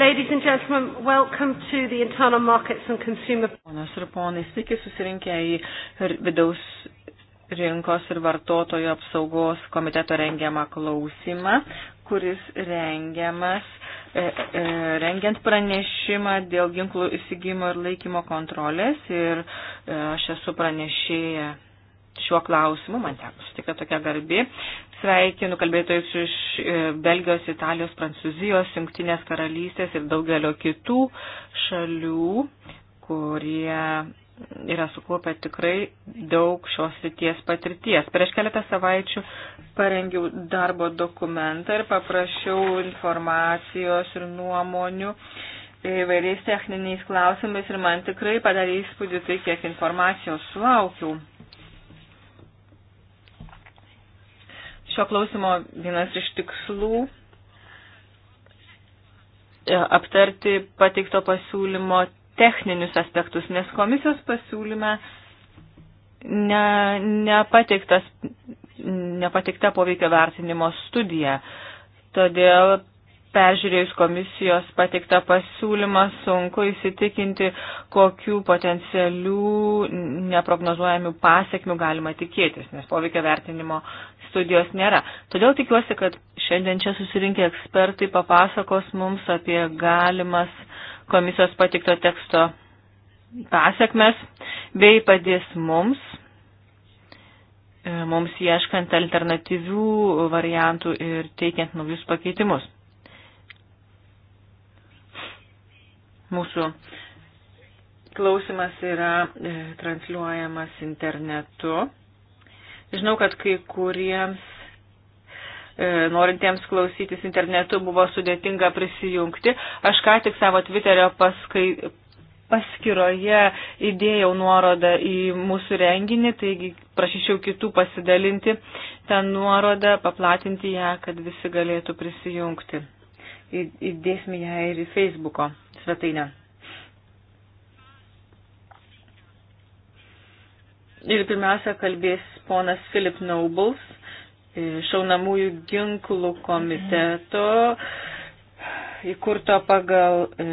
Ladies and gentlemen, welcome to the internal markets and consumer. Ponas ir ponai, sveiki susirinkę į vidaus rinkos ir vartotojų apsaugos komiteto rengiamą klausimą, kuris rengiamas e, e, rengiant pranešimą dėl ginklų įsigymo ir laikymo kontrolės ir e, aš esu pranešėję šiuo klausimu, man teko sutikti tokia garbi. Sveikinu kalbėtojus iš e, Belgijos, Italijos, Prancūzijos, Junktinės karalystės ir daugelio kitų šalių, kurie yra sukaupę tikrai daug šios ryties patirties. Prieš keletą savaičių parengiau darbo dokumentą ir paprašiau informacijos ir nuomonių įvairiais techniniais klausimais ir man tikrai padarė įspūdį tai, kiek informacijos sulaukiau. Šio klausimo vienas iš tikslų e, aptarti pateikto pasiūlymo techninius aspektus, nes komisijos pasiūlyme ne, nepateiktas, nepateikta poveikio vertinimo studija. Todėl peržiūrėjus komisijos pateiktą pasiūlymą sunku įsitikinti, kokių potencialių neprognozuojamių pasiekmių galima tikėtis, nes poveikio vertinimo studijos nėra. Todėl tikiuosi, kad šiandien čia susirinkę ekspertai papasakos mums apie galimas komisijos patikto teksto pasiekmes bei padės mums, e, mums ieškant alternatyvių variantų ir teikiant naujus pakeitimus. Mūsų klausimas yra e, transliuojamas internetu. Žinau, kad kai kuriems e, norintiems klausytis internetu buvo sudėtinga prisijungti. Aš ką tik savo Twitterio paskai, paskyroje įdėjau nuorodą į mūsų renginį, taigi prašyčiau kitų pasidalinti tą nuorodą, paplatinti ją, kad visi galėtų prisijungti. Įdėsime ją ir į Facebooko svetainę. Ir pirmiausia, kalbės ponas Filip Naubles, šaunamųjų ginklų komiteto, įkurto pagal e,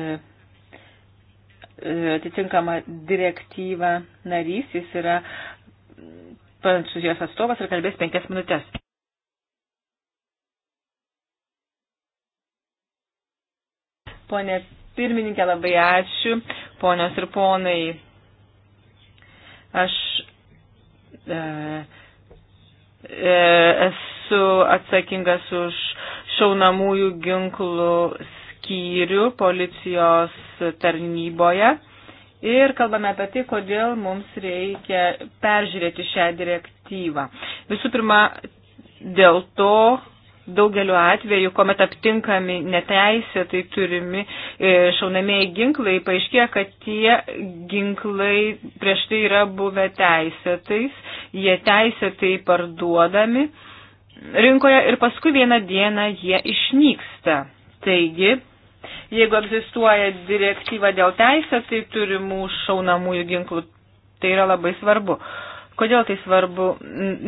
e, atitinkamą direktyvą narys. Jis yra prancūzijos atstovas ir kalbės penkias minutės. Pone pirmininkė, labai ačiū. Ponios ir ponai, aš E, e, esu atsakingas už šaunamųjų ginklų skyrių policijos tarnyboje. Ir kalbame apie tai, kodėl mums reikia peržiūrėti šią direktyvą. Visų pirma, dėl to, daugeliu atveju, kuomet aptinkami neteisėtai turimi e, šaunamieji ginklai, paaiškėja, kad tie ginklai prieš tai yra buvę teisėtais, jie teisėtai parduodami rinkoje ir paskui vieną dieną jie išnyksta. Taigi, jeigu egzistuoja direktyva dėl teisėtai turimų šaunamųjų ginklų, tai yra labai svarbu. Uh, Kodėl tai svarbu?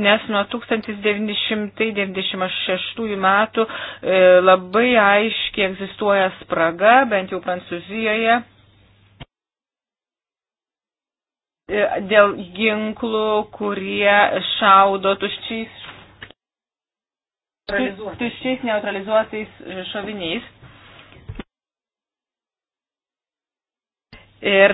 Nes nuo 1996 metų e, labai aiškiai egzistuoja spraga, bent jau Prancūzijoje, e, dėl ginklų, kurie šaudo tuščiais, tuščiais neutralizuotais e, šoviniais. Ir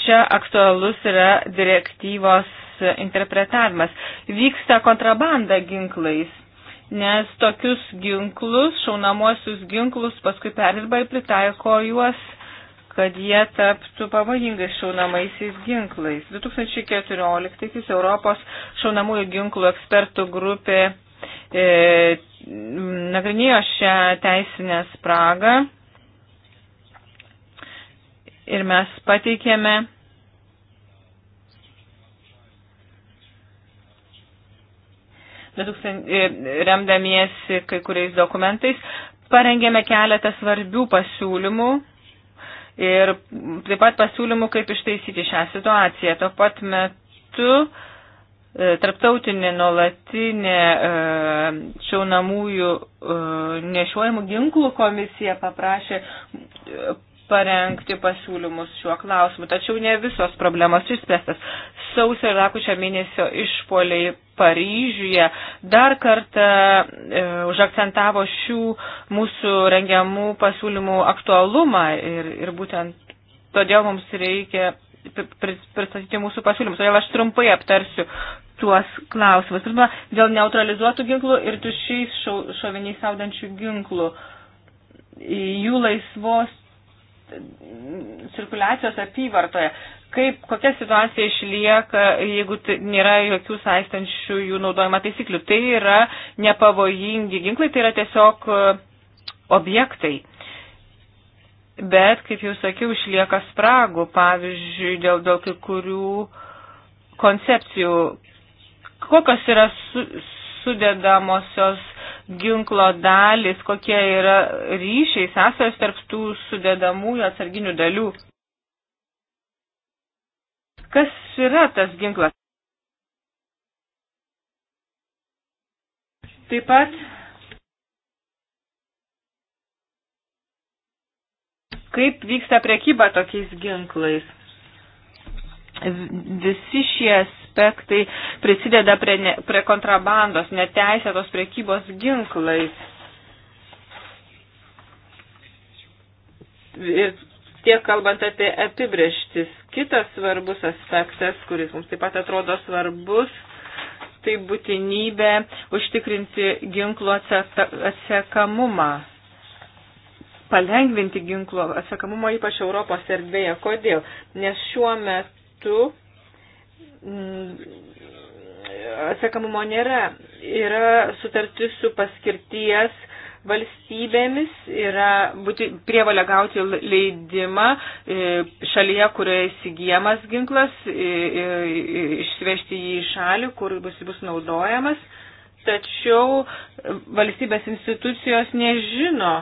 čia aktualus yra direktyvos interpretavimas. Vyksta kontrabanda ginklais, nes tokius ginklus, šaunamuosius ginklus paskui perdirba ir pritaiko juos kad jie taptų pavojingais šaunamaisiais ginklais. 2014 Europos šaunamųjų ginklų ekspertų grupė e, nagrinėjo šią teisinę spragą ir mes pateikėme E, remdamiesi kai kuriais dokumentais, parengėme keletą svarbių pasiūlymų ir taip pat pasiūlymų, kaip ištaisyti šią situaciją. Tuo pat metu e, tarptautinė nuolatinė e, šaunamųjų nešiojimų ginklų komisija paprašė parengti pasiūlymus šiuo klausimu. Tačiau ne visos problemos išspręstas. Sausio ir lakučio mėnesio išpoliai Paryžiuje dar kartą e, užakcentavo šių mūsų rengiamų pasiūlymų aktualumą ir, ir būtent todėl mums reikia pristatyti mūsų pasiūlymus. Todėl aš trumpai aptarsiu tuos klausimus. Pirma, dėl neutralizuotų ginklų ir tušiais šoviniais saudančių ginklų. Jų laisvos cirkuliacijos apyvartoje. Kaip, kokia situacija išlieka, jeigu nėra jokių saistančių jų naudojimo taisyklių? Tai yra nepavojingi ginklai, tai yra tiesiog e, objektai. Bet, kaip jau sakiau, išlieka spragų, pavyzdžiui, dėl, dėl kai kurių koncepcijų. Kokios yra su, sudėdamosios ginklo dalis, kokie yra ryšiai, sąsajos tarp tų sudėdamųjų atsarginių dalių. Kas yra tas ginklas? Taip pat kaip vyksta prekyba tokiais ginklais. Visi šie aspektai prisideda prie, ne, prie kontrabandos, neteisėtos priekybos ginklais. Ir tiek kalbant apie apibrieštis, kitas svarbus aspektas, kuris mums taip pat atrodo svarbus, tai būtinybė užtikrinti ginklų atsekamumą, palengvinti ginklų atsekamumą ypač Europos erdvėje. Kodėl? Nes šiuo metu Mm, atsekamumo nėra. Yra sutartis su paskirties valstybėmis, yra būti, prievalia gauti leidimą e, šalyje, kurioje įsigijamas ginklas, e, e, išvežti jį į šalį, kur bus, bus naudojamas. Tačiau valstybės institucijos nežino,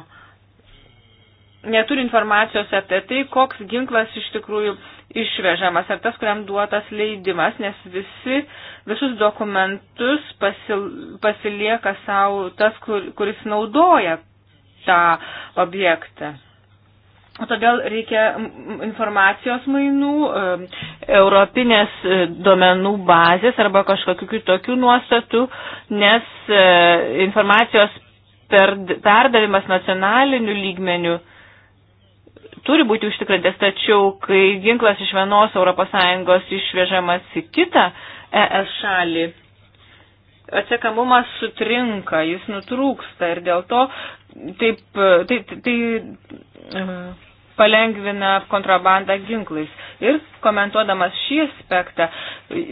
neturi informacijos apie tai, koks ginklas iš tikrųjų išvežamas, ar tas, kuriam duotas leidimas, nes visi, visus dokumentus pasil, pasilieka savo tas, kur, kuris naudoja tą objektą. O todėl reikia informacijos mainų, europinės e, duomenų bazės arba kažkokių kitokių nuostatų, nes e, informacijos perdavimas nacionaliniu lygmeniu turi būti užtikrintas, tačiau kai ginklas iš vienos ES išvežamas į kitą ES šalį, atsiekamumas sutrinka, jis nutrūksta ir dėl to taip, tai, tai, tai e, palengvina kontrabandą ginklais. Ir komentuodamas šį aspektą,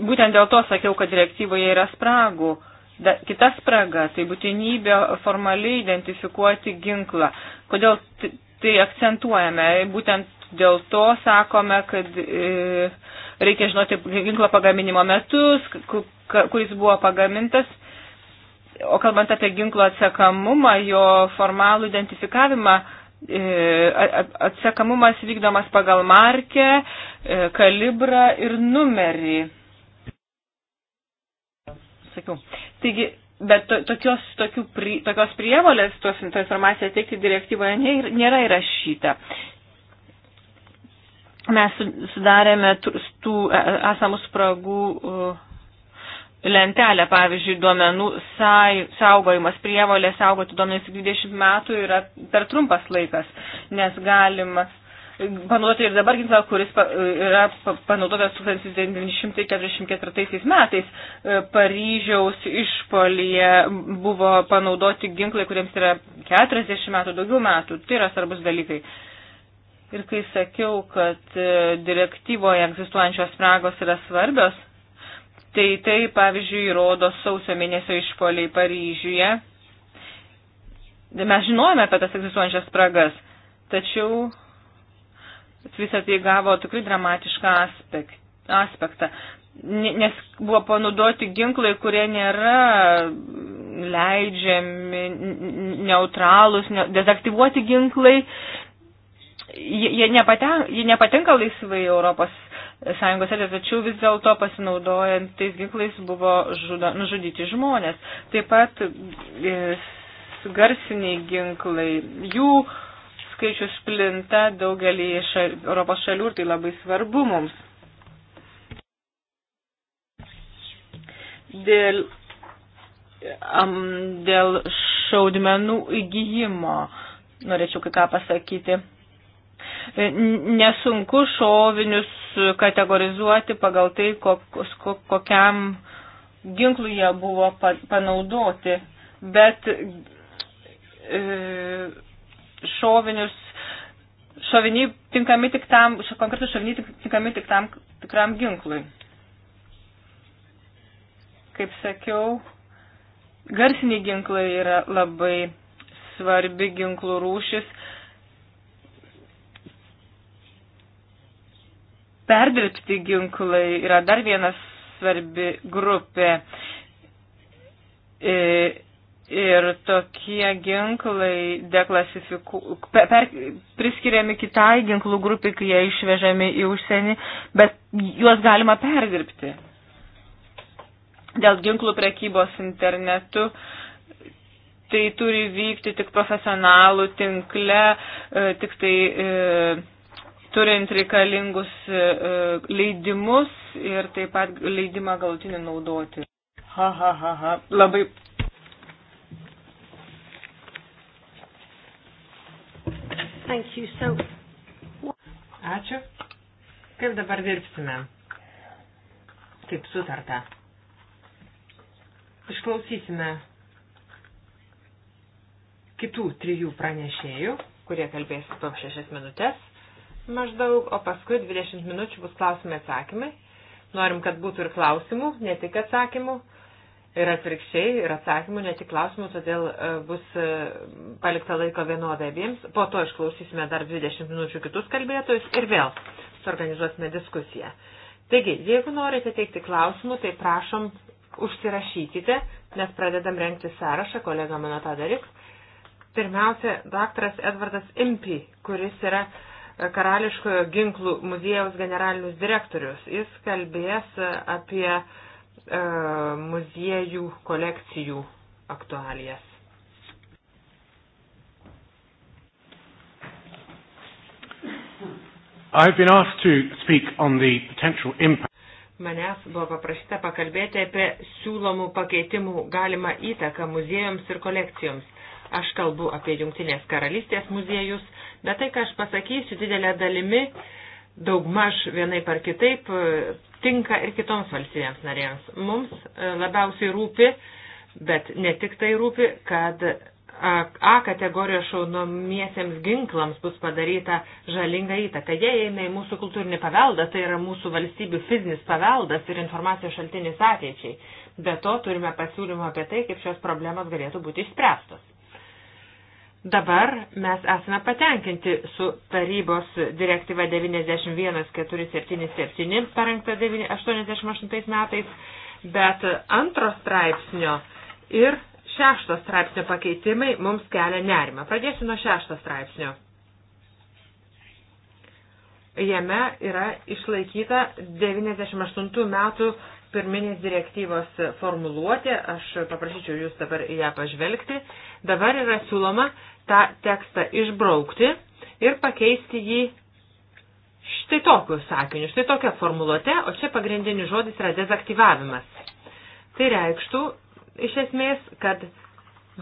būtent dėl to sakiau, kad direktyvoje yra spragų. Da, kita spraga, tai būtinybė formaliai identifikuoti ginklą. Kodėl tai akcentuojame. Būtent dėl to sakome, kad e, reikia žinoti ginklo pagaminimo metus, kuris buvo pagamintas. O kalbant apie ginklo atsekamumą, jo formalų identifikavimą, e, atsekamumas vykdomas pagal markę, e, kalibrą ir numerį. Sakiau. Taigi, Bet to, tokios, tokių, pri, tokios prievolės tos informaciją teikti direktyvoje nėra įrašyta. Mes sudarėme tų e, e, esamų spragų lentelę, pavyzdžiui, duomenų saugojimas, prievolė saugoti duomenys 20 metų yra per trumpas laikas, nes galima panaudoti ir dabar ginklą, kuris yra panaudotas 1944 metais. E, Paryžiaus išpolyje buvo panaudoti ginklai, kuriems yra 40 metų, daugiau metų. Tai yra svarbus dalykai. Ir kai sakiau, kad e, direktyvoje egzistuojančios spragos yra svarbios, tai tai, pavyzdžiui, įrodo sausio mėnesio išpoliai Paryžiuje. Mes žinojame apie tas egzistuojančias spragas, tačiau visą tai gavo tikrai dramatišką aspektą, nes buvo panaudoti ginklai, kurie nėra leidžiami, neutralūs, ne, dezaktyvuoti ginklai. Jie, jie, nepaten, jie nepatinka laisvai Europos Sąjungos erdvės, tačiau vis dėlto pasinaudojant tais ginklais buvo žuda, nužudyti žmonės. Taip pat e, garsiniai ginklai, jų uh, skaičius plinta daugelį šal, Europos šalių ir tai labai svarbu mums. Dėl, um, dėl šaudmenų įgyjimo norėčiau kai ką pasakyti. Nesunku šovinius kategorizuoti pagal tai, kokiam ginklų jie buvo panaudoti, bet e, šovinius, šoviniai tinkami tik tam, konkretus šoviniai tinkami tik tam tikram ginklui. Kaip sakiau, garsiniai ginklai yra labai svarbi ginklų rūšis. Perdirbti ginklai yra dar vienas svarbi grupė. E, Ir tokie ginklai deklasifiku... per... priskiriami kitai ginklų grupiai, kai jie išvežami į užsienį, bet juos galima perdirbti. Dėl ginklų prekybos internetu tai turi vykti tik profesionalų tinkle, e, tik tai e, turint reikalingus e, leidimus ir taip pat leidimą galutinį naudoti. Ha, ha, ha, ha. Labai Thank you. So... Ačiū. Kaip dabar dirbsime? Kaip sutarta. Išklausysime kitų trijų pranešėjų, kurie kalbės po šešias minutės maždaug, o paskui 20 minučių bus klausimai atsakymai. Norim, kad būtų ir klausimų, ne tik atsakymų ir atvirkščiai, ir atsakymų, ne tik klausimų, todėl e, bus e, palikta laiko vienodai abiems. Po to išklausysime dar 20 minučių kitus kalbėtojus ir vėl suorganizuosime diskusiją. Taigi, jeigu norite teikti klausimų, tai prašom užsirašykite, nes pradedam renkti sąrašą, kolega mano tą daryk. Pirmiausia, daktaras Edvardas Impi, kuris yra e, Karališkojo ginklų muziejaus generalinius direktorius. Jis kalbės apie uh, E, muziejų kolekcijų aktualijas. Manęs buvo paprašyta pakalbėti apie siūlomų pakeitimų galimą įtaką muziejams ir kolekcijoms. Aš kalbu apie Junktinės karalystės muziejus, bet tai, ką aš pasakysiu, didelė dalimi uh, daugmaž vienai par kitaip e, tinka ir kitoms valstybėms narėms. Mums e, labiausiai rūpi, bet ne tik tai rūpi, kad A kategorijos šaunomiesiems ginklams bus padaryta žalinga įtaka. Jie eina į mūsų kultūrinį paveldą, tai yra mūsų valstybių fizinis paveldas ir informacijos šaltinis ateičiai. Be to turime pasiūlymą apie tai, kaip šios problemas galėtų būti išspręstos. Dabar mes esame patenkinti su tarybos direktyva 91477 parengta 88 metais, bet antro straipsnio ir šešto straipsnio pakeitimai mums kelia nerimą. Pradėsiu nuo šešto straipsnio jame yra išlaikyta 98 metų pirminės direktyvos formuluotė, aš paprašyčiau jūs dabar ją pažvelgti, dabar yra siūloma tą tekstą išbraukti ir pakeisti jį štai tokiu sakiniu, štai tokia formuluotė, o čia pagrindinis žodis yra dezaktyvavimas. Tai reikštų iš esmės, kad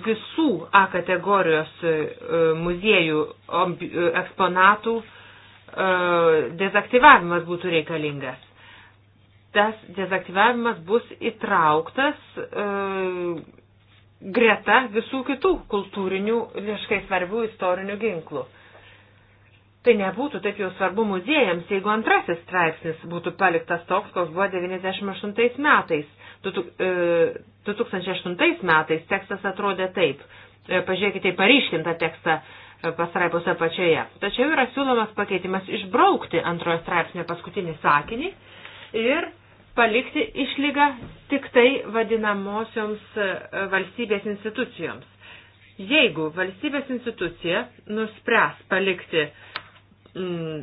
visų A kategorijos e, muziejų e, eksponatų e, dezaktyvavimas būtų reikalingas tas dezaktyvavimas bus įtrauktas e, greta visų kitų kultūrinių, liškai svarbių istorinių ginklų. Tai nebūtų taip jau svarbu muziejams, jeigu antrasis straipsnis būtų paliktas toks, koks buvo 98 metais. 2008 e, metais tekstas atrodė taip. E, pažiūrėkite į paryškintą tekstą e, pasraipos apačioje. Tačiau yra siūlomas pakeitimas išbraukti antrojo straipsnio paskutinį sakinį ir palikti išlygą tik tai vadinamosioms e, valstybės institucijoms. Jeigu valstybės institucija nuspręs palikti mm,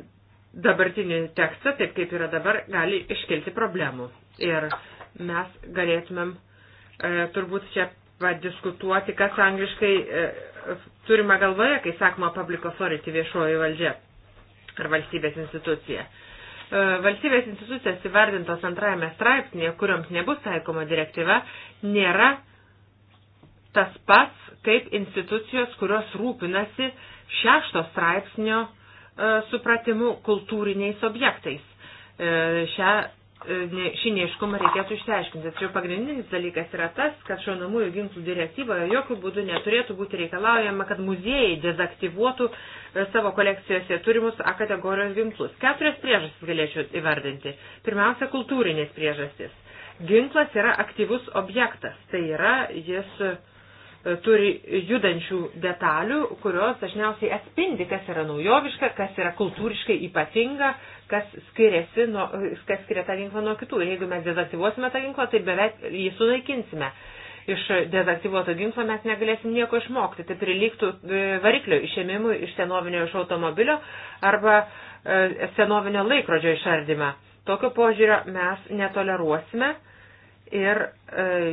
dabartinį tekstą, taip kaip yra dabar, gali iškilti problemų. Ir mes galėtumėm e, turbūt čia padiskutuoti, kas angliškai e, turima galvoje, kai sakoma public authority viešoji valdžia ar valstybės institucija. E, E, valstybės institucijas įvardintos antrajame straipsnėje, kuriuoms nebus taikoma direktyva, nėra tas pats kaip institucijos, kurios rūpinasi šešto straipsnio e, supratimu kultūriniais objektais. E, šią E, šį neiškumą reikėtų išsiaiškinti. Tačiau pagrindinis dalykas yra tas, kad šaunamųjų ginklų direktyvoje jokių būdų neturėtų būti reikalaujama, kad muziejai dezaktyvuotų e, savo kolekcijose turimus A kategorijos ginklus. Keturias priežastis galėčiau įvardinti. Pirmiausia, kultūrinės priežastis. Ginklas yra aktyvus objektas, tai yra jis turi judančių detalių, kurios dažniausiai atspindi, kas yra naujoviška, kas yra kultūriškai ypatinga, kas, skiriasi nuo, kas skiria tą ginklą nuo kitų. Ir jeigu mes dezaktyvuosime tą ginklą, tai beveik jį sunaikinsime. Iš dezaktyvuoto ginklo mes negalėsim nieko išmokti. Tai prilygtų e, variklio išėmimui iš senovinio iš automobilio arba e, senovinio laikrodžio išardymą. Tokio požiūrio mes netoleruosime ir e,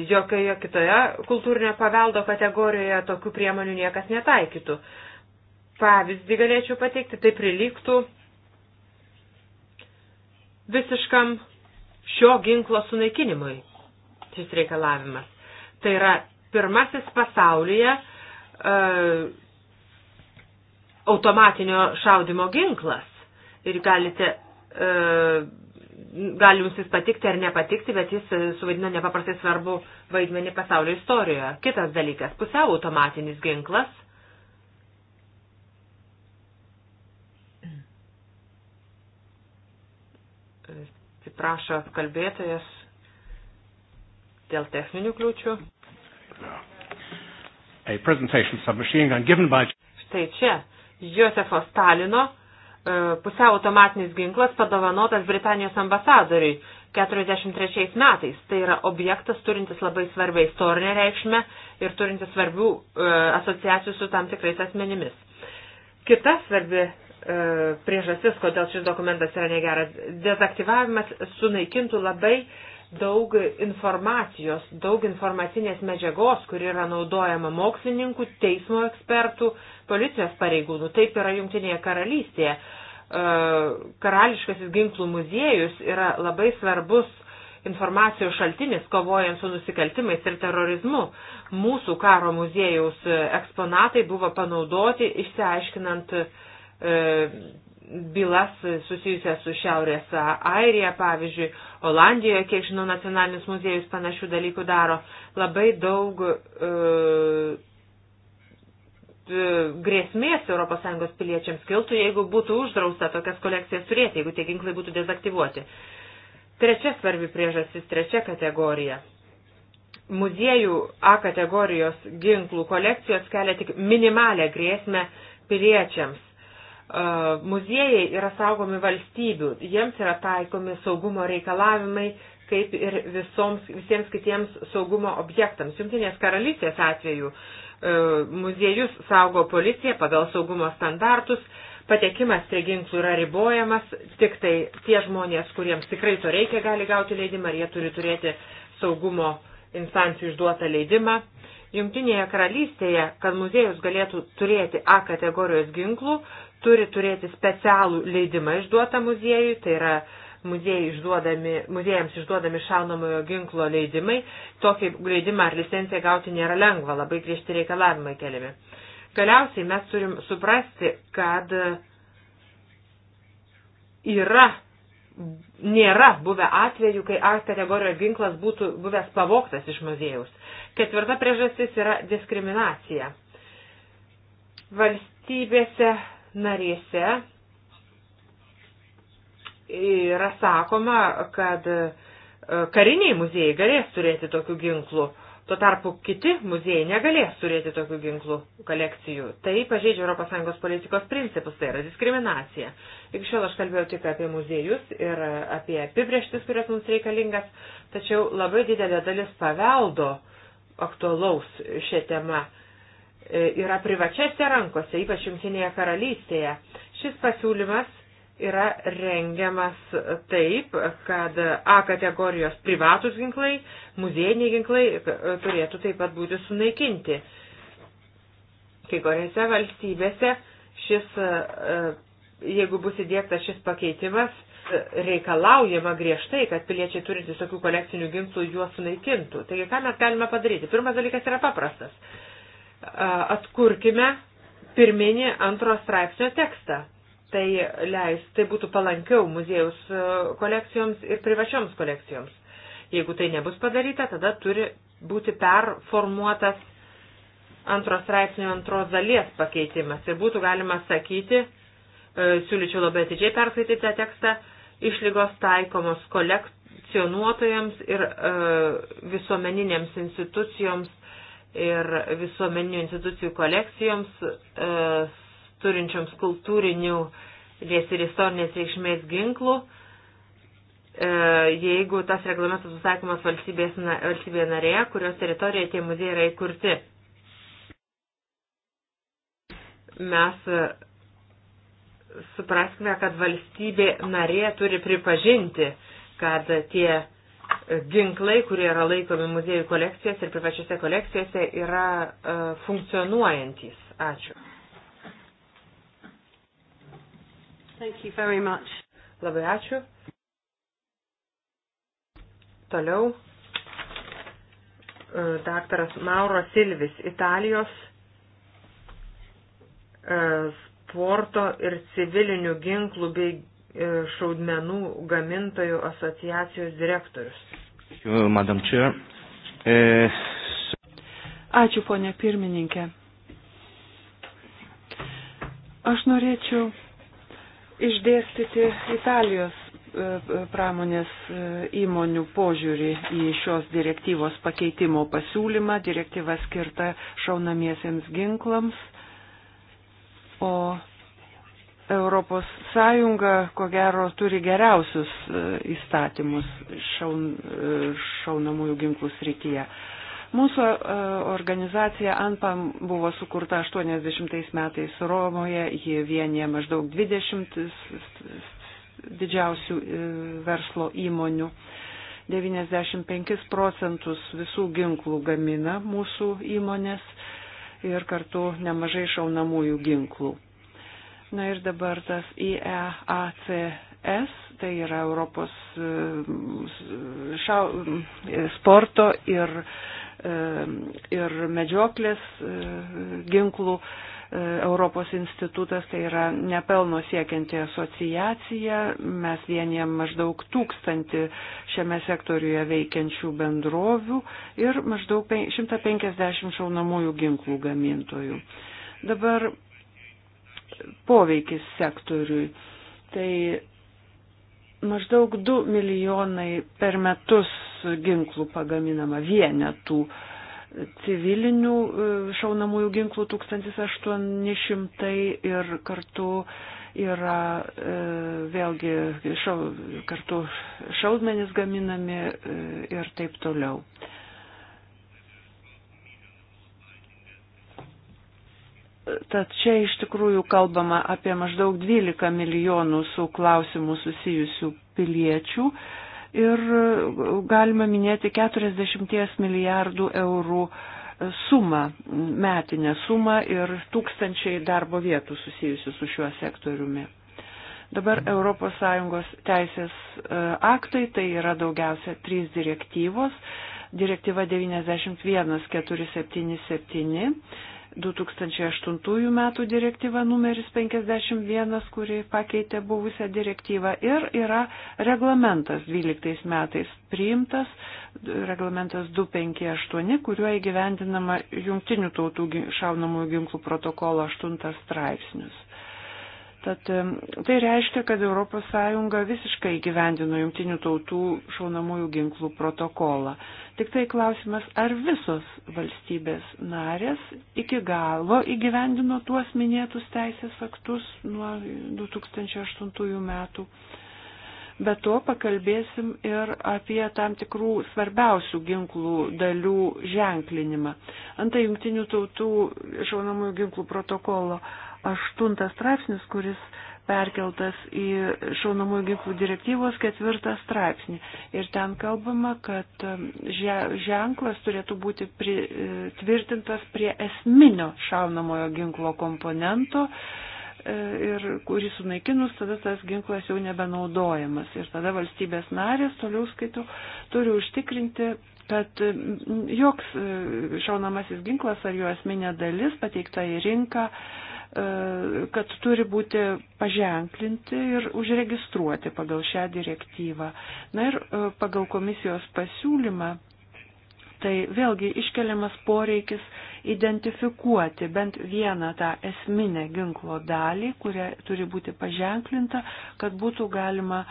jokioje kitoje kultūrinio paveldo kategorijoje tokių priemonių niekas netaikytų. Pavyzdį galėčiau pateikti, tai priliktų visiškam šio ginklo sunaikinimui šis reikalavimas. Tai yra pirmasis pasaulyje e, automatinio šaudimo ginklas. Ir galite e, gali jums jis patikti ar nepatikti, bet jis e, suvaidino nepaprastai svarbu vaidmenį pasaulio istorijoje. Kitas dalykas - pusiau automatinis ginklas. Atsiprašo kalbėtojas dėl techninių kliūčių. Štai čia Josefo Stalino E, pusiau automatinis ginklas padovanotas Britanijos ambasadoriui 43 metais. Tai yra objektas turintis labai svarbę istorinę reikšmę ir turintis svarbių e, asociacijų su tam tikrais asmenimis. Kita svarbi e, priežastis, kodėl šis dokumentas yra negeras, dezaktyvavimas sunaikintų labai e, daug informacijos, daug informacinės medžiagos, kuri yra naudojama mokslininkų, teismo ekspertų, policijos pareigūnų. Taip yra Junktinėje karalystėje. E, karališkasis ginklų muziejus yra labai svarbus informacijos šaltinis kovojant su nusikaltimais ir terorizmu. Mūsų karo muziejaus eksponatai buvo panaudoti išsiaiškinant e, bylas susijusias su Šiaurės Airija, pavyzdžiui, Olandijoje, kiek žinau, nacionalinis muziejus panašių dalykų daro, labai daug e, e grėsmės ES piliečiams kiltų, jeigu būtų uždrausta tokias kolekcijas turėti, jeigu tie ginklai būtų dezaktyvuoti. Trečia svarbi priežastis, trečia kategorija. Muziejų A kategorijos ginklų kolekcijos kelia tik minimalę grėsmę piliečiams Muziejai yra saugomi valstybių, jiems yra taikomi saugumo reikalavimai, kaip ir visoms, visiems kitiems saugumo objektams. Junktinės karalystės atveju e, muziejus saugo policija pagal saugumo standartus, patekimas prie ginklų yra ribojamas, tik tai tie žmonės, kuriems tikrai to reikia, gali gauti leidimą ir jie turi turėti saugumo instancijų išduotą leidimą. Jungtinėje karalystėje, kad muziejus galėtų turėti A kategorijos ginklų, turi turėti specialų leidimą išduotą muziejui, tai yra muziejai išduodami, muziejams išduodami šaunamojo ginklo leidimai. Tokį leidimą ar licenciją gauti nėra lengva, labai griežti reikalavimai keliami. Galiausiai mes turim suprasti, kad yra, nėra buvę atvejų, kai A kategorijos ginklas būtų buvęs pavoktas iš muziejaus. Ketvirta priežastis yra diskriminacija. Valstybėse narėse yra sakoma, kad e, kariniai muziejai galės turėti tokių ginklų, tuo tarpu kiti muziejai negalės turėti tokių ginklų kolekcijų. Tai pažeidžia ES politikos principus, tai yra diskriminacija. Iki šiol aš kalbėjau tik apie muziejus ir apie apibrieštis, kurias mums reikalingas, tačiau labai didelė dalis paveldo aktualaus šią temą E, yra privačiose rankose, ypač Junktinėje karalystėje. Šis pasiūlymas yra rengiamas taip, kad A kategorijos privatus ginklai, muziejiniai ginklai e, turėtų taip pat būti sunaikinti. Kai kuriuose valstybėse šis, e, jeigu bus įdėktas šis pakeitimas, reikalaujama griežtai, kad piliečiai turintys tokių kolekcinių ginklų juos sunaikintų. Taigi, ką mes galime padaryti? Pirmas dalykas yra paprastas atkurkime pirminį antro straipsnio tekstą. Tai, leis, tai būtų palankiau muziejaus kolekcijoms ir privačioms kolekcijoms. Jeigu tai nebus padaryta, tada turi būti performuotas antro straipsnio antros dalies pakeitimas. Ir būtų galima sakyti, e, siūlyčiau labai atidžiai perskaityti tą tekstą, išlygos taikomos kolekcionuotojams ir e, visuomeninėms institucijoms ir visuomeninių institucijų kolekcijoms, e, turinčioms kultūrinių lės ir istorinės reikšmės ginklų, e, jeigu tas reglamentas bus taikomas valstybėje narėje, kurios teritorijoje tie muziejai yra įkurti. Mes e, supraskime, kad valstybė narė turi pripažinti, kad tie ginklai, kurie yra laikomi muziejų kolekcijose ir privačiose kolekcijose, yra uh, e, funkcionuojantis. Ačiū. Thank you very much. Labai ačiū. Toliau. E, daktaras Mauro Silvis, Italijos e, sporto ir civilinių ginklų bei šaudmenų gamintojų asociacijos direktorius. Uh, Madam Chair. Uh, Ačiū, ponė pirmininkė. Aš norėčiau išdėstyti Italijos e, e, pramonės e, įmonių požiūrį į šios direktyvos pakeitimo pasiūlymą. Direktyva skirta šaunamiesiems ginklams, o Europos Sąjunga, ko gero, turi geriausius e, įstatymus šaun, e, šaunamųjų ginklų srityje. Mūsų e, organizacija ANPAM buvo sukurta 80 metais Romoje, ji vienyje maždaug 20 didžiausių verslo įmonių. 95 procentus visų ginklų gamina mūsų įmonės ir kartu nemažai šaunamųjų ginklų Na ir dabar tas IEACS, tai yra Europos e, šau, e, sporto ir, e, ir medžioklės ginklų Europos institutas, tai yra nepelno siekianti asociacija, mes vienijam maždaug tūkstantį šiame sektoriuje veikiančių bendrovių ir maždaug 150 šaunamųjų ginklų gamintojų. Dabar poveikis sektoriui. Tai maždaug 2 milijonai per metus ginklų pagaminama vienetų civilinių e, šaunamųjų ginklų 1800 ir kartu yra e, vėlgi šau, kartu šaudmenys gaminami e, ir taip toliau. Tad čia iš tikrųjų kalbama apie maždaug 12 milijonų su klausimu susijusių piliečių ir galima minėti 40 milijardų eurų sumą, metinę sumą ir tūkstančiai darbo vietų susijusių su šiuo sektoriumi. Dabar ES teisės e, aktai tai yra daugiausia trys direktyvos. Direktyva 91477 2008 metų direktyva numeris 51, kuri pakeitė buvusią direktyvą ir yra reglamentas 12 metais priimtas, reglamentas 258, kuriuo įgyvendinama jungtinių tautų šaunamųjų ginklų protokolo 8 straipsnius. Tad e, tai reiškia, kad ES visiškai gyvendino jungtinių tautų šaunamųjų ginklų protokolą. Tik tai klausimas, ar visos valstybės narės iki galo įgyvendino tuos minėtus teisės aktus nuo 2008 metų. Be to pakalbėsim ir apie tam tikrų svarbiausių ginklų dalių ženklinimą. Antai jungtinių tautų šaunamųjų ginklų protokolo aštuntas straipsnis, kuris perkeltas į šaunamųjų ginklų direktyvos ketvirtą straipsnį. Ir ten kalbama, kad um, ženklas turėtų būti e, tvirtintas prie esminio šaunamojo ginklo komponento e, ir kurį sunaikinus, tada tas ginklas jau nebenaudojamas. Ir tada valstybės narės, toliau skaitau, turi užtikrinti, kad joks e, šaunamasis ginklas ar jo esminė dalis pateikta į rinką E, kad turi būti paženklinti ir užregistruoti pagal šią direktyvą. Na ir e, pagal komisijos pasiūlymą tai vėlgi iškeliamas poreikis identifikuoti bent vieną tą esminę ginklo dalį, kuria turi būti paženklinta, kad būtų galima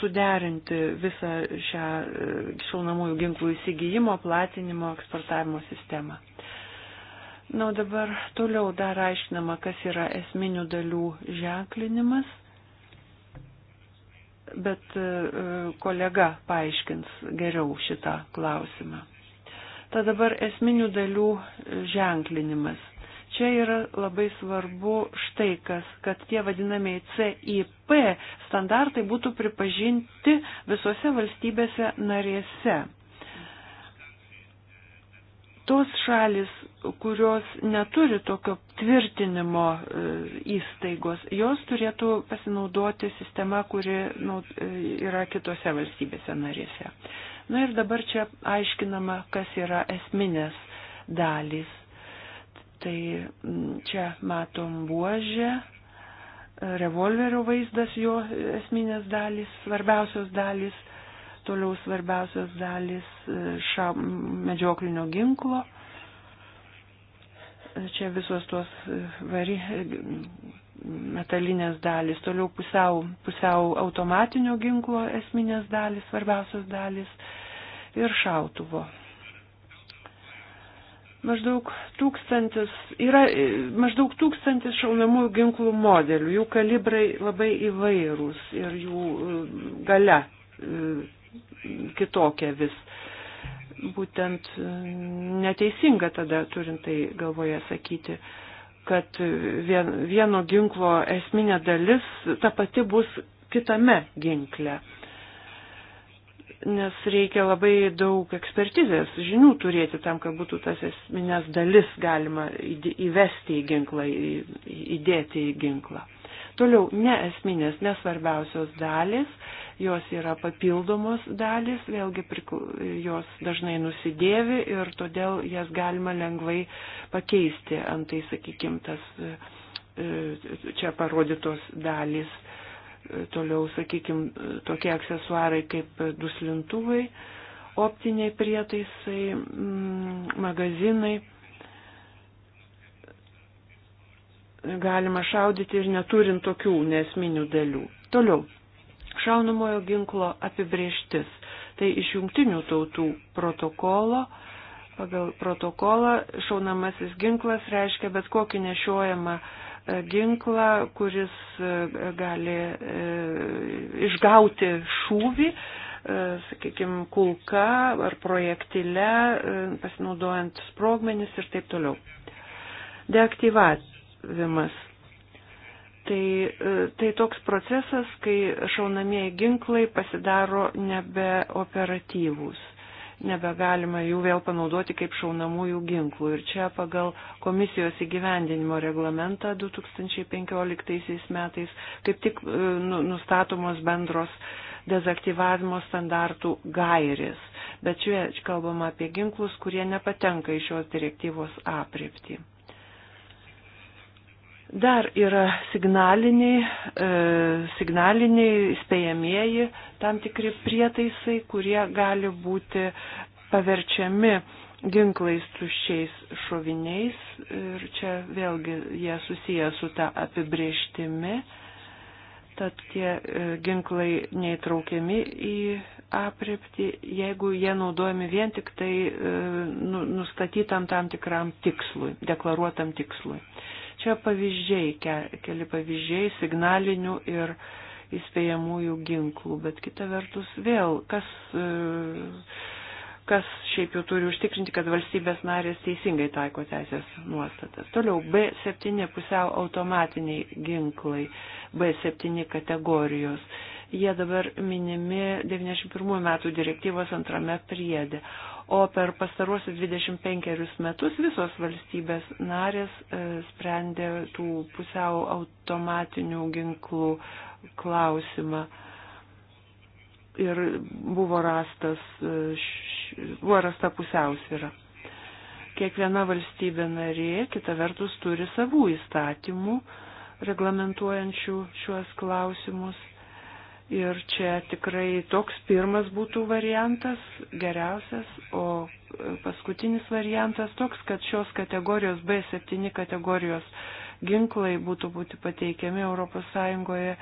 suderinti visą šią e, šaunamųjų ginklų įsigijimo, platinimo, eksportavimo sistemą. Na, o dabar toliau dar aiškinama, kas yra esminių dalių ženklinimas, bet e, kolega paaiškins geriau šitą klausimą. Ta dabar esminių dalių ženklinimas. Čia yra labai svarbu štai kas, kad tie vadinamiai CIP standartai būtų pripažinti visose valstybėse narėse. Tos šalis, kurios neturi tokio tvirtinimo e, įstaigos, jos turėtų pasinaudoti sistema, kuri nu, e, yra kitose valstybėse narėse. Na ir dabar čia aiškinama, kas yra esminės dalys. Tai čia matom buožę, revolverio vaizdas jo esminės dalys, svarbiausios dalys, toliau svarbiausios dalys e, ša, medžioklinio ginklo čia visos tos e, vari, metalinės dalis, toliau pusiau, pusiau automatinio ginklo esminės dalis, svarbiausios dalis ir šautuvo. Maždaug tūkstantis, yra e, maždaug tūkstantis šaunamų ginklų modelių, jų kalibrai labai įvairūs ir jų e, gale kitokia vis būtent e, neteisinga tada turint tai galvoje sakyti, kad vien, vieno ginklo esminė dalis ta pati bus kitame ginkle. Nes reikia labai daug ekspertizės, žinių turėti tam, kad būtų tas esminės dalis galima įvesti į ginklą, įdėti į ginklą. Toliau, neesminės, nesvarbiausios dalis jos yra papildomos dalis, vėlgi jos dažnai nusidėvi ir todėl jas galima lengvai pakeisti antai, sakykim, tas e, čia parodytos dalis. E, toliau, sakykim, e, tokie aksesuarai kaip duslintuvai, optiniai prietaisai, mm, magazinai. Galima šaudyti ir neturint tokių nesminių dalių. Toliau šaunamojo ginklo apibrieštis. Tai iš jungtinių tautų protokolo. Pagal protokolą šaunamasis ginklas reiškia bet kokį nešiojamą e, ginklą, kuris e, gali e, išgauti šūvį, sakykime, kulka ar projektile, pasinaudojant sprogmenis ir taip toliau. Deaktyvavimas Tai, e, tai toks procesas, kai šaunamieji ginklai pasidaro nebeoperatyvūs, nebegalima jų vėl panaudoti kaip šaunamųjų ginklų. Ir čia pagal komisijos įgyvendinimo reglamentą 2015 metais kaip tik e, nu, nustatomos bendros dezaktyvavimo standartų gairis. Bet čia kalbama apie ginklus, kurie nepatenka į šios direktyvos apriepti. Dar yra signaliniai, e, signaliniai spėjamieji tam tikri prietaisai, kurie gali būti paverčiami ginklais tuščiais šoviniais ir čia vėlgi jie susiję su ta apibrieštimi, tad tie e, ginklai neįtraukiami į aprepti, jeigu jie naudojami vien tik tai e, nu, nustatytam tam tikram tikslui, deklaruotam tikslui. E, Čia pavyzdžiai, ke, keli pavyzdžiai signalinių ir įspėjamųjų ginklų, bet kita vertus vėl, kas, e, kas šiaip jau turi užtikrinti, kad valstybės narės teisingai taiko teisės nuostatas. Toliau B7 pusiau automatiniai ginklai, B7 kategorijos jie dabar minimi 91 metų direktyvos antrame priedė o per pastaruosius 25 metus visos valstybės narės e, sprendė tų pusiau automatinių ginklų klausimą. Ir buvo, rastas, e, buvo rasta pusiausvyrą. Kiekviena valstybė narė, kita vertus, turi savų įstatymų reglamentuojančių šiuos klausimus Ir čia tikrai toks pirmas būtų variantas, geriausias, o paskutinis variantas toks, kad šios kategorijos B7 kategorijos ginklai būtų būti pateikiami ES e,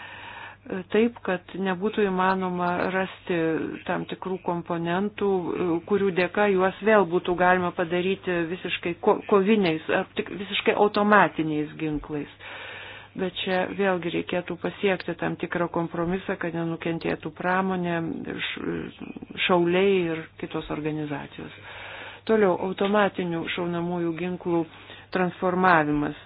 taip, kad nebūtų įmanoma rasti tam tikrų komponentų, e, kurių dėka juos vėl būtų galima padaryti visiškai koviniais ar tik visiškai automatiniais ginklais bet čia vėlgi reikėtų pasiekti tam tikrą kompromisą, kad nenukentėtų pramonė, šauliai ir kitos organizacijos. Toliau automatinių šaunamųjų ginklų transformavimas.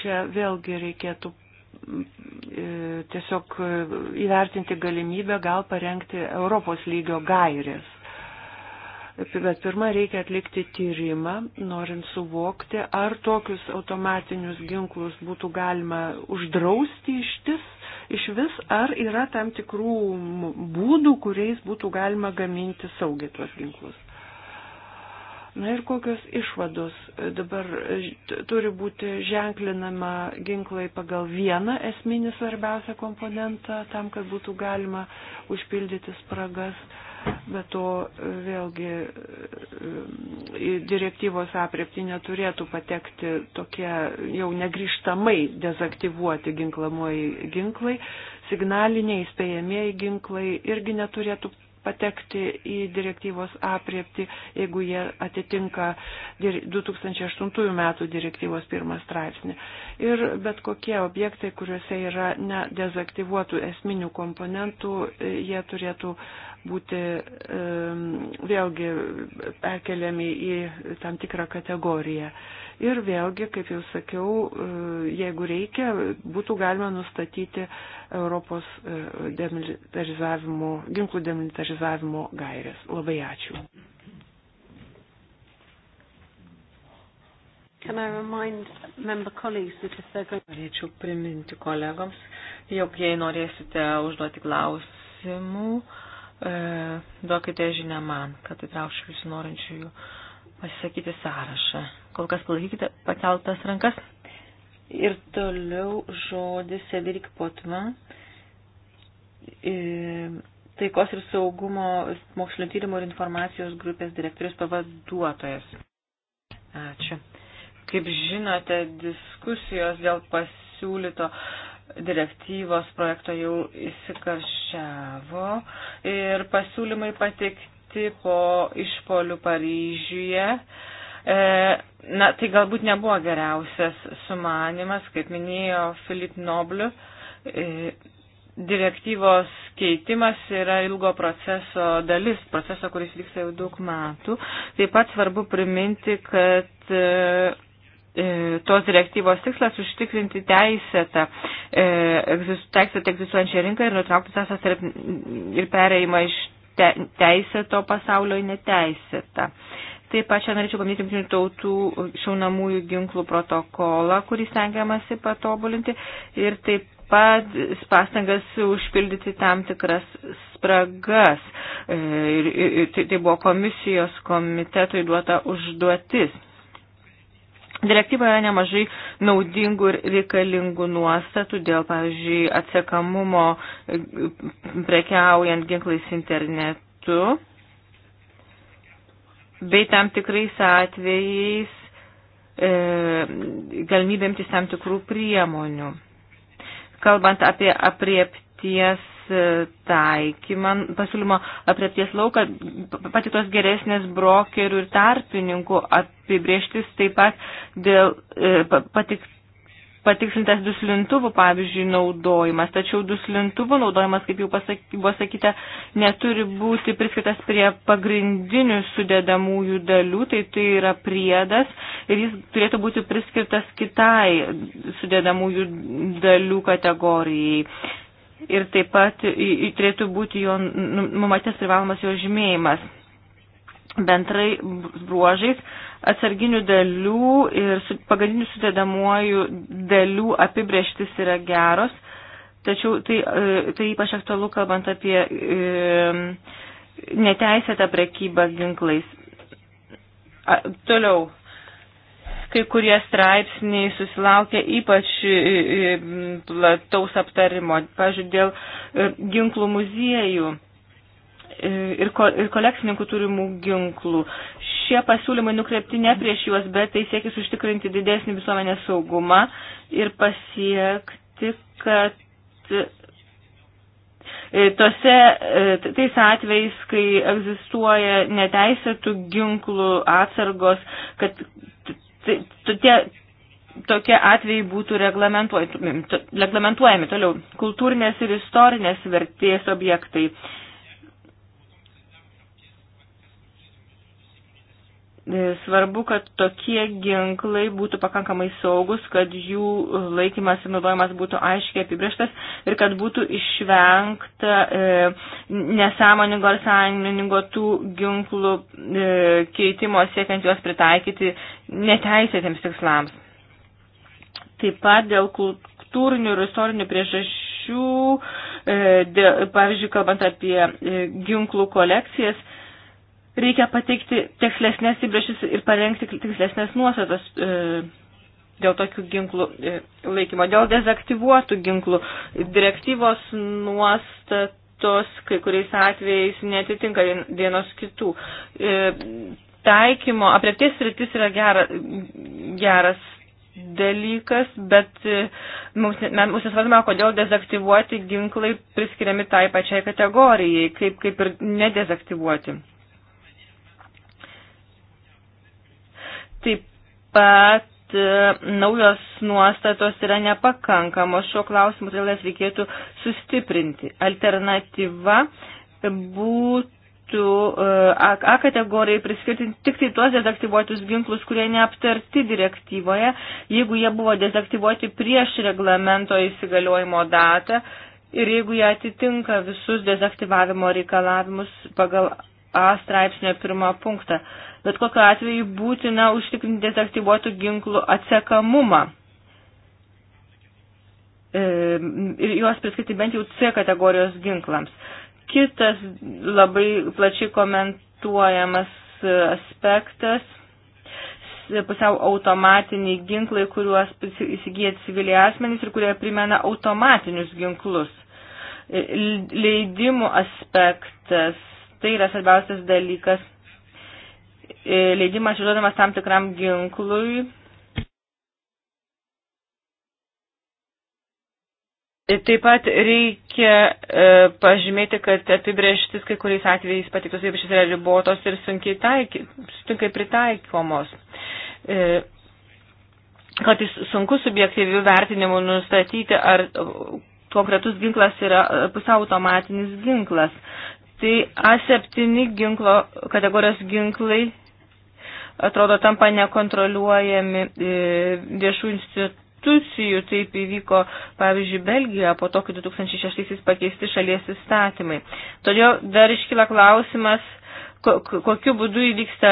Čia vėlgi reikėtų e, tiesiog e, įvertinti galimybę gal parengti Europos lygio gairės Bet pirmą reikia atlikti tyrimą, norint suvokti, ar tokius automatinius ginklus būtų galima uždrausti ištis, iš vis, ar yra tam tikrų būdų, kuriais būtų galima gaminti saugiai tuos ginklus. Na ir kokios išvados dabar e, turi būti ženklinama ginklai pagal vieną esminį svarbiausią komponentą tam, kad būtų galima užpildyti spragas bet to vėlgi į direktyvos apriepti neturėtų patekti tokie jau negrįžtamai dezaktyvuoti ginklamoji ginklai, signaliniai įspėjamieji ginklai irgi neturėtų patekti į direktyvos apriepti, jeigu jie atitinka 2008 metų direktyvos pirmą straipsnį. Ir bet kokie objektai, kuriuose yra nedezaktyvuotų esminių komponentų, jie turėtų būti vėlgi perkeliami į tam tikrą kategoriją. Ir vėlgi, kaip jau sakiau, e, jeigu reikia, būtų galima nustatyti Europos e, demilitarizavimo, ginklų demilitarizavimo gairės. Labai ačiū. Norėčiau priminti kolegoms, jog jei norėsite užduoti klausimų, e, duokite žinę man, kad įtraukčiau jūsų norinčiųjų pasisakyti sąrašą. Kol kas palaikykite pakeltas rankas. Ir toliau žodis Cedric Potman, e, taikos ir saugumo mokslinio tyrimo ir informacijos grupės direktorius pavaduotojas. Ačiū. Kaip žinote, diskusijos dėl pasiūlyto uh, direktyvos projekto jau įsikarščiavo ir pasiūlymai patikti po išpolių Paryžiuje. E, na, tai galbūt nebuvo geriausias sumanimas, kaip minėjo Filip Nobliu. E, direktyvos keitimas yra ilgo proceso dalis, proceso, kuris vyksta jau daug metų. Taip pat svarbu priminti, kad e, E, tos direktyvos tikslas užtikrinti teisėtą, e, teisėtą egzistuojančią rinką ir nutraukti sąsas ir pereimą iš teisėto pasaulio į neteisėtą. Taip pat čia norėčiau paminėti jungtinių tautų šaunamųjų ginklų protokolą, kurį stengiamasi patobulinti ir taip pat pastangas užpildyti tam tikras spragas. E, ir, ir, tai, tai buvo komisijos komitetui duota užduotis Direktyvoje yra nemažai naudingų ir reikalingų nuostatų dėl, pavyzdžiui, atsekamumo e, prekiaujant ginklais internetu bei tam tikrais atvejais e, galimybėmtis tam tikrų priemonių. Kalbant apie apriepties taikymą, pasiūlymo apriepties lauką, patiktos geresnės brokerių ir tarpininkų apibrieštis, taip pat dėl e, patik, patikslintas duslintuvų, pavyzdžiui, naudojimas. Tačiau duslintuvų naudojimas, kaip jau pasaky, buvo sakyta, neturi būti priskirtas prie pagrindinių sudėdamųjų dalių, tai tai yra priedas ir jis turėtų būti priskirtas kitai sudėdamųjų dalių kategorijai ir taip pat turėtų būti jo numatęs privalomas jo žymėjimas. Bentrai bruožais atsarginių dalių ir pagrindinių sudėdamuojų dalių apibrieštis yra geros, tačiau tai, e, tai ypač aktualu kalbant apie e, neteisėtą prekybą ginklais. A, toliau Kai kurie straipsniai susilaukia ypač e, e, plataus aptarimo, pavyzdžiui, dėl e, ginklų muziejų ir, ko, ir kolekcininkų turimų ginklų. Šie pasiūlymai nukreipti ne prieš juos, bet tai siekis užtikrinti didesnį visuomenės saugumą ir pasiekti, kad tose, tais atvejais, kai egzistuoja neteisėtų ginklų atsargos, kad Tai tie tokie atvejai būtų reglamentuojami. Toliau, kultūrinės ir istorinės vertės objektai. E, svarbu, kad tokie ginklai būtų pakankamai saugus, kad jų laikymas ir naudojimas būtų aiškiai apibrieštas ir kad būtų išvengta e, nesąmoningo ar sąmoningo tų ginklų e, keitimo siekiant juos pritaikyti neteisėtiems tikslams. Taip pat dėl kultūrinių ir istorinių priežasčių, e, dėl, pavyzdžiui, kalbant apie e, ginklų kolekcijas, e, reikia pateikti tikslesnės įbrėžtis ir parengti tikslesnės nuostatas e, dėl tokių ginklų e, laikymo. Dėl dezaktyvuotų ginklų direktyvos nuostatos kai kuriais atvejais netitinka vienos kitų. E, taikymo, apriepties rytis yra gera, geras dalykas, bet e, mums, mums nesvarbu, kodėl dezaktyvuoti ginklai priskiriami tai pačiai kategorijai, kaip, kaip ir nedezaktyvuoti. Taip pat e, naujos nuostatos yra nepakankamos. Šiuo klausimu todėl jas reikėtų sustiprinti. Alternatyva būtų reikėtų A kategorijai priskirti tik tai tuos dezaktyvuotus ginklus, kurie neaptarti direktyvoje, jeigu jie buvo dezaktyvuoti prieš reglamento įsigaliojimo datą ir jeigu jie atitinka visus dezaktyvavimo reikalavimus pagal A straipsnio pirmą punktą bet kokiu atveju būtina užtikrinti dezaktyvuotų ginklų atsekamumą. E, ir juos priskirti bent jau C kategorijos ginklams. Kitas labai plačiai komentuojamas aspektas pusiau automatiniai ginklai, kuriuos įsigyja civiliai asmenys ir kurie primena automatinius ginklus. E, leidimų aspektas, tai yra svarbiausias dalykas E, leidimas išduodamas tam tikram ginklui. Taip pat reikia e, pažymėti, kad apibrėžtis kai kuriais atvejais patiktos apibrėžtis yra ribotos ir sunkiai, taiky, sunkiai pritaikomos. E, kad jis sunku subjektyvių vertinimų nustatyti, ar konkretus ginklas yra e, pusiau automatinis ginklas. Tai A7 ginklo kategorijos ginklai atrodo tampa nekontroliuojami e, viešų institucijų. Taip įvyko, pavyzdžiui, Belgijoje po to, kai 2006 pakeisti šalies įstatymai. Todėl dar iškyla klausimas, kokiu būdu įvyksta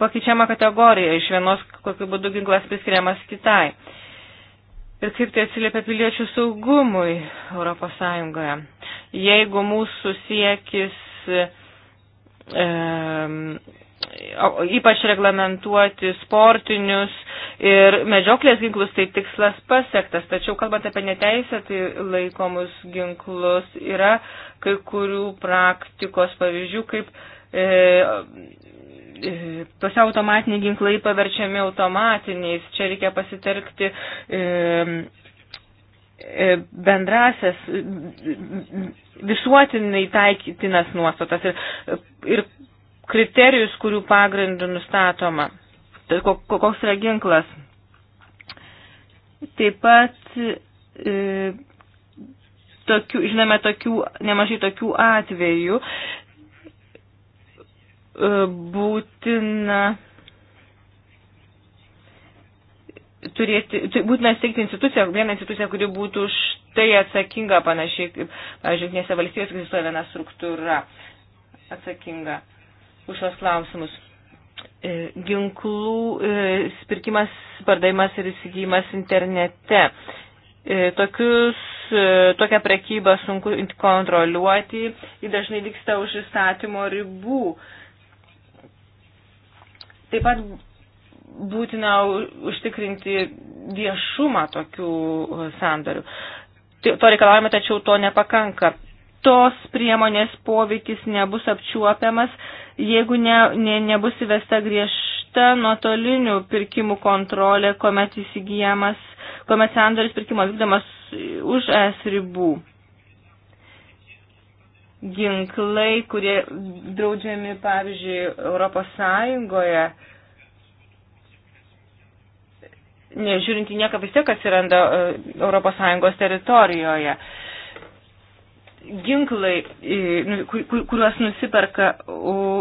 pakeičiama kategorija iš vienos, kokiu būdu ginklas priskiriamas kitai. Ir kaip tai atsiliepia piliečių saugumui Europos Sąjungoje. Jeigu mūsų siekis e, ypač reglamentuoti sportinius ir medžioklės ginklus, tai tikslas pasiektas. Tačiau, kalbant apie neteisėtai laikomus ginklus, yra kai kurių praktikos pavyzdžių, kaip e, e tose automatiniai ginklai paverčiami automatiniais. Čia reikia pasitelkti e, e bendrasias visuotinai taikytinas nuostatas ir, ir kriterijus, kurių pagrindų nustatoma. Tai koks yra ginklas. Taip pat e, tokių, žinome tokių, nemažai tokių atvejų e, būtina turėti, tai būtina steigti instituciją, vieną instituciją, kuri būtų už tai atsakinga, panašiai kaip, pavyzdžiui, Junktinėse valstijose egzistuoja viena struktūra atsakinga už šios klausimus. E, ginklų spirkimas, e, pardavimas ir įsigijimas internete. E, tokius, tokią prekybą sunku kontroliuoti, ji dažnai vyksta už įstatymo ribų. Taip pat būtina užtikrinti viešumą tokių sandorių. To reikalavome, tačiau to nepakanka tos priemonės poveikis nebus apčiuopiamas, jeigu ne, ne, nebus įvesta griežta nuotolinių pirkimų kontrolė, kuomet įsigijamas, kuomet sandoris pirkimo vykdomas už es ribų. Ginklai, kurie draudžiami, pavyzdžiui, Europos Sąjungoje, nežiūrint į nieką vis tiek atsiranda e, Europos Sąjungos teritorijoje. Uh, ginklai, nu, kuriuos nusiperka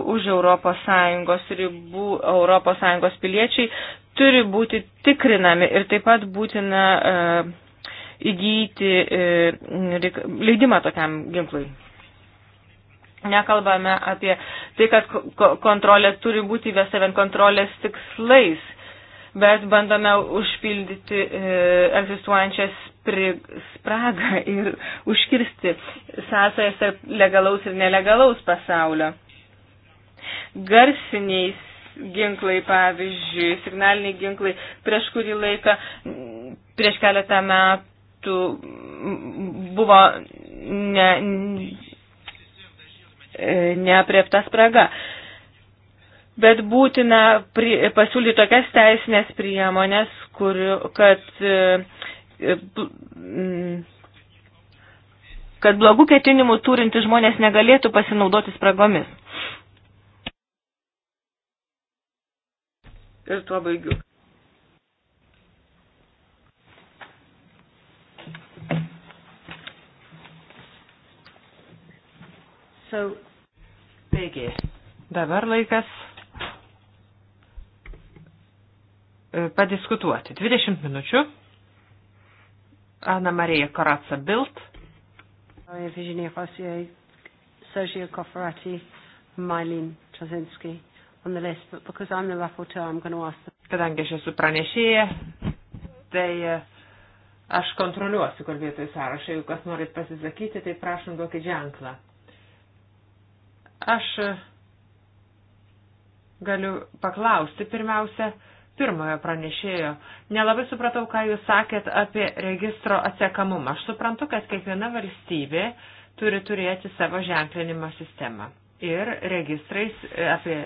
už ES ribų ES piliečiai, turi būti tikrinami ir taip pat būtina e, įgyti e, leidimą tokiam ginklui. Nekalbame apie tai, kad kontrolė turi būti įvesta vien kontrolės tikslais bet bandome užpildyti e, egzistuojančią spragą ir užkirsti sąsajas tarp legalaus ir nelegalaus pasaulio. Garsiniais ginklai, pavyzdžiui, signaliniai ginklai, prieš kurį laiką, prieš keletą metų buvo ne, e, neapriepta spraga. E, bet būtina pri, pasiūlyti tokias teisinės priemonės, kur, kad, e, e, mm, kad blogų ketinimų turinti žmonės negalėtų pasinaudoti spragomis. Ir tuo baigiu. So, taigi, dabar laikas padiskutuoti. 20 minučių. Ana Marija Karatsa Bilt. Virginia Rossier, Sergio Cofferati, Mylene Trzynski on the list, but because I'm the rapporteur, I'm going to ask them. Kadangi aš esu pranešėja, tai eh, aš kontroliuosiu kalbėtojų sąrašą. Jeigu kas norit pasisakyti, tai prašom duokit ženklą. Aš eh, galiu paklausti pirmiausia, pirmojo pranešėjo. Nelabai supratau, ką jūs sakėt apie registro atsekamumą. Aš suprantu, kad kiekviena valstybė turi turėti savo ženklinimo sistemą. Ir registrais e, apie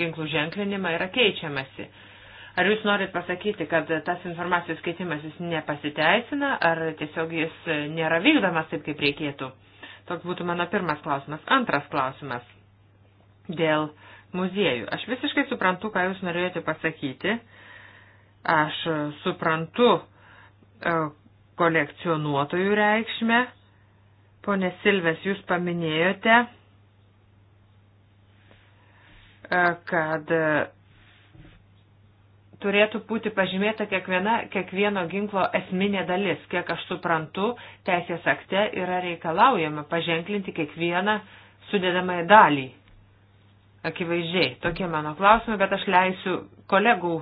ginklų ženklinimą yra keičiamasi. Ar jūs norit pasakyti, kad tas informacijos keitimasis nepasiteisina, ar tiesiog jis nėra vykdomas taip, kaip reikėtų? Toks būtų mano pirmas klausimas. Antras klausimas dėl muziejų. Aš visiškai suprantu, ką jūs norėjote pasakyti. Aš suprantu e, kolekcionuotojų reikšmę. Pone Silves, jūs paminėjote, e, kad e, turėtų būti pažymėta kiekviena, kiekvieno ginklo esminė dalis. Kiek aš suprantu, teisės akte yra reikalaujama paženklinti kiekvieną sudedamąją dalį akivaizdžiai. Tokie mano klausimai, bet aš leisiu kolegų,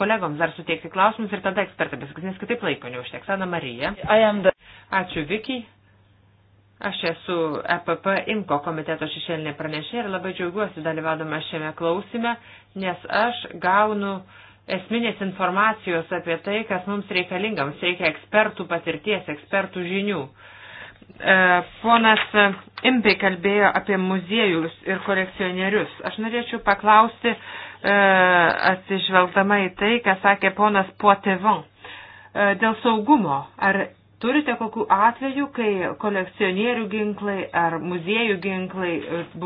kolegoms dar suteikti klausimus ir tada ekspertai pasakys, nes kitaip laiko neužteks. Ana Marija. The... Ačiū, Viki. Aš esu EPP IMKO komiteto šešėlinė pranešė ir labai džiaugiuosi dalyvaudama šiame klausime, nes aš gaunu esminės informacijos apie tai, kas mums reikalinga. Mums reikia ekspertų patirties, ekspertų žinių. Uh, E, ponas Imbai kalbėjo apie muziejus ir kolekcionierius. Aš norėčiau paklausti, e, atsižvelgdama į tai, ką sakė ponas Poitevin, e, dėl saugumo. Ar turite kokių atvejų, kai kolekcionierių ginklai ar muziejų ginklai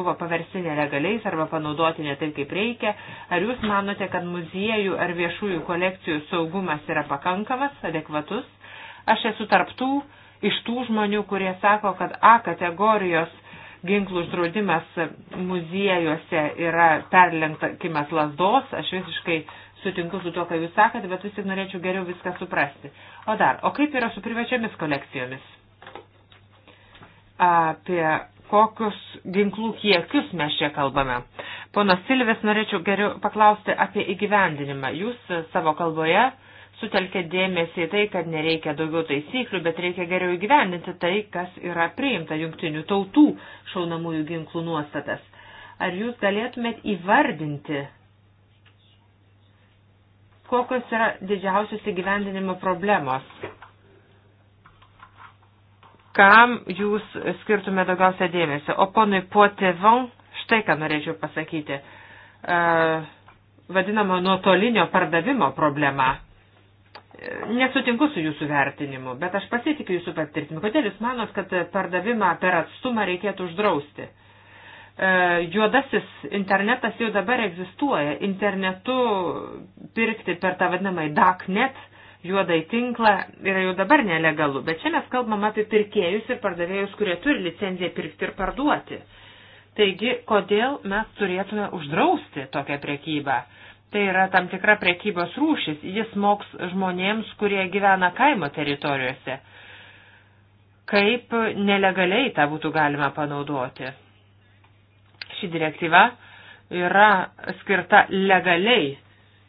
buvo paversti nelegaliais arba panaudoti ne taip, kaip reikia? Ar jūs manote, kad muziejų ar viešųjų kolekcijų saugumas yra pakankamas, adekvatus? Aš esu tarptų iš tų žmonių, kurie sako, kad A kategorijos ginklų uždraudimas muziejuose yra perlenktakimas lasdos, aš visiškai sutinku su to, ką jūs sakate, bet vis tik norėčiau geriau viską suprasti. O dar, o kaip yra su privačiomis kolekcijomis? Apie kokius ginklų kiekius mes čia kalbame. Pono Silvės norėčiau geriau paklausti apie įgyvendinimą. Jūs savo kalboje uh, sutelkė dėmesį į tai, kad nereikia daugiau taisyklių, bet reikia geriau įgyvendinti tai, kas yra priimta jungtinių tautų šaunamųjų ginklų nuostatas. Ar jūs galėtumėt įvardinti, kokios yra didžiausios įgyvendinimo problemos? Kam jūs skirtume daugiausia dėmesio? O ponui Poitevon, štai ką norėčiau pasakyti, uh, vadinamo nuotolinio pardavimo problema nesutinku su jūsų vertinimu, bet aš pasitikiu jūsų patirtimi. Kodėl jūs manot, kad pardavimą per atstumą reikėtų uždrausti? E, juodasis internetas jau dabar egzistuoja. Internetu pirkti per tą vadinamą darknet, juodai tinklą, yra jau dabar nelegalu. Bet čia mes kalbam apie pirkėjus ir pardavėjus, kurie turi licenciją pirkti ir parduoti. Taigi, kodėl mes turėtume uždrausti tokią prekybą? Uh, tai yra tam tikra prekybos rūšis. Jis moks žmonėms, kurie gyvena kaimo teritorijose, kaip nelegaliai tą būtų galima panaudoti. Ši direktyva yra skirta legaliai,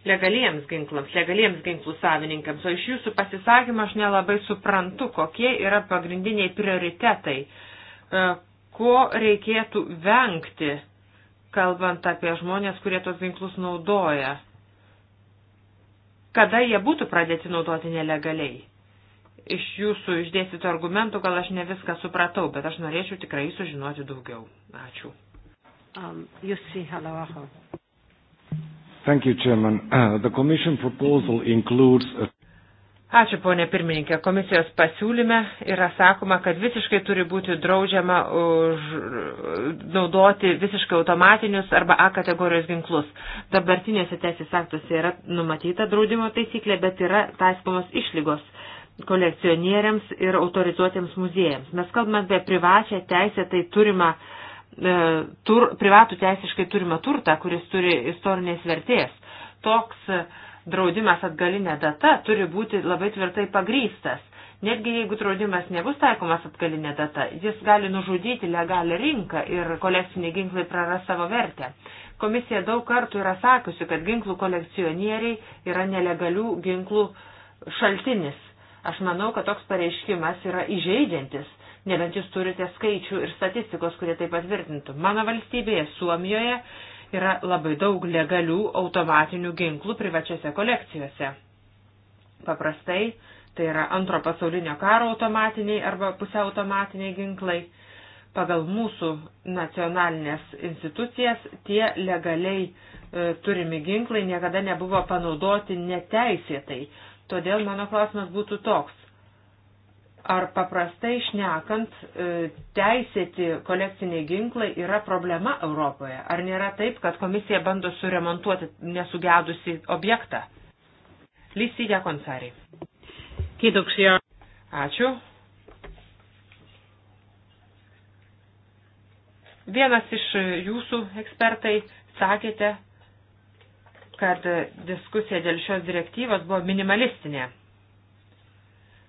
legaliems ginklams, legaliems ginklų savininkams, o iš jūsų pasisakymą aš nelabai suprantu, kokie yra pagrindiniai prioritetai, e, ko reikėtų vengti kalbant apie žmonės, kurie tos ginklus naudoja. Kada jie būtų pradėti naudoti nelegaliai? Iš jūsų išdėstytų argumentų gal aš ne viską supratau, bet aš norėčiau tikrai sužinoti daugiau. Ačiū. Um, Jussi Halawaho. Thank you, Chairman. Uh, the Commission proposal includes a Ačiū, ponė pirmininkė. Komisijos pasiūlyme yra sakoma, kad visiškai turi būti draudžiama už, naudoti visiškai automatinius arba A kategorijos ginklus. Dabartinėse teisės aktuose yra numatyta draudimo taisyklė, bet yra taiskomos išlygos kolekcionieriams ir autorizuotiems muziejams. Mes kalbame apie privačią teisę, tai turima e, tur, privatų teisiškai turimą turtą, kuris turi istorinės vertės. Toks uh, draudimas atgalinė data turi būti labai tvirtai pagrystas. Netgi jeigu draudimas nebus taikomas atgalinė data, jis gali nužudyti legalią rinką ir kolekciniai ginklai praras savo vertę. Komisija daug kartų yra sakiusi, kad ginklų kolekcionieriai yra nelegalių ginklų šaltinis. Aš manau, kad toks pareiškimas yra įžeidžiantis, nebent jūs turite skaičių ir statistikos, kurie tai patvirtintų. Mano valstybėje, Suomijoje, yra labai daug legalių automatinių ginklų privačiose kolekcijose. Paprastai tai yra antro pasaulinio karo automatiniai arba pusiautomatiniai ginklai. Pagal mūsų nacionalinės institucijas tie legaliai e, turimi ginklai niekada nebuvo panaudoti neteisėtai. Todėl mano klausimas būtų toks. Ar paprastai išnekant, e, teisėti kolekciniai ginklai yra problema Europoje? Ar nėra taip, kad komisija bando suremontuoti nesugedusi objektą? Lysi Jakonsari. Kiitoksia. Ačiū. Vienas iš jūsų ekspertai sakėte, kad diskusija dėl šios direktyvos buvo minimalistinė.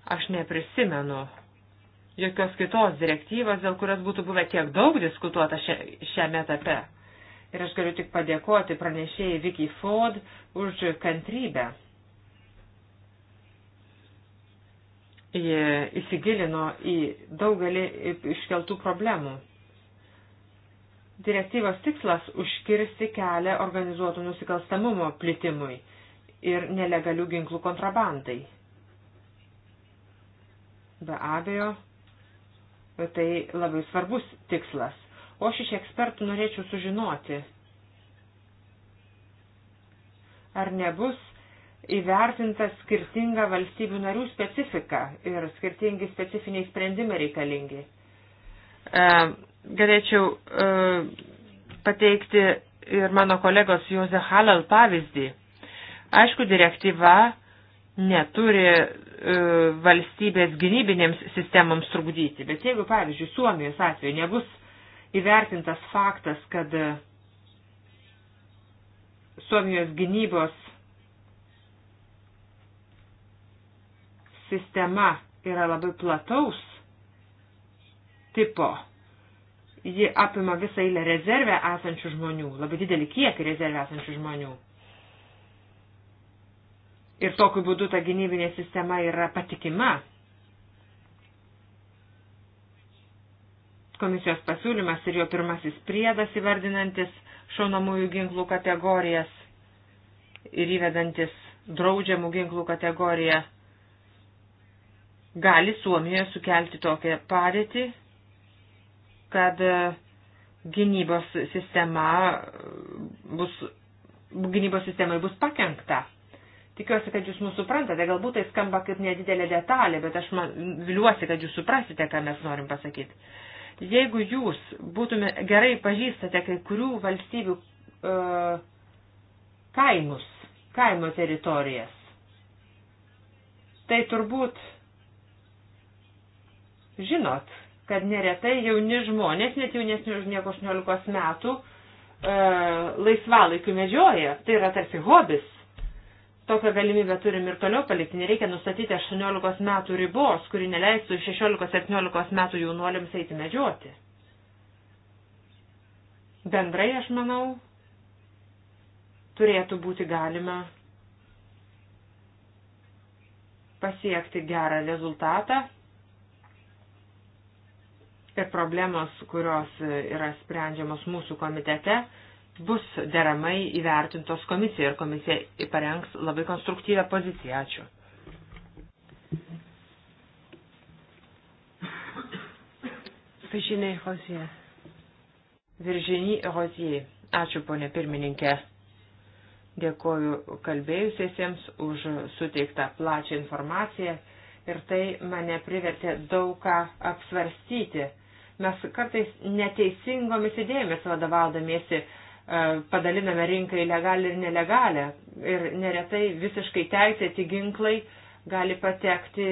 Aš neprisimenu jokios kitos direktyvos, dėl kurios būtų buvę tiek daug diskutuota šiame etape. Ir aš galiu tik padėkoti pranešėjai Vicky Ford už kantrybę. Ji įsigilino į daugelį iškeltų problemų. Direktyvos tikslas - užkirsti kelią organizuotų nusikalstamumo plitimui ir nelegalių ginklų kontrabandai. Be abejo, tai labai svarbus tikslas. O aš iš ekspertų norėčiau sužinoti, ar nebus įvertinta skirtinga valstybių narių specifika ir skirtingi specifiniai sprendimai reikalingi. E, galėčiau e, pateikti ir mano kolegos Jose Halal pavyzdį. Aišku, direktyva neturi E, valstybės gynybinėms sistemams trukdyti. Bet jeigu, pavyzdžiui, Suomijos atveju nebus įvertintas faktas, kad e, Suomijos gynybos sistema yra labai plataus tipo, ji apima visą eilę rezervę esančių žmonių, labai didelį kiekį rezervę esančių žmonių ir tokiu būdu ta gynybinė sistema yra patikima. Komisijos pasiūlymas ir jo pirmasis priedas įvardinantis šaunamųjų ginklų kategorijas ir įvedantis draudžiamų ginklų kategoriją gali Suomijoje sukelti tokią padėtį, kad e, gynybos sistema bus, gynybos sistemai bus pakengta. Tikiuosi, kad jūs mūsų suprantate, galbūt tai skamba kaip nedidelė detalė, bet aš man, viliuosi, kad jūs suprasite, ką mes norim pasakyti. Jeigu jūs būtume gerai pažįstate kai kurių valstybių e, kaimus, kaimo teritorijas, tai turbūt žinot, kad neretai jauni žmonės, net jaunesni už nieko 18 metų, e, laisvalaikiu medžioja. Tai yra tarsi hobis. Tokią galimybę turim ir toliau palikti. Nereikia nustatyti 18 metų ribos, kuri neleistų 16-17 metų jaunuoliams eiti medžioti. Bendrai, aš manau, turėtų būti galima pasiekti gerą rezultatą ir problemos, kurios yra sprendžiamos mūsų komitete, bus deramai įvertintos komisija ir komisija parengs labai konstruktyvę poziciją. Ačiū. Virginie Rozier. Virginie Rozier. Ačiū, ponė pirmininkė. Dėkoju kalbėjusiesiems už suteiktą plačią informaciją ir tai mane privertė daug ką apsvarstyti. Mes kartais neteisingomis idėjomis vadovaudamiesi E, padaliname rinkai legalę ir nelegalę. Ir neretai visiškai teisėti ginklai gali patekti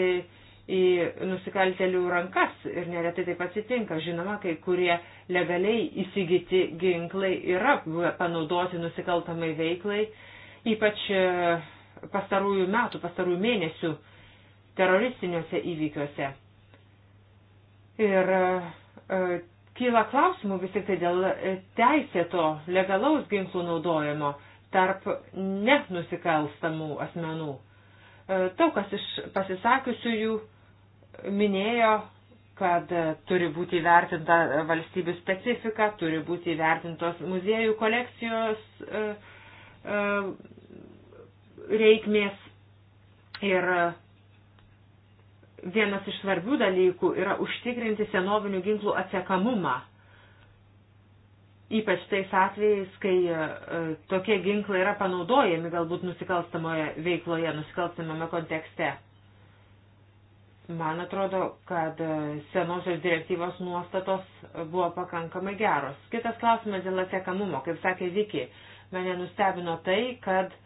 į nusikaltelių rankas ir neretai taip atsitinka. Žinoma, kai kurie legaliai įsigyti ginklai yra panaudoti nusikaltamai veiklai, ypač e, pastarųjų metų, pastarųjų mėnesių teroristiniuose įvykiuose. Ir e, kyla klausimų vis tik tai dėl e, teisėto legalaus ginklų naudojimo tarp nenusikalstamų asmenų. E, daug kas iš pasisakiusiųjų minėjo, kad e, turi būti įvertinta valstybių specifika, turi būti įvertintos muziejų kolekcijos reikmės ir vienas iš svarbių dalykų yra užtikrinti senovinių ginklų atsekamumą. Ypač tais atvejais, kai e, tokie ginklai yra panaudojami galbūt nusikalstamoje veikloje, nusikalstamame kontekste. Man atrodo, kad e, senosios direktyvos nuostatos buvo pakankamai geros. Kitas klausimas dėl atsekamumo. Kaip sakė Viki, mane nustebino tai, kad e,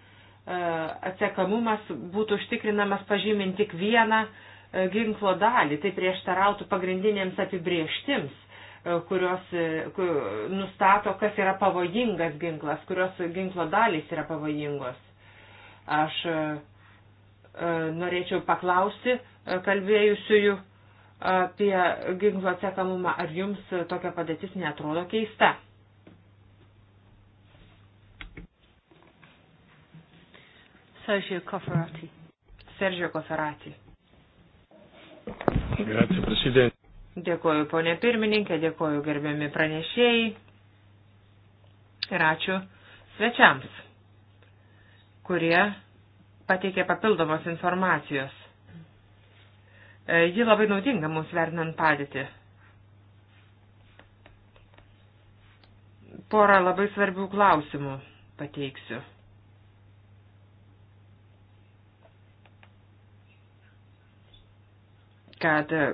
atsekamumas būtų užtikrinamas pažymint tik vieną uh, E, ginklo dalį. Tai prieštarautų pagrindinėms apibrieštims e, kurios e, nustato, kas yra pavojingas ginklas, kurios ginklo dalys yra pavojingos. Aš norėčiau paklausti kalbėjusiųjų apie ginklo atsekamumą, ar jums tokia padėtis netrodo keista? Sergio Koferati. Sergio Koferati. Grazie, Presidente. Dėkoju, ponė pirmininkė, dėkoju gerbiami pranešėjai ir ačiū svečiams, kurie pateikė papildomos informacijos. E, ji labai naudinga mums vertinant padėtį. Porą labai svarbių klausimų pateiksiu. kad e,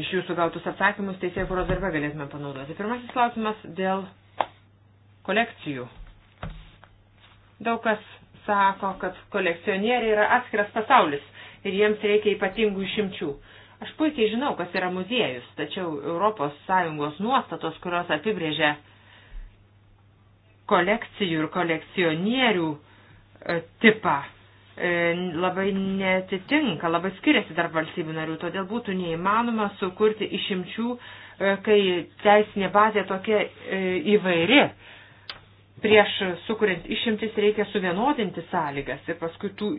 iš jūsų gautus atsakymus teisėjų foros darbę galėsime panaudoti. Pirmasis klausimas dėl kolekcijų. Daug kas sako, kad kolekcionieriai yra atskiras pasaulis ir jiems reikia ypatingų išimčių. Aš puikiai žinau, kas yra muziejus, tačiau ES nuostatos, kurios apibrėžia kolekcijų ir kolekcionierių e, tipą, E, labai netitinka, labai skiriasi tarp valstybių narių, todėl būtų neįmanoma sukurti išimčių, e, kai teisinė bazė tokia e, įvairi. Prieš sukuriant išimtis reikia suvienodinti sąlygas ir paskui tų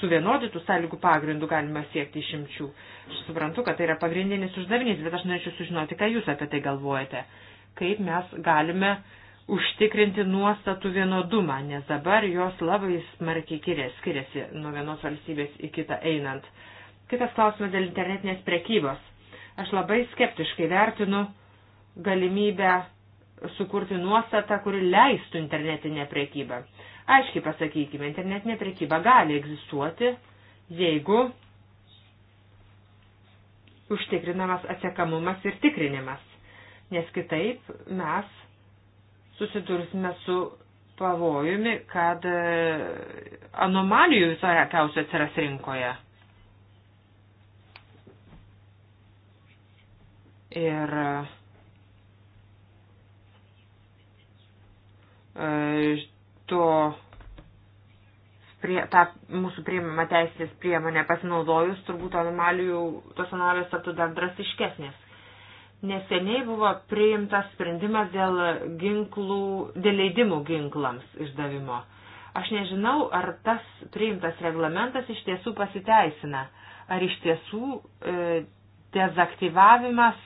suvienodytų sąlygų pagrindų galima siekti išimčių. Aš suprantu, kad tai yra pagrindinis uždavinys, bet aš norėčiau sužinoti, ką jūs apie tai galvojate. Kaip mes galime uh, užtikrinti nuostatų vienodumą, nes dabar jos labai smarkiai skiriasi nuo vienos valstybės į kitą einant. Kitas klausimas dėl internetinės prekybos. Aš labai skeptiškai vertinu galimybę sukurti nuostatą, kuri leistų internetinę prekybą. Aiškiai pasakykime, internetinė prekyba gali egzistuoti, jeigu užtikrinamas atsekamumas ir tikrinimas, nes kitaip mes susidursime su pavojumi, kad e, anomalijų visokiausių atsiras rinkoje. Ir iš e, to prie, tą mūsų priimamą teisės priemonę pasinaudojus, turbūt anomalijų, tos anomalijos taptų dar drastiškesnės. Neseniai buvo priimtas sprendimas dėl, ginklų, dėl leidimų ginklams išdavimo. Aš nežinau, ar tas priimtas reglamentas iš tiesų pasiteisina, ar iš tiesų e, dezaktyvavimas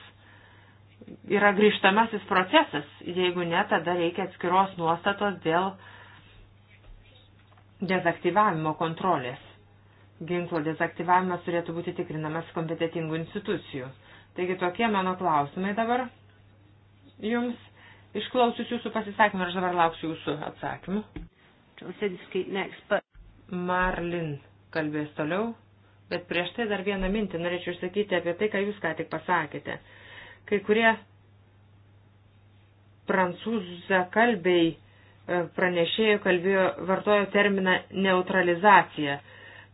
yra grįžtamasis procesas. Jeigu ne, tada reikia atskiros nuostatos dėl dezaktyvavimo kontrolės. Ginklo dezaktyvavimas turėtų būti tikrinamas kompetitingų institucijų. Taigi tokie mano klausimai dabar jums. Išklausius jūsų pasisakymą, aš dabar lauksiu jūsų atsakymų. Marlin kalbės toliau, bet prieš tai dar vieną mintį norėčiau išsakyti apie tai, ką jūs ką tik pasakėte. Kai kurie prancūzakalbiai e, pranešėjų kalbėjo, vartojo terminą neutralizacija,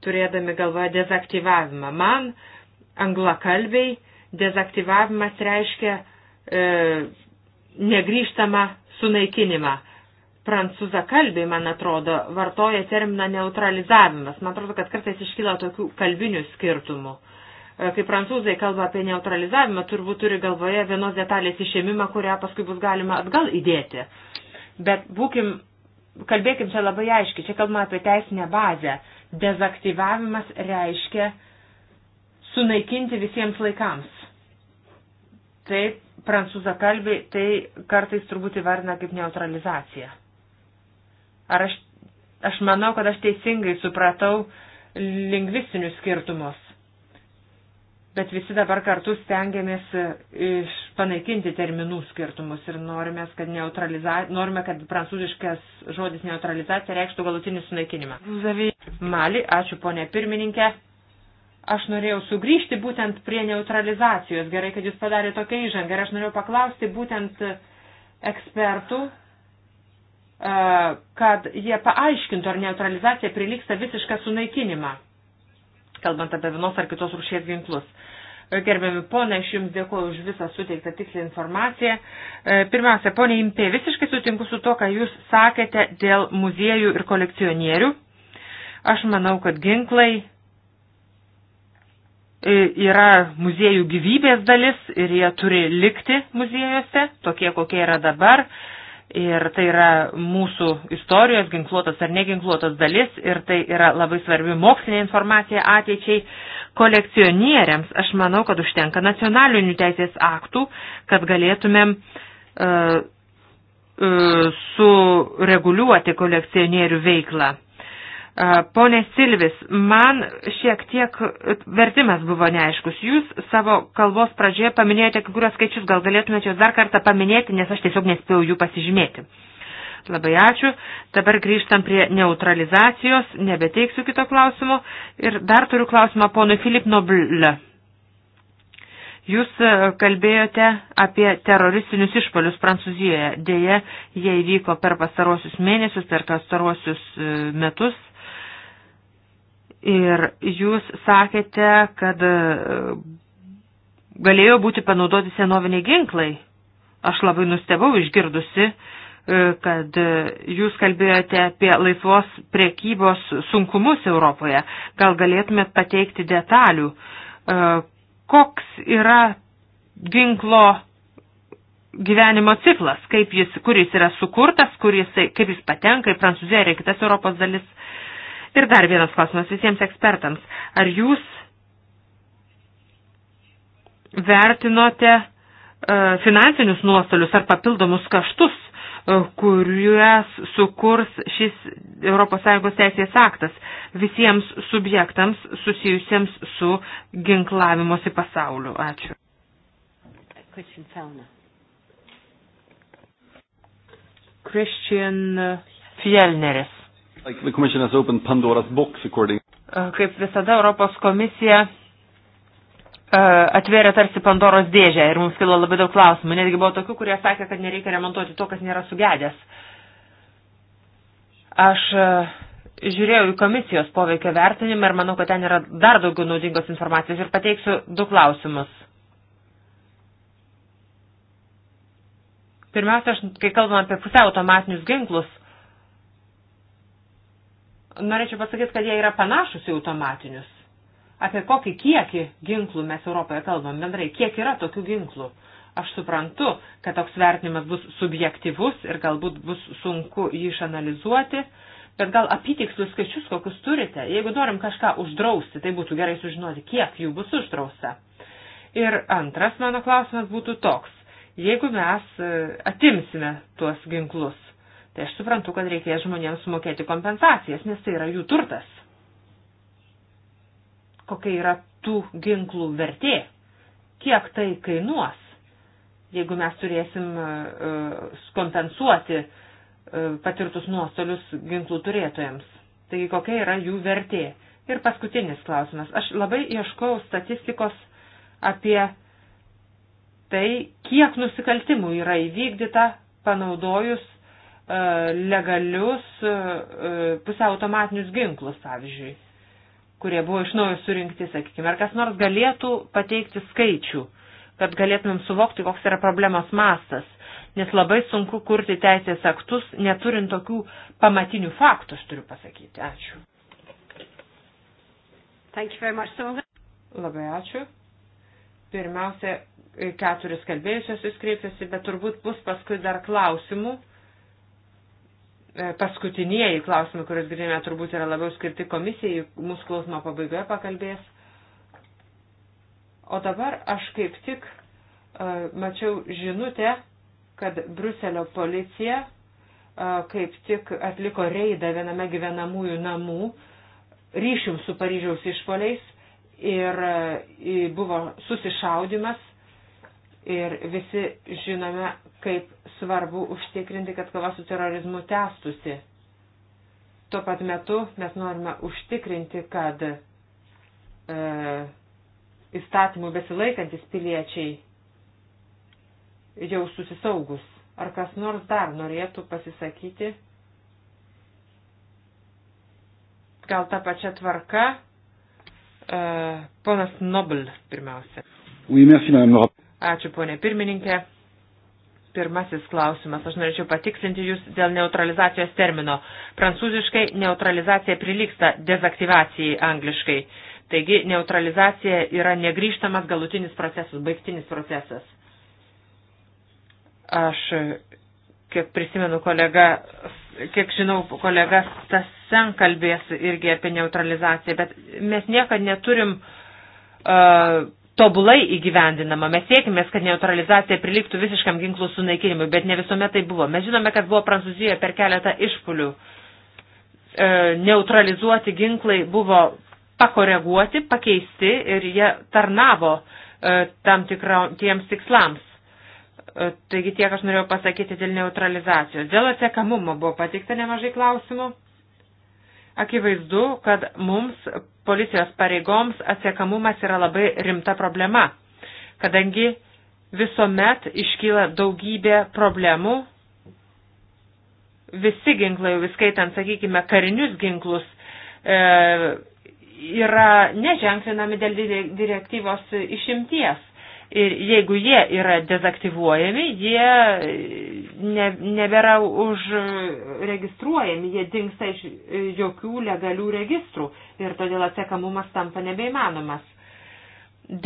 turėdami galvoje dezaktyvavimą. Man anglakalbiai Dezaktyvavimas reiškia e, negrįžtamą sunaikinimą. Prancūzakalbiai, man atrodo, vartoja terminą neutralizavimas. Man atrodo, kad kartais iškyla tokių kalbinių skirtumų. E, kai prancūzai kalba apie neutralizavimą, turbūt turi galvoje vienos detalės išėmimą, kurią paskui bus galima atgal įdėti. Bet būkim, kalbėkim čia labai aiškiai, čia kalbama apie teisinę bazę. Dezaktyvavimas reiškia sunaikinti visiems laikams. Taip, prancūzakalbiai tai kartais turbūt įvardina kaip neutralizacija. Ar aš, aš manau, kad aš teisingai supratau lingvistinius skirtumus, bet visi dabar kartu stengiamės e, panaikinti terminų skirtumus ir norime, kad, norime, kad prancūziškas žodis neutralizacija reikštų galutinį sunaikinimą. Mali, ačiū ponė pirmininkė. Aš norėjau sugrįžti būtent prie neutralizacijos. Gerai, kad jūs padarė tokią įžangą. Ir aš norėjau paklausti būtent e, ekspertų, e, kad jie paaiškintų, ar neutralizacija priliksta visišką sunaikinimą, kalbant apie vienos ar kitos rūšies ginklus. E, gerbiami ponai, aš Jums dėkuoju už visą suteiktą tikslį informaciją. Pirmiausia, ponė Impė, visiškai sutinku su to, ką Jūs sakėte dėl muziejų ir kolekcionierių. Aš manau, kad ginklai E, yra muziejų gyvybės dalis ir jie turi likti muziejuose, tokie kokie yra dabar. Ir tai yra mūsų istorijos, ginkluotos ar neginkluotos dalis, ir tai yra labai svarbi mokslinė informacija ateičiai kolekcionieriams. Aš manau, kad užtenka nacionalinių teisės aktų, kad galėtumėm uh, uh, sureguliuoti kolekcionierių veiklą. Pone Silvis, man šiek tiek e, vertimas buvo neaiškus. Jūs savo kalbos pradžioje paminėjote kai kurios skaičius, gal galėtumėte juos dar kartą paminėti, nes aš tiesiog nespėjau jų pasižymėti. Labai ačiū. Dabar grįžtam prie neutralizacijos, nebeteiksiu kito klausimo. Ir dar turiu klausimą ponui Filip Noblė. Jūs e, kalbėjote apie teroristinius išpolius Prancūzijoje. Dėje, jie įvyko per pastarosius mėnesius, per pastarosius e, metus. Ir jūs sakėte, kad e, galėjo būti panaudoti senoviniai ginklai. Aš labai nustebau išgirdusi, e, kad e, jūs kalbėjote apie laisvos priekybos sunkumus Europoje. Gal galėtumėt pateikti detalių, koks yra ginklo gyvenimo ciklas, kaip jis, kuris yra sukurtas, kuris, kaip jis patenka į Prancūziją ir kitas Europos dalis. Ir dar vienas klausimas visiems ekspertams. Ar jūs vertinote e, finansinius nuostolius ar papildomus kaštus, e, kuriuos sukurs šis ES teisės aktas visiems subjektams susijusiems su ginklavimosi pasauliu. Ačiū. Christian Fjellneris. Kaip visada, Europos komisija atvėrė tarsi Pandoros dėžę ir mums kilo labai daug klausimų. Netgi buvo tokių, kurie sakė, kad nereikia remontuoti to, kas nėra sugedęs. Aš žiūrėjau į komisijos poveikio vertinimą ir manau, kad ten yra dar daugiau naudingos informacijos ir pateiksiu du klausimus. Pirmiausia, aš, kai kalbam apie pusiau automatinius ginklus, norėčiau pasakyti, kad jie yra panašus į automatinius. Apie kokį kiekį ginklų mes Europoje kalbam bendrai, kiek yra tokių ginklų. Aš suprantu, kad toks vertinimas bus subjektivus ir galbūt bus sunku jį išanalizuoti, bet gal apytikslius skaičius, kokius turite, jeigu norim kažką uždrausti, tai būtų gerai sužinoti, kiek jų bus uždrausta. Ir antras mano klausimas būtų toks, jeigu mes e, atimsime tuos ginklus, Tai aš suprantu, kad reikės žmonėms sumokėti kompensacijas, nes tai yra jų turtas. Kokia yra tų ginklų vertė? Kiek tai kainuos, jeigu mes turėsim e, kompensuoti e, patirtus nuostolius ginklų turėtojams? Taigi kokia yra jų vertė? Ir paskutinis klausimas. Aš labai ieškau statistikos apie tai, kiek nusikaltimų yra įvykdyta panaudojus E, legalius e, e, pusiautomatinius ginklus, pavyzdžiui, kurie buvo iš naujo surinkti, sakykime. Ar kas nors galėtų pateikti skaičių, kad galėtumėm suvokti, koks yra problemos mastas, nes labai sunku kurti teisės aktus, neturint tokių pamatinių faktų, aš turiu pasakyti. Ačiū. Labai ačiū. Pirmiausia, keturis kalbėjusios jūs kreipėsi, bet turbūt bus paskui dar klausimų. E, paskutinieji klausimai, kuriuos girdėjome, turbūt yra labiau skirti komisijai, mūsų klausimo pabaigoje pakalbės. O dabar aš kaip tik uh, mačiau žinutę, kad Bruselio policija uh, kaip tik atliko reidą viename gyvenamųjų namų ryšium su Paryžiaus išpoliais ir uh, buvo susišaudimas ir visi žinome kaip svarbu užtikrinti, kad kova su terorizmu tęstusi. Tuo pat metu mes norime užtikrinti, kad e, įstatymų besilaikantis piliečiai jau susisaugus. Ar kas nors dar norėtų pasisakyti? Gal tą pačią tvarką? E, ponas Nobel pirmiausia. Oui, merci, Ačiū, ponė pirmininkė. Pirmasis klausimas. Aš norėčiau patikslinti jūs dėl neutralizacijos termino. Prancūziškai neutralizacija prilyksta dezaktyvacijai angliškai. Taigi neutralizacija yra negryžtamas galutinis procesas, baigtinis procesas. Aš, kiek prisimenu kolega, kiek žinau, kolega Stasen kalbės irgi apie neutralizaciją, bet mes niekad neturim uh, tobulai įgyvendinama. Mes siekime, kad neutralizacija priliktų visiškam ginklų sunaikinimui, bet ne visuomet tai buvo. Mes žinome, kad buvo Prancūzijoje per keletą išpulių. E, neutralizuoti ginklai buvo pakoreguoti, pakeisti ir jie tarnavo e, tam tikra, tiems tikslams. E, taigi tiek aš norėjau pasakyti dėl neutralizacijos. Dėl atsiekamumo buvo pateikta nemažai klausimų. Akivaizdu, kad mums, policijos pareigoms, atsiekamumas yra labai rimta problema, kadangi visuomet iškyla daugybė problemų. Visi ginklai, viskaitant, sakykime, karinius ginklus, e, yra neženklinami dėl direktyvos išimties. Ir jeigu jie yra dezaktyvuojami, jie e, ne, nebėra užregistruojami, e, jie dinksta iš e, jokių legalių registrų ir todėl atsiekamumas tampa nebeįmanomas.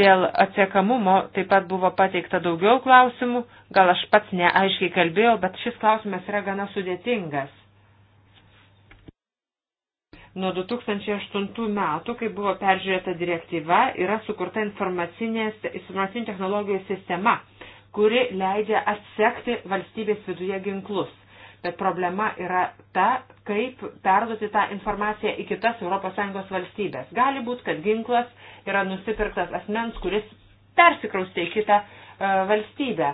Dėl atsiekamumo taip pat buvo pateikta daugiau klausimų, gal aš pats neaiškiai kalbėjau, bet šis klausimas yra gana sudėtingas. Nuo 2008 metų, kai buvo peržiūrėta direktyva, yra sukurta informacinė technologijų sistema, kuri leidžia atsekti valstybės viduje ginklus. Bet problema yra ta, kaip perduoti tą informaciją į kitas ES valstybės. Gali būti, kad ginklas yra nusipirktas asmens, kuris persikraustė į kitą e, valstybę.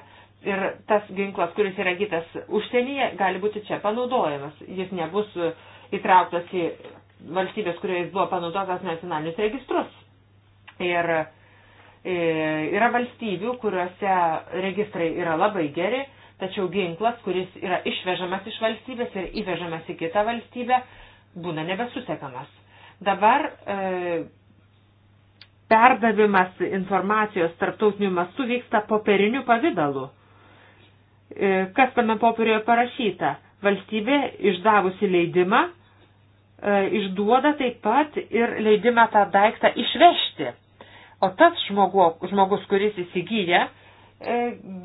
Ir tas ginklas, kuris yra gytas užsienyje, gali būti čia panaudojamas. Jis nebus e, įtrauktas į valstybės, kurioje jis buvo panaudotas nacionalinius registrus. Ir e, yra valstybių, kuriuose registrai yra labai geri, tačiau ginklas, kuris yra išvežamas iš valstybės ir įvežamas į kitą valstybę, būna nebesusekamas. Dabar e, perdavimas informacijos tarptautiniu mastu vyksta popieriniu pavydalu. E, kas tame popieriuje parašyta? Valstybė išdavusi leidimą E, išduoda taip pat ir leidimą tą daiktą išvežti. O tas žmogu, žmogus, kuris įsigyja e,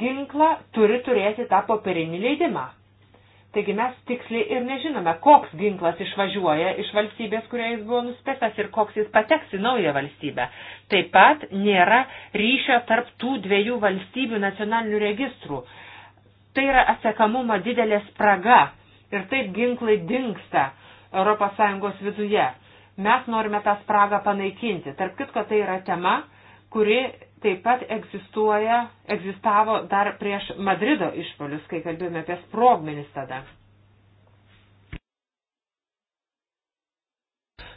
ginklą, turi turėti tą popierinį leidimą. Taigi mes tiksliai ir nežinome, koks ginklas išvažiuoja iš valstybės, kurioje jis buvo nuspėtas ir koks jis pateks į naują valstybę. Taip pat nėra ryšio tarp tų dviejų valstybių nacionalinių registrų. Tai yra atsekamumo didelė spraga ir taip ginklai dinksta. Uh, ES viduje. Mes norime tą spragą panaikinti. Tarp kitko, tai yra tema, kuri taip pat egzistuoja, egzistavo dar prieš Madrido išpolius, kai kalbėjome apie sprogmenis tada.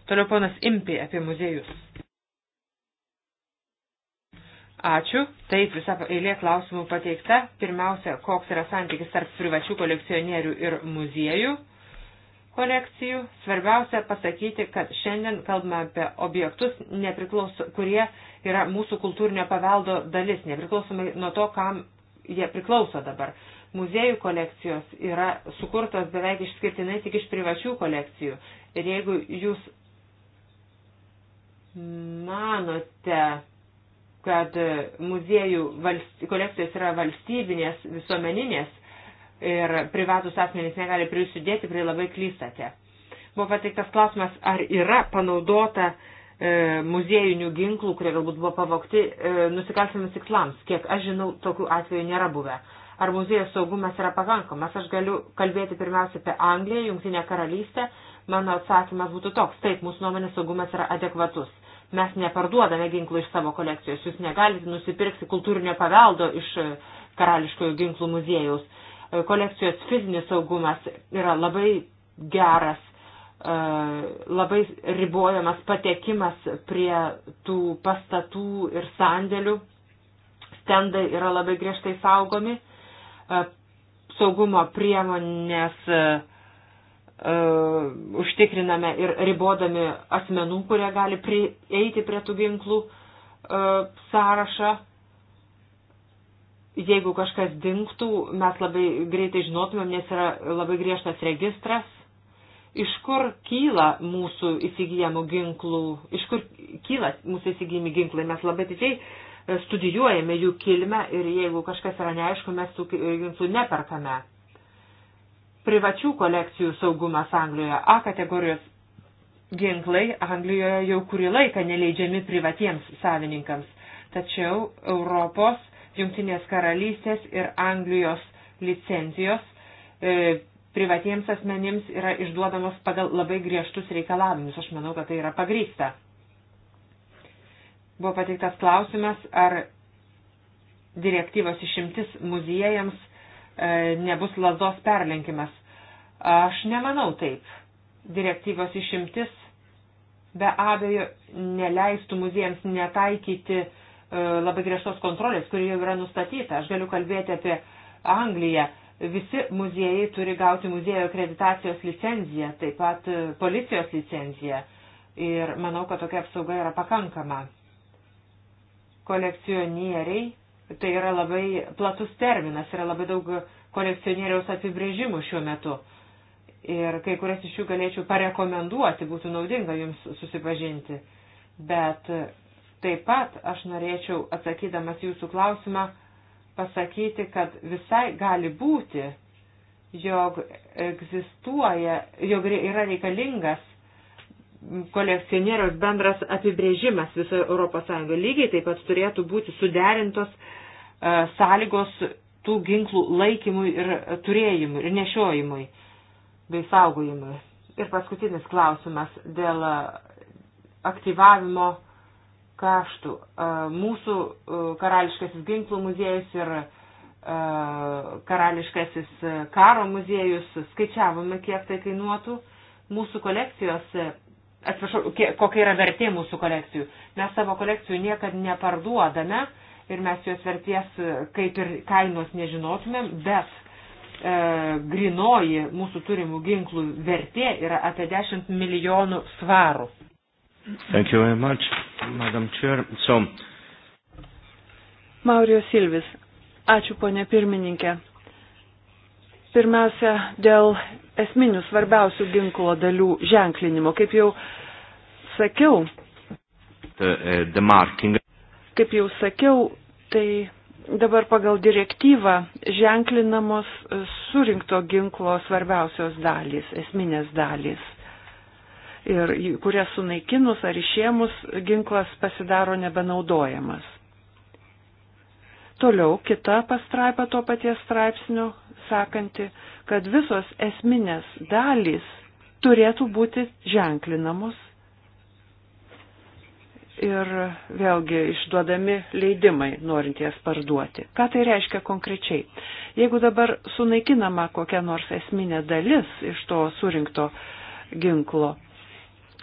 Toliau ponas Impi apie muziejus. Ačiū. Taip, visa eilė klausimų pateikta. Pirmiausia, koks yra santykis tarp privačių kolekcionierių ir muziejų korekcijų. Svarbiausia pasakyti, kad šiandien kalbame apie objektus, kurie yra mūsų kultūrinio paveldo dalis, nepriklausomai nuo to, kam jie priklauso dabar. Muziejų kolekcijos yra sukurtos beveik išskirtinai tik iš privačių kolekcijų. Ir jeigu jūs manote, kad muziejų valst... kolekcijos yra valstybinės, visuomeninės, ir privatus asmenys negali prisidėti, prie labai klystate. Buvo pateiktas klausimas, ar yra panaudota e, muziejinių ginklų, kurie galbūt buvo pavokti e, nusikalstamis tikslams. Kiek aš žinau, tokių atvejų nėra buvę. Ar muziejų saugumas yra pakankamas? Aš galiu kalbėti pirmiausia apie Angliją, Jungtinę karalystę. Mano atsakymas būtų toks. Taip, mūsų nuomonės saugumas yra adekvatus mes neparduodame ginklų iš savo kolekcijos, jūs negalite nusipirkti kultūrinio paveldo iš e, karališkojo ginklų muziejaus kolekcijos fizinis saugumas yra labai geras, e, labai ribojamas patekimas prie tų pastatų ir sandėlių, stendai yra labai griežtai saugomi, e, saugumo priemonės e, užtikriname ir ribodami asmenų, kurie gali prieiti prie tų ginklų sąrašą jeigu kažkas dinktų, mes labai greitai žinotumėm, nes yra labai griežtas registras, iš kur kyla mūsų įsigijamų ginklų, iš kur kyla mūsų įsigijami ginklai. Mes labai didžiai e, studijuojame jų kilmę ir jeigu kažkas yra neaišku, mes tų ginklų neperkame. Privačių kolekcijų saugumas Anglijoje A kategorijos ginklai Anglijoje jau kurį laiką neleidžiami privatiems savininkams. Tačiau Europos Junktinės karalystės ir Anglijos licencijos e, privatiems asmenims yra išduodamos pagal labai griežtus reikalavimus. Aš manau, kad tai yra pagrysta. Buvo pateiktas klausimas, ar direktyvos išimtis muziejams e, nebus lazdos perlenkimas. Aš nemanau taip. Direktyvos išimtis be abejo neleistų muziejams netaikyti e, E, labai griežtos kontrolės, kuri jau yra nustatyta. Aš galiu kalbėti apie Angliją. Visi muziejai turi gauti muziejo akreditacijos licenciją, taip pat e, policijos licenciją. Ir manau, kad tokia apsauga yra pakankama. Kolekcionieriai, tai yra labai platus terminas, yra labai daug kolekcionieriaus apibrėžimų šiuo metu. Ir kai kurias iš jų galėčiau parekomenduoti, būtų naudinga jums susipažinti. Bet Taip pat aš norėčiau, atsakydamas jūsų klausimą, pasakyti, kad visai gali būti, jog egzistuoja, jog yra reikalingas kolekcionieriaus bendras apibrėžimas visoje Europos Sąjungoje. Lygiai taip pat turėtų būti suderintos uh, sąlygos tų ginklų laikymui ir turėjimui ir nešiojimui bei saugojimui. Ir paskutinis klausimas dėl aktyvavimo uh, kaštų. Mūsų karališkasis ginklų muziejus ir karališkasis karo muziejus skaičiavome, kiek tai kainuotų. Mūsų kolekcijos, atsiprašau, kokia yra vertė mūsų kolekcijų. Mes savo kolekcijų niekad neparduodame ir mes jos vertės kaip ir kainos nežinotumėm, bet e, grinoji mūsų turimų ginklų vertė yra apie 10 milijonų svarų. Thank you very much, Madam Chair. So. Maurio Silvis. Ačiū, ponė pirmininkė. Pirmiausia, dėl esminių svarbiausių ginklo dalių ženklinimo. Kaip jau sakiau, uh, kaip jau sakiau, tai dabar pagal direktyvą ženklinamos uh, surinkto ginklo svarbiausios dalys, esminės dalys ir kurias sunaikinus ar išėmus ginklas pasidaro nebenaudojamas. Toliau kita pastraipa to paties straipsnio, sakanti, kad visos esminės dalys turėtų būti ženklinamos ir vėlgi išduodami leidimai norint jas parduoti. Ką tai reiškia konkrečiai? Jeigu dabar sunaikinama kokia nors esminė dalis iš to surinkto ginklo,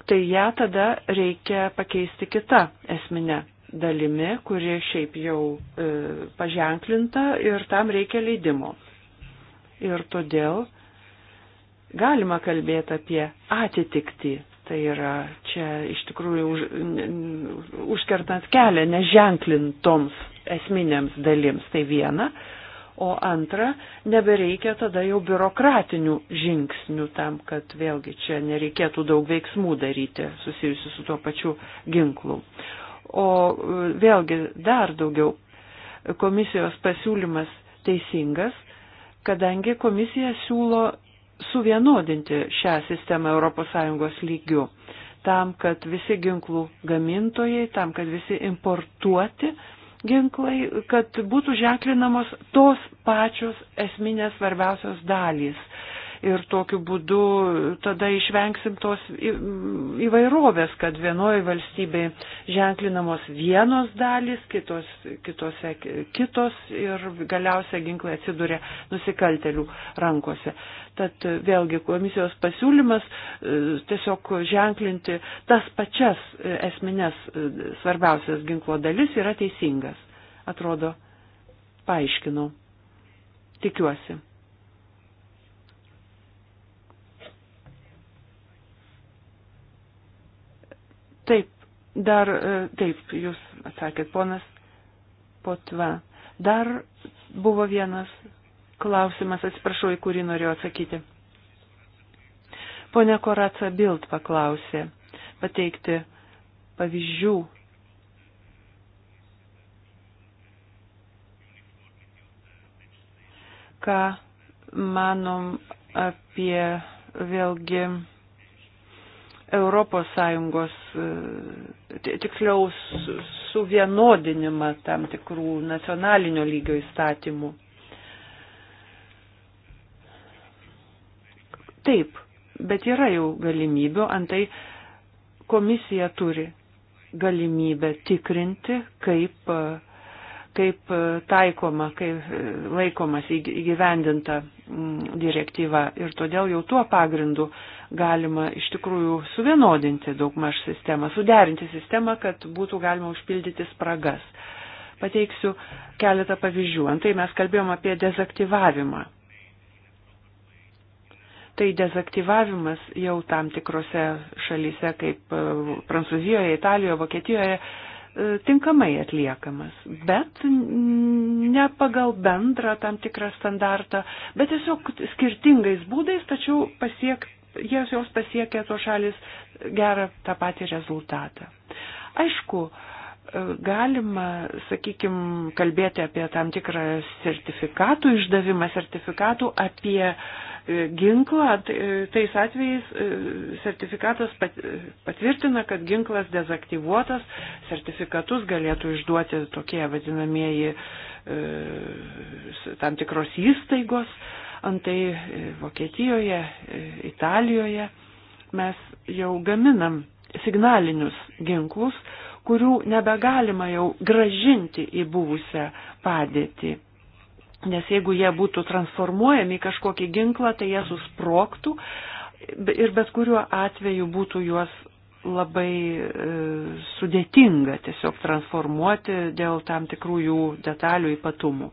tai ją tada reikia pakeisti kitą esminę dalimi, kuri šiaip jau e, paženklinta ir tam reikia leidimo. Ir todėl galima kalbėti apie atitikti. Tai yra čia iš tikrųjų už, užkertant kelią neženklintoms esminėms dalims. Tai viena. O antra, nebereikia tada jau biurokratinių žingsnių tam, kad vėlgi čia nereikėtų daug veiksmų daryti susijusių su tuo pačiu ginklu. O e, vėlgi dar daugiau komisijos pasiūlymas teisingas, kadangi komisija siūlo suvienodinti šią sistemą ES lygių tam, kad visi ginklų gamintojai, tam, kad visi importuoti ginklai, kad būtų ženklinamos tos pačios esminės svarbiausios dalys ir tokiu būdu tada išvengsim tos įvairovės, kad vienoje valstybėje ženklinamos vienos dalys, kitos, kitose kitos ir galiausia ginklai atsiduria nusikaltelių rankose. Tad vėlgi komisijos pasiūlymas e, tiesiog ženklinti tas pačias e, esminės e, svarbiausias ginklo dalis yra teisingas. Atrodo, paaiškinau. Tikiuosi. Taip, dar, e, taip, jūs atsakėt, ponas Potva. Dar buvo vienas klausimas, atsiprašau, į kurį norėjau atsakyti. Pone Koraca Bild paklausė pateikti pavyzdžių. Ką manom apie vėlgi ES, e, tiksliau suvienodinimą tam tikrų nacionalinio lygio įstatymų. Taip, bet yra jau galimybių, antai komisija turi galimybę tikrinti, kaip, e, kaip e, taikoma, kaip laikomas įgyvendinta direktyva. Ir todėl jau tuo pagrindu uh, galima iš tikrųjų suvienodinti daugmaž sistemą, suderinti sistemą, kad būtų galima užpildyti spragas. Pateiksiu keletą pavyzdžių. Antai mes kalbėjom apie dezaktyvavimą. Tai dezaktyvavimas jau tam tikrose šalyse, kaip e, Prancūzijoje, Italijoje, Vokietijoje, e, tinkamai atliekamas, bet ne pagal bendrą tam tikrą standartą, bet tiesiog skirtingais būdais, tačiau pasiek, jos, jos pasiekia to šalis gerą tą patį rezultatą. Aišku, e, galima, sakykime, kalbėti apie tam tikrą sertifikatų išdavimą, sertifikatų apie e, ginklą. Tai, e, tais atvejais sertifikatas patvirtina, kad ginklas dezaktyvuotas, sertifikatus galėtų išduoti tokie vadinamieji tam tikros įstaigos Antai e, Vokietijoje, e, Italijoje mes jau gaminam signalinius ginklus, kurių nebegalima jau gražinti į buvusią padėtį. Nes jeigu jie būtų transformuojami į kažkokį ginklą, tai jie susproktų ir bet kuriuo atveju būtų juos labai e, sudėtinga tiesiog transformuoti dėl tam tikrų jų detalių ypatumų.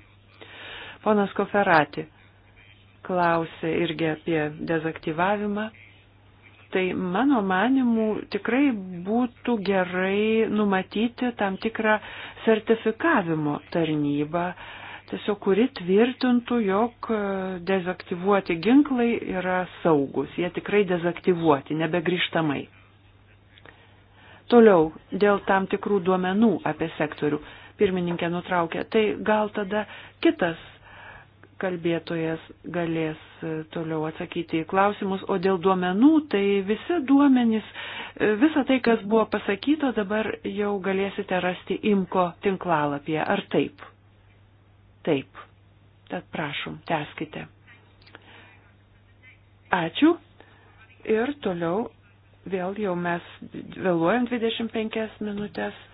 Ponas Koferati, klausė irgi apie dezaktyvavimą. Tai mano manimų tikrai būtų gerai numatyti tam tikrą sertifikavimo tarnybą, tiesiog kuri tvirtintų, jog e, dezaktyvuoti ginklai yra saugus, jie tikrai dezaktyvuoti, nebegrįžtamai. Toliau, dėl tam tikrų duomenų apie sektorių pirmininkė nutraukė, tai gal tada kitas kalbėtojas galės e, toliau atsakyti į klausimus. O dėl duomenų, tai visi duomenys, e, visa tai, kas buvo pasakyta, dabar jau galėsite rasti IMKO tinklalapyje. Ar taip? Taip. Tad prašom, teskite. Ačiū. Ir toliau vėl jau mes vėluojam 25 minutės.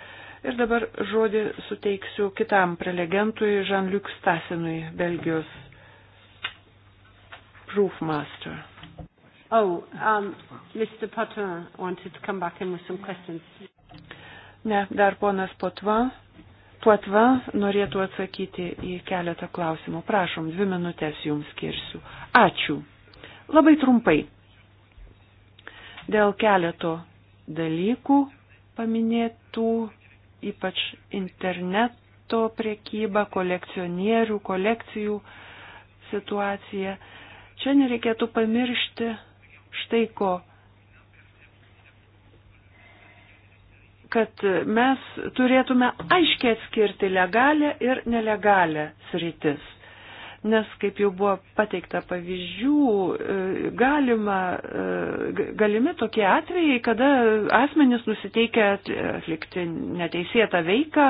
Ir dabar žodį suteiksiu kitam prelegentui Jean-Luc Stasinui, Belgijos Proofmaster. Oh, um, Mr. Potvin wanted to come back in with some questions. Ne, dar ponas Potvin. Platva norėtų atsakyti į keletą klausimų. Prašom, dvi minutės jums skirsiu. Ačiū. Labai trumpai. Dėl keleto dalykų paminėtų ypač interneto priekyba, kolekcionierių, kolekcijų situacija. Čia nereikėtų pamiršti štai ko, kad mes turėtume aiškiai atskirti legalę ir nelegalę sritis nes, kaip jau buvo pateikta pavyzdžių, e, galima, e, galimi tokie atvejai, kada asmenys nusiteikia atlikti neteisėtą veiką,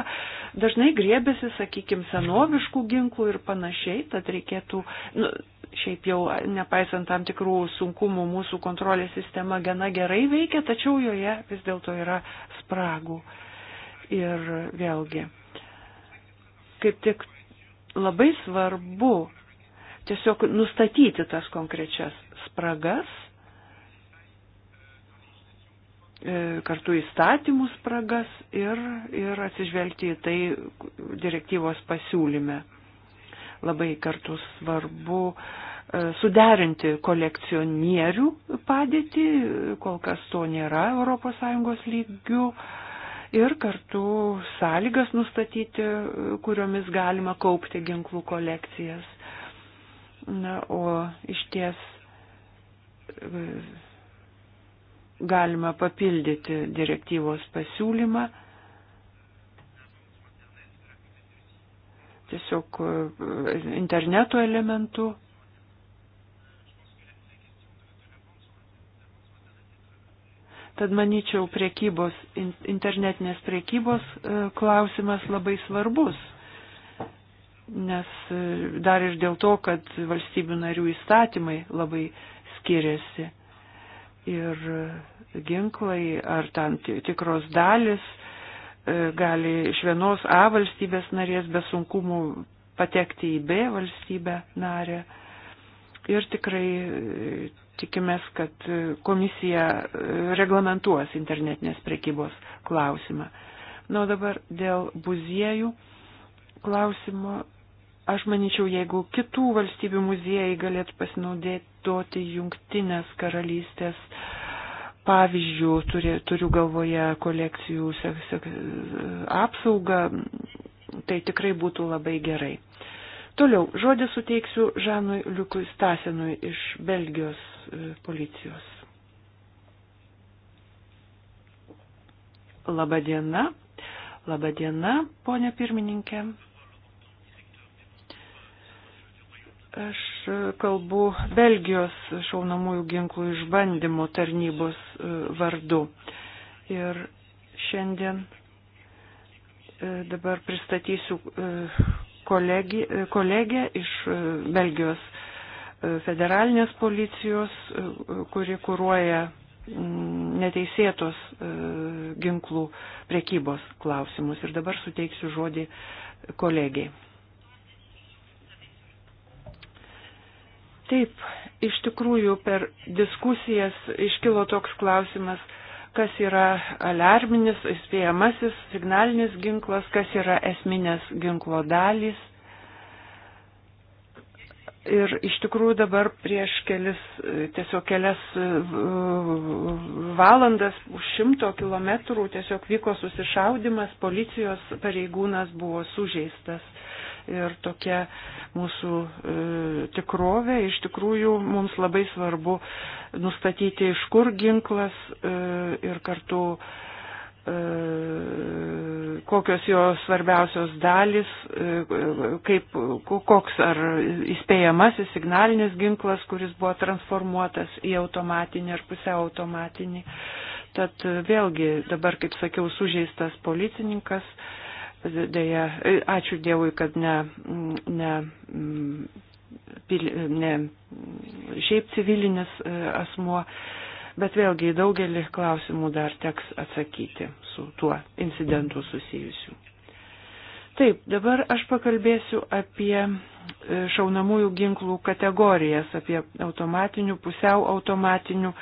dažnai grėbėsi, sakykime, senoviškų ginklų ir panašiai, tad reikėtų, nu, šiaip jau, nepaisant tam tikrų sunkumų, mūsų kontrolės sistema gana gerai veikia, tačiau joje vis dėlto yra spragų. Ir vėlgi, kaip tik labai svarbu tiesiog nustatyti tas konkrečias spragas, e, kartu įstatymų spragas ir, ir atsižvelgti į tai direktyvos pasiūlyme. Labai kartu svarbu e, suderinti kolekcionierių padėtį, kol kas to nėra ES lygių ir kartu sąlygas nustatyti, kuriomis galima kaupti ginklų kolekcijas. Na, o iš ties e, galima papildyti direktyvos pasiūlymą. Tiesiog e, interneto elementu Tad manyčiau, priekybos, internetinės priekybos e, klausimas labai svarbus, nes e, dar ir dėl to, kad valstybių narių įstatymai labai skiriasi ir e, ginklai ar tam tikros dalis gali iš vienos A valstybės narės be sunkumų patekti į B valstybę narę ir tikrai e, tikimės, kad e, komisija e, reglamentuos internetinės prekybos klausimą. Na, o dabar dėl muziejų klausimo. Aš manyčiau, jeigu kitų valstybių muziejai galėtų pasinaudėti jungtinės karalystės pavyzdžių, turi, turiu galvoje kolekcijų sek, sek, apsaugą, tai tikrai būtų labai gerai. Toliau žodį suteiksiu Žanui Liukui Stasenui iš Belgijos e, policijos. Labadiena, labadiena, ponė pirmininkė. Aš kalbu Belgijos šaunamųjų ginklų išbandymų tarnybos e, vardu. Ir šiandien e, dabar pristatysiu kolegė, kolegė iš e, Belgijos e, federalinės policijos, e, kuri kūruoja neteisėtos ginklų prekybos klausimus. Ir dabar suteiksiu žodį kolegiai. Taip, iš tikrųjų per diskusijas iškilo toks klausimas, kas yra alarminis, įspėjamasis, signalinis ginklas, kas yra esminės ginklo dalys. Ir iš tikrųjų dabar prieš kelis, tiesiog kelias e, valandas už šimto kilometrų tiesiog vyko susišaudimas, policijos pareigūnas buvo sužeistas ir tokia mūsų e, tikrovė. Iš tikrųjų, mums labai svarbu nustatyti, iš kur ginklas e, ir kartu e, kokios jo svarbiausios dalis, kaip, koks ar įspėjamasis signalinis ginklas, kuris buvo transformuotas į automatinį ar pusiau automatinį. Tad vėlgi dabar, kaip sakiau, sužeistas policininkas dėja, ačiū Dievui, kad ne, ne, mm, ne šiaip civilinis e, asmuo, bet vėlgi į daugelį klausimų dar teks atsakyti su tuo incidentu susijusiu. Taip, dabar aš pakalbėsiu apie e, šaunamųjų ginklų kategorijas, apie automatinių, pusiau automatinių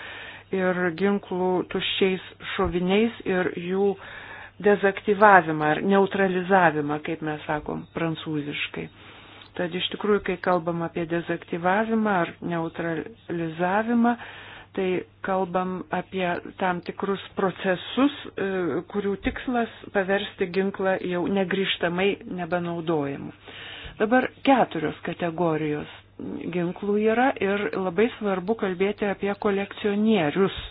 ir ginklų tuščiais šoviniais ir jų uh, dezaktyvavimą ar neutralizavimą, kaip mes sakom prancūziškai. Tad iš tikrųjų, kai kalbam apie dezaktyvavimą ar neutralizavimą, tai kalbam apie tam tikrus procesus, e, kurių tikslas paversti ginklą jau negryžtamai nebenaudojimu. Dabar keturios kategorijos ginklų yra ir labai svarbu kalbėti apie kolekcionierius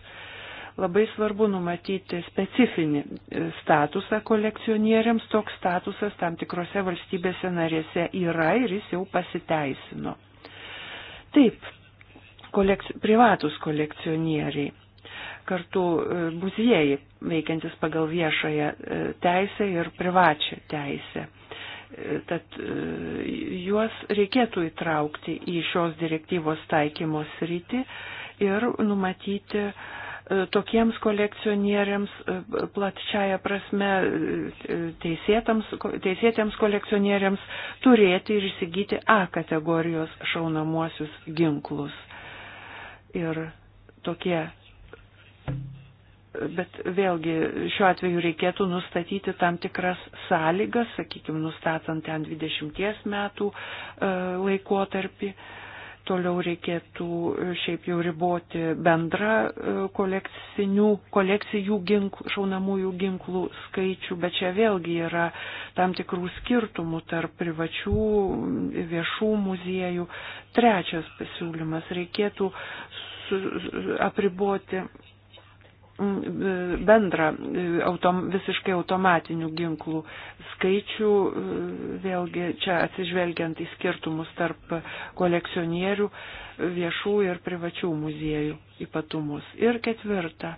labai svarbu numatyti specifinį statusą kolekcionieriams. Toks statusas tam tikrose valstybėse narėse yra ir jis jau pasiteisino. Taip, kolekci privatus kolekcionieriai, kartu e, muziejai veikiantis pagal viešąją e, teisę ir privačią teisę. E, tad juos reikėtų įtraukti į šios direktyvos taikymos rytį ir numatyti uh, E, tokiems kolekcionieriams e, platčiaja prasme, e, teisėtiems kolekcionieriams turėti ir įsigyti A kategorijos šaunamuosius ginklus. Ir tokie. Bet vėlgi šiuo atveju reikėtų nustatyti tam tikras sąlygas, sakykime, nustatant ten 20 metų laikotarpį. E, toliau reikėtų e, šiaip jau riboti bendrą e, kolekcijų ginklų, šaunamųjų ginklų skaičių, bet čia vėlgi yra tam tikrų skirtumų tarp privačių, viešų muziejų. Trečias pasiūlymas - reikėtų apriboti bendrą autom, visiškai automatinių ginklų skaičių, vėlgi čia atsižvelgiant į skirtumus tarp kolekcionierių, viešų ir privačių muziejų ypatumus. Ir ketvirta,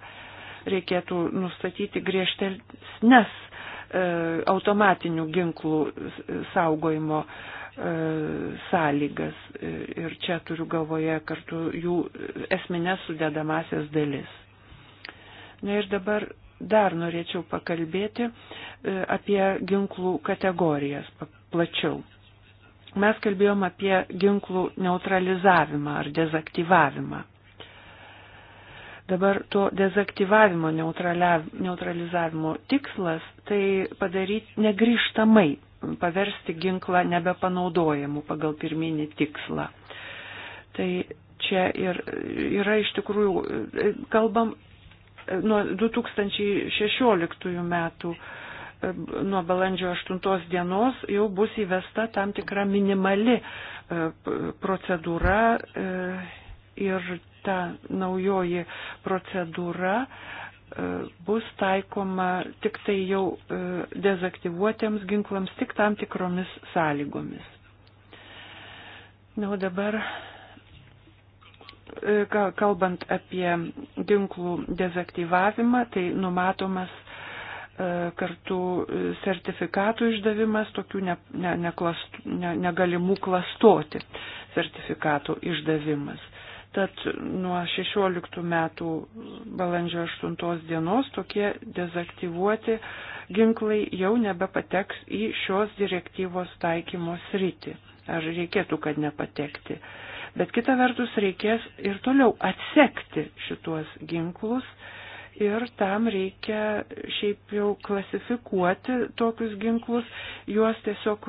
reikėtų nustatyti griežtesnes e, automatinių ginklų saugojimo e, sąlygas e, ir čia turiu galvoje kartu jų esminės sudėdamasias dalis. Na ir dabar dar norėčiau pakalbėti e, apie ginklų kategorijas plačiau. Mes kalbėjom apie ginklų neutralizavimą ar dezaktyvavimą. Dabar to dezaktyvavimo, neutralizavimo tikslas tai padaryti negryžtamai, paversti ginklą nebepanaudojamu pagal pirminį tikslą. Tai čia ir yra iš tikrųjų, e, kalbam nuo 2016 metų e, nuo balandžio 8 dienos jau bus įvesta tam tikra minimali e, procedūra e, ir ta naujoji procedūra bus taikoma tik tai jau dezaktyvuotiems ginklams, tik tam tikromis sąlygomis. Na, o dabar E, kalbant apie ginklų dezaktyvavimą, tai numatomas e, kartu sertifikatų išdavimas, tokių ne, ne, ne klast, ne, negalimų klastoti sertifikatų išdavimas. Tad nuo 16 metų balandžio 8 dienos tokie dezaktyvuoti ginklai jau nebepateks į šios direktyvos taikymo sritį. Ar reikėtų, kad nepatekti? Bet kita vertus reikės ir toliau atsekti šituos ginklus ir tam reikia šiaip jau klasifikuoti tokius ginklus, juos tiesiog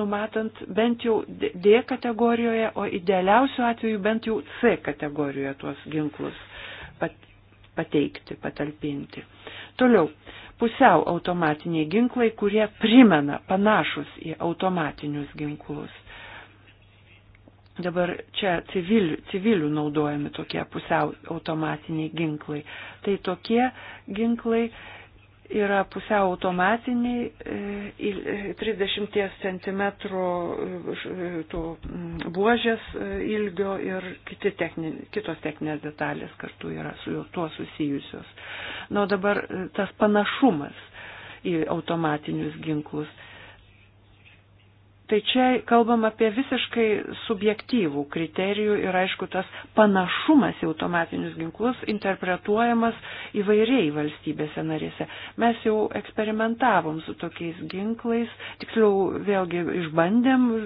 numatant bent jau D kategorijoje, o idealiausiu atveju bent jau C kategorijoje tuos ginklus pateikti, patalpinti. Toliau, pusiau automatiniai ginklai, kurie primena panašus į automatinius ginklus. Dabar čia civilių, civilių naudojami tokie pusiau automatiniai ginklai. Tai tokie ginklai yra pusiau automatiniai 30 cm to buožės e, ilgio ir kiti techni, kitos techninės detalės kartu yra su tuo susijusios. Na, o dabar e, tas panašumas į automatinius ginklus Tai čia kalbam apie visiškai subjektyvų kriterijų ir aišku tas panašumas į automatinius ginklus interpretuojamas įvairiai valstybėse narėse. Mes jau eksperimentavom su tokiais ginklais, tiksliau vėlgi išbandėm e,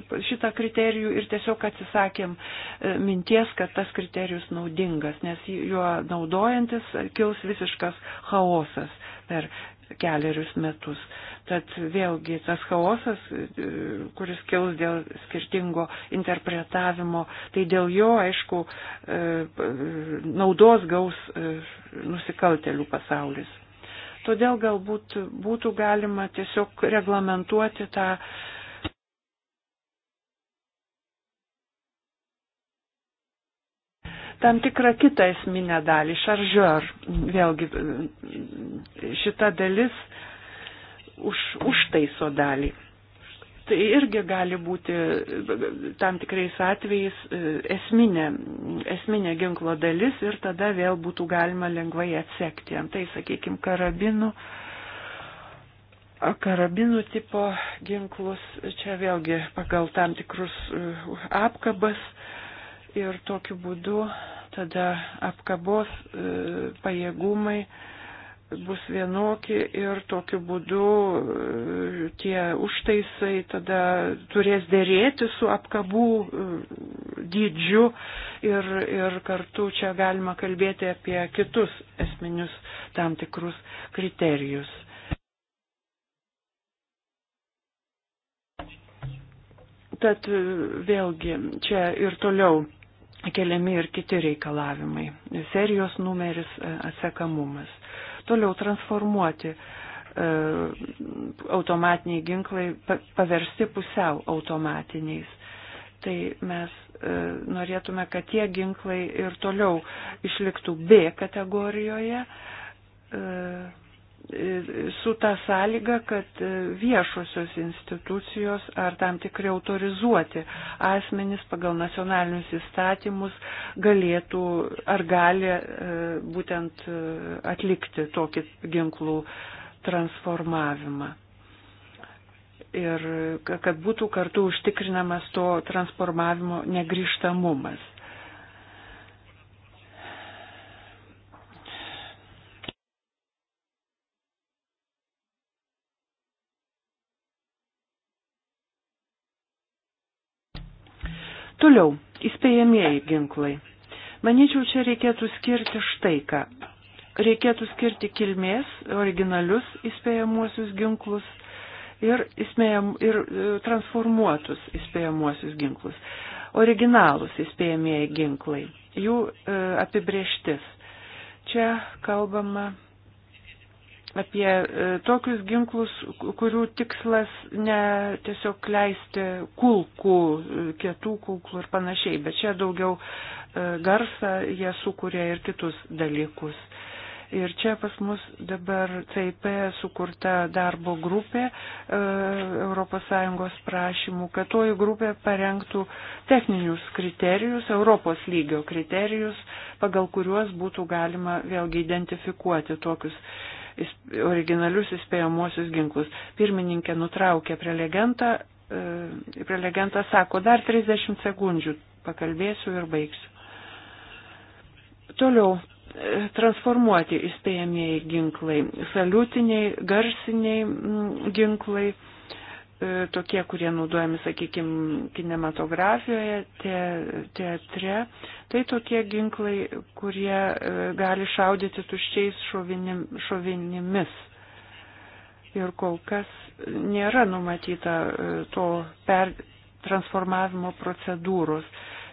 e, šitą kriterijų ir tiesiog atsisakėm e, minties, kad tas kriterijus naudingas, nes juo naudojantis kils visiškas chaosas per keliarius metus. Tad vėlgi tas chaosas, e, kuris kils dėl skirtingo interpretavimo, tai dėl jo, aišku, e, naudos gaus e, nusikaltelių pasaulis. Todėl galbūt būtų galima tiesiog reglamentuoti tą tam tikrą kitą esminę dalį, šaržior. Vėlgi šita dalis už, užtaiso dalį. Tai irgi gali būti tam tikrais atvejais e, esminė, esminė ginklo dalis ir tada vėl būtų galima lengvai atsekti. Antai, sakykime, karabinų karabinų tipo ginklus, čia vėlgi pagal tam tikrus e, apkabas ir tokiu būdu tada apkabos e, pajėgumai bus vienokie ir tokiu būdu e, tie užtaisai tada turės dėrėti su apkabų e, dydžiu ir, ir kartu čia galima kalbėti apie kitus esminius tam tikrus kriterijus. Tad e, vėlgi čia ir toliau keliami ir kiti reikalavimai. Serijos numeris e, atsekamumas. Toliau transformuoti e, automatiniai ginklai paversti pusiau automatiniais. Tai mes e, norėtume, kad tie ginklai ir toliau išliktų B kategorijoje su ta sąlyga, kad viešosios institucijos ar tam tikri autorizuoti asmenys pagal nacionalinius įstatymus galėtų ar gali e, būtent e, atlikti tokį ginklų transformavimą. Ir kad būtų kartu užtikrinamas to transformavimo negrižtamumas. Toliau, įspėjamieji ginklai. Manyčiau, čia reikėtų skirti štai ką. Reikėtų skirti kilmės, originalius įspėjamuosius ginklus ir, įspėjam, ir e, transformuotus įspėjamuosius ginklus. Originalus įspėjamieji ginklai, jų e, apibrieštis. Čia kalbama apie e, tokius ginklus, kurių tikslas ne tiesiog leisti kulkų, e, kietų kulkų ir panašiai, bet čia daugiau e, garsa jie sukuria ir kitus dalykus. Ir čia pas mus dabar CIP sukurta darbo grupė ES prašymų, kad toji grupė parengtų techninius kriterijus, Europos lygio kriterijus, pagal kuriuos būtų galima vėlgi identifikuoti tokius originalius įspėjamosius ginklus. Pirmininkė nutraukė prelegentą, e, prelegentas sako, dar 30 sekundžių pakalbėsiu ir baigsiu. Toliau, e, transformuoti įspėjamieji ginklai, saliutiniai, garsiniai ginklai E, tokie, kurie naudojami, sakykime, kinematografijoje, te, teatre, tai tokie ginklai, kurie e, gali šaudyti tuščiais šovinim, šovinimis. Ir kol kas nėra numatyta e, to per transformavimo procedūros.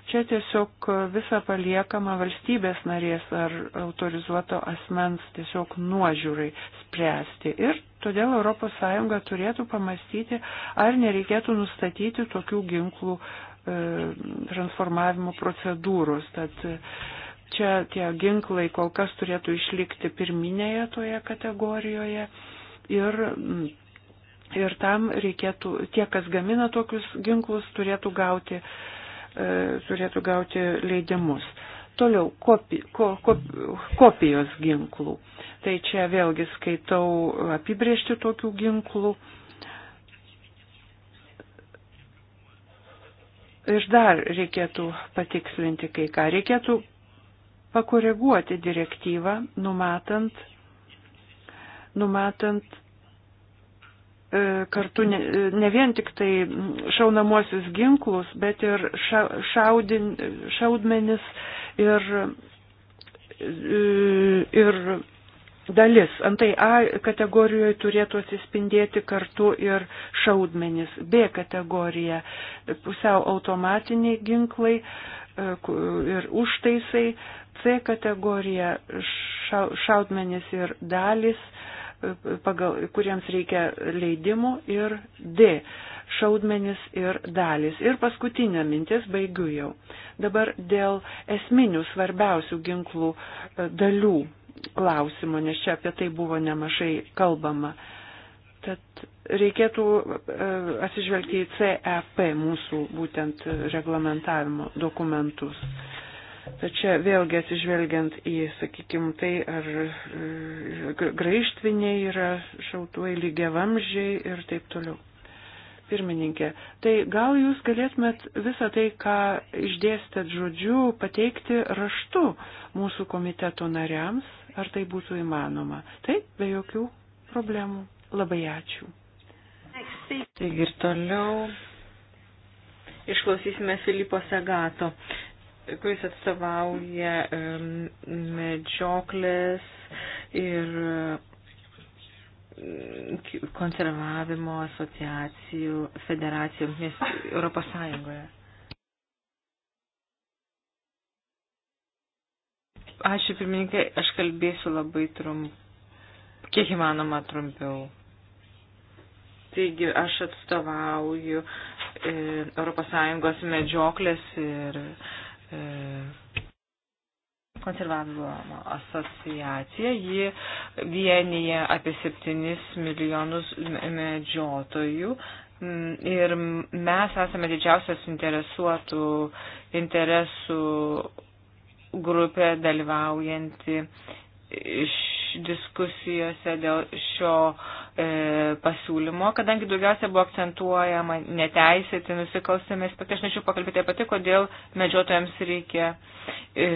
Čia tiesiog visa paliekama valstybės narės ar autorizuoto asmens tiesiog nuožiūrai spręsti. Ir todėl ES turėtų pamastyti, ar nereikėtų nustatyti tokių ginklų e, transformavimo procedūros. Tad e, čia tie ginklai kol kas turėtų išlikti pirminėje toje kategorijoje ir, ir tam reikėtų, tie, kas gamina tokius ginklus, turėtų gauti E, turėtų gauti leidimus. Toliau kopi, ko, kop, kopijos ginklų. Tai čia vėlgi skaitau apibriežti tokių ginklų. Ir dar reikėtų patikslinti kai ką. Reikėtų pakoreguoti direktyvą, numatant, numatant E, kartu ne, e, ne vien tik tai šaunamuosius ginklus, bet ir ša, šaudin, šaudmenis ir, e, ir dalis. Antai A kategorijoje turėtų atsispindėti kartu ir šaudmenis. B kategorija - pusiau automatiniai ginklai ir užtaisai. C kategorija - šaudmenis ir dalis pagal, kuriems reikia leidimų ir D šaudmenis ir dalis. Ir paskutinė mintis, baigiu jau. Dabar dėl esminių svarbiausių ginklų e, dalių klausimo, nes čia apie tai buvo nemažai kalbama. Tad reikėtų e, atsižvelgti į CEP mūsų būtent reglamentavimo dokumentus. Tačiau vėlgi atsižvelgiant į, sakykime, tai, ar e, graištviniai yra šautuvai lygia vamžiai ir taip toliau. Pirmininkė, tai gal jūs galėtumėt visą tai, ką išdėstėt žodžiu, pateikti raštu mūsų komiteto nariams, ar tai būtų įmanoma. Taip, be jokių problemų. Labai ačiū. Taigi ir toliau išklausysime Filipo Segato kuris atstovauja medžioklės ir konservavimo asociacijų federacijų Europos Sąjungoje. Ačiū pirmininkai, aš kalbėsiu labai trump, kiek įmanoma trumpiau. Taigi aš atstovauju e, Europos Sąjungos medžioklės ir e, E, konservavimo asociacija, ji vienyje apie 7 milijonus medžiotojų mm, ir mes esame didžiausias interesuotų interesų grupė dalyvaujanti diskusijose dėl šio e, pasiūlymo, kadangi daugiausia buvo akcentuojama neteisėti nusikalstami aspektai. Aš norėčiau pakalbėti apie tai, kodėl medžiotojams reikia e,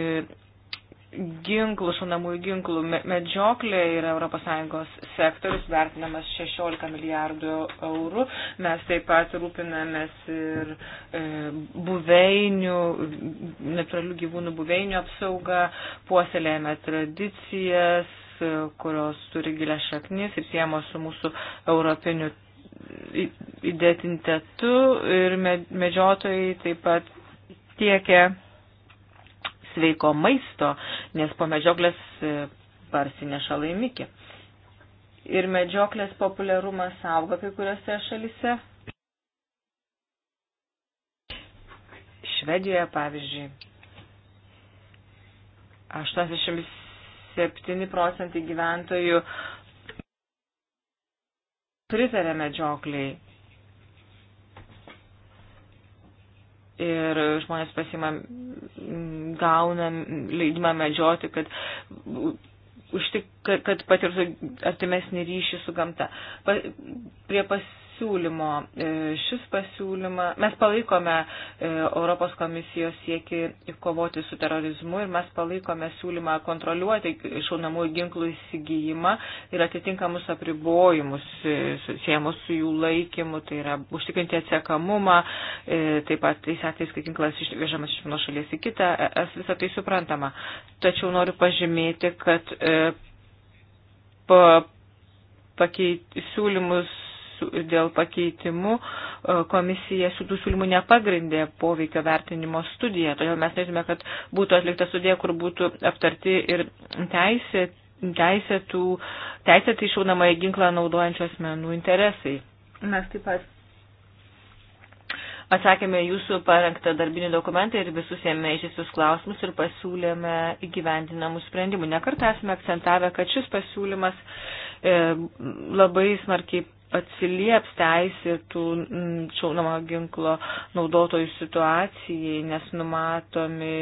ginklų, šunamųjų ginklų. Medžioklė yra ES sektorius, vertinamas 16 milijardų eurų. Mes taip pat rūpinamės ir e, buveinių, natūralių gyvūnų buveinių apsaugą, puoselėjame tradicijas, kurios turi gilę šaknis ir siemos su mūsų europiniu identitetu ir medžiotojai taip pat tiekia sveiko maisto, nes po medžioklės e, parsineša laimikį. Ir medžioklės populiarumas auga kai kuriuose šalise. Švedijoje, pavyzdžiui, 87 7 procentai gyventojų pritarė medžiokliai. Ir žmonės pasima, gauna leidimą medžioti, kad užtik, kad, kad patirtų artimesnį ryšį su gamta. Pa, prie pas, pasiūlymo. E, šis pasiūlyma, mes palaikome e, Europos komisijos sieki kovoti su terorizmu ir mes palaikome siūlymą kontroliuoti šaunamųjų ginklų įsigijimą ir atitinkamus apribojimus e, siejamus su jų laikymu, tai yra užtikrinti atsekamumą, taip pat tais atvejais, kai ginklas išvežamas iš vienos šalies į kitą, es visą tai suprantama. Tačiau noriu pažymėti, kad pa, pakeit, siūlymus dėl pakeitimų e, komisija šitų siūlymų nepagrindė poveikio vertinimo studiją. Todėl mes nežinome, kad būtų atlikta studija, kur būtų aptarti ir teisė, teisėtų, teisėtai šaunamą į ginklą naudojančių asmenų interesai. Mes taip pat atsakėme jūsų parengtą darbinį dokumentą ir visus jame išėsius klausimus ir pasiūlėme įgyvendinamų sprendimų. Nekartą esame akcentavę, kad šis pasiūlymas e, labai smarkiai atsilieps teisėtų mm, šaunamo ginklo naudotojų situacijai, nes numatomi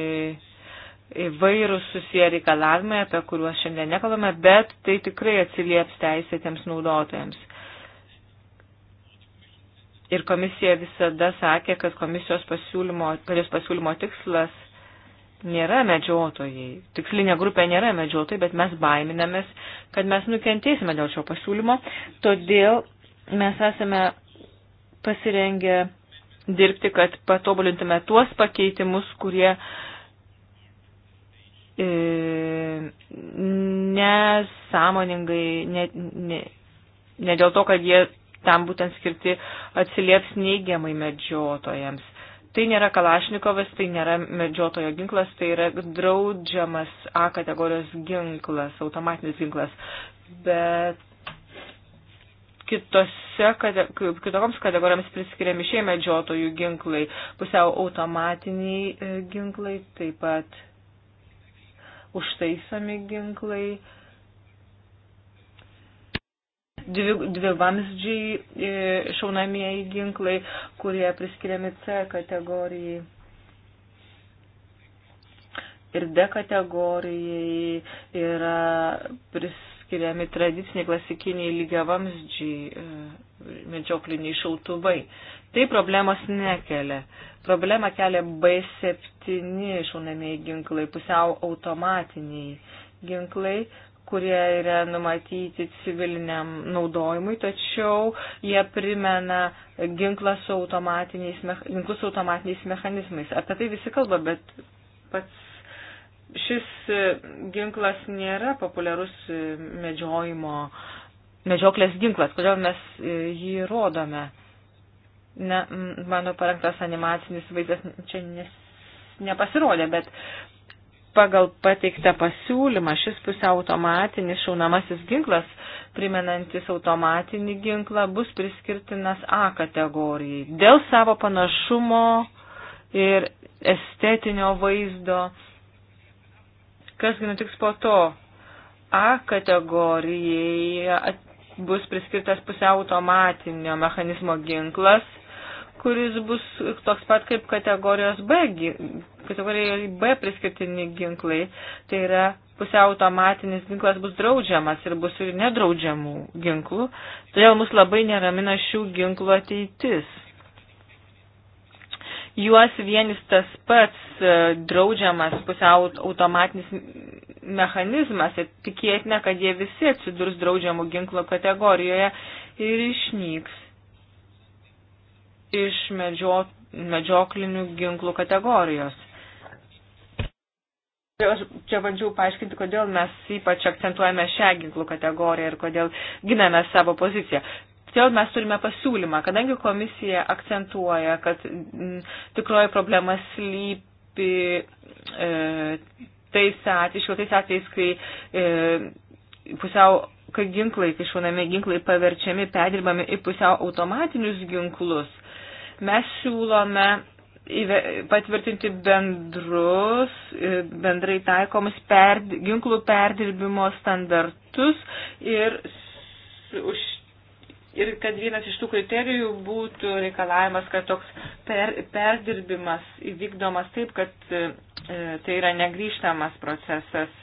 įvairūs susiję reikalavimai, apie kuriuos šiandien nekalbame, bet tai tikrai atsilieps teisėtiems naudotojams. Ir komisija visada sakė, kad komisijos pasiūlymo, kad jos pasiūlymo tikslas nėra medžiotojai. Tikslinė grupė nėra medžiotojai, bet mes baiminamės, kad mes nukentėsime dėl šio pasiūlymo. Todėl Mes esame pasirengę dirbti, kad patobulintume tuos pakeitimus, kurie e, nesąmoningai, ne, ne, ne dėl to, kad jie tam būtent skirti atsilieps neigiamai medžiotojams. Tai nėra kalašnikovas, tai nėra medžiotojo ginklas, tai yra draudžiamas A kategorijos ginklas, automatinis ginklas. Bet kitose, kitokioms kategorijoms priskiriami šie medžiotojų ginklai, pusiau automatiniai e, ginklai, taip pat užtaisomi ginklai, dvi, dvi vamzdžiai e, šaunamieji ginklai, kurie priskiriami C kategorijai. Ir D kategorijai yra priskiriami skiriami tradiciniai klasikiniai lygiavamsdžiai e, medžiokliniai šautuvai. Tai problemos nekelia. Problemą kelia B7 šaunamieji ginklai, pusiau automatiniai ginklai, kurie yra numatyti civiliniam naudojimui, tačiau jie primena ginklus automatiniais, ginklus automatiniais mechanizmais. Apie tai visi kalba, bet pats Šis e, ginklas nėra populiarus e, medžiojimo, medžioklės ginklas. Kodėl mes e, jį rodome? Ne, mano parengtas animacinis vaizdas čia nes, nepasirodė, bet pagal pateiktą pasiūlymą šis pusiau automatinis šaunamasis ginklas, primenantis automatinį ginklą, bus priskirtinas A kategorijai dėl savo panašumo ir estetinio vaizdo Kasgi nutiks po to? A kategorijai bus priskirtas pusiau automatinio mechanizmo ginklas, kuris bus toks pat kaip kategorijos B, kategorijai B priskirtini ginklai. Tai yra pusiau automatinis ginklas bus draudžiamas ir bus ir nedraudžiamų ginklų. Todėl mus labai neramina šių ginklų ateitis juos vienis tas pats e, draudžiamas pusiau automatinis mechanizmas ir tikėtina, kad jie visi atsidurs draudžiamų ginklo kategorijoje ir išnyks iš medžio, medžioklinių ginklų kategorijos. Aš čia bandžiau paaiškinti, kodėl mes ypač akcentuojame šią ginklų kategoriją ir kodėl giname savo poziciją. Todėl mes turime pasiūlymą, kadangi komisija akcentuoja, kad mm, tikroji problema slypi e, tais atvejais, tais atvejais, kai e, pusiau kai ginklai, kai šaunami ginklai paverčiami, perdirbami į pusiau automatinius ginklus, mes siūlome patvirtinti bendrus, e, bendrai taikomus per, ginklų perdirbimo standartus ir už ir kad vienas iš tų kriterijų būtų reikalavimas, kad toks per, perdirbimas įvykdomas taip, kad e, tai yra negryžtamas procesas.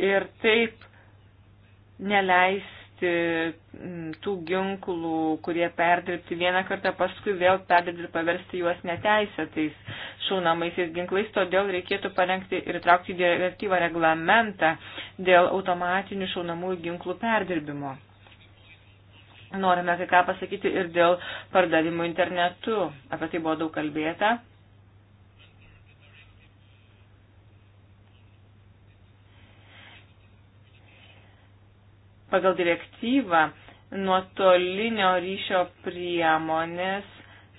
Ir taip neleis pirkti mm, tų ginklų, kurie perdirbti vieną kartą, paskui vėl perdirbti ir paversti juos neteisėtais šaunamaisiais ginklais, todėl reikėtų parengti ir traukti direktyvą reglamentą dėl automatinių šaunamųjų ginklų perdirbimo. Norime kai ką pasakyti ir dėl pardavimų internetu. Apie tai buvo daug kalbėta. Pagal direktyvą nuotolinio ryšio priemonės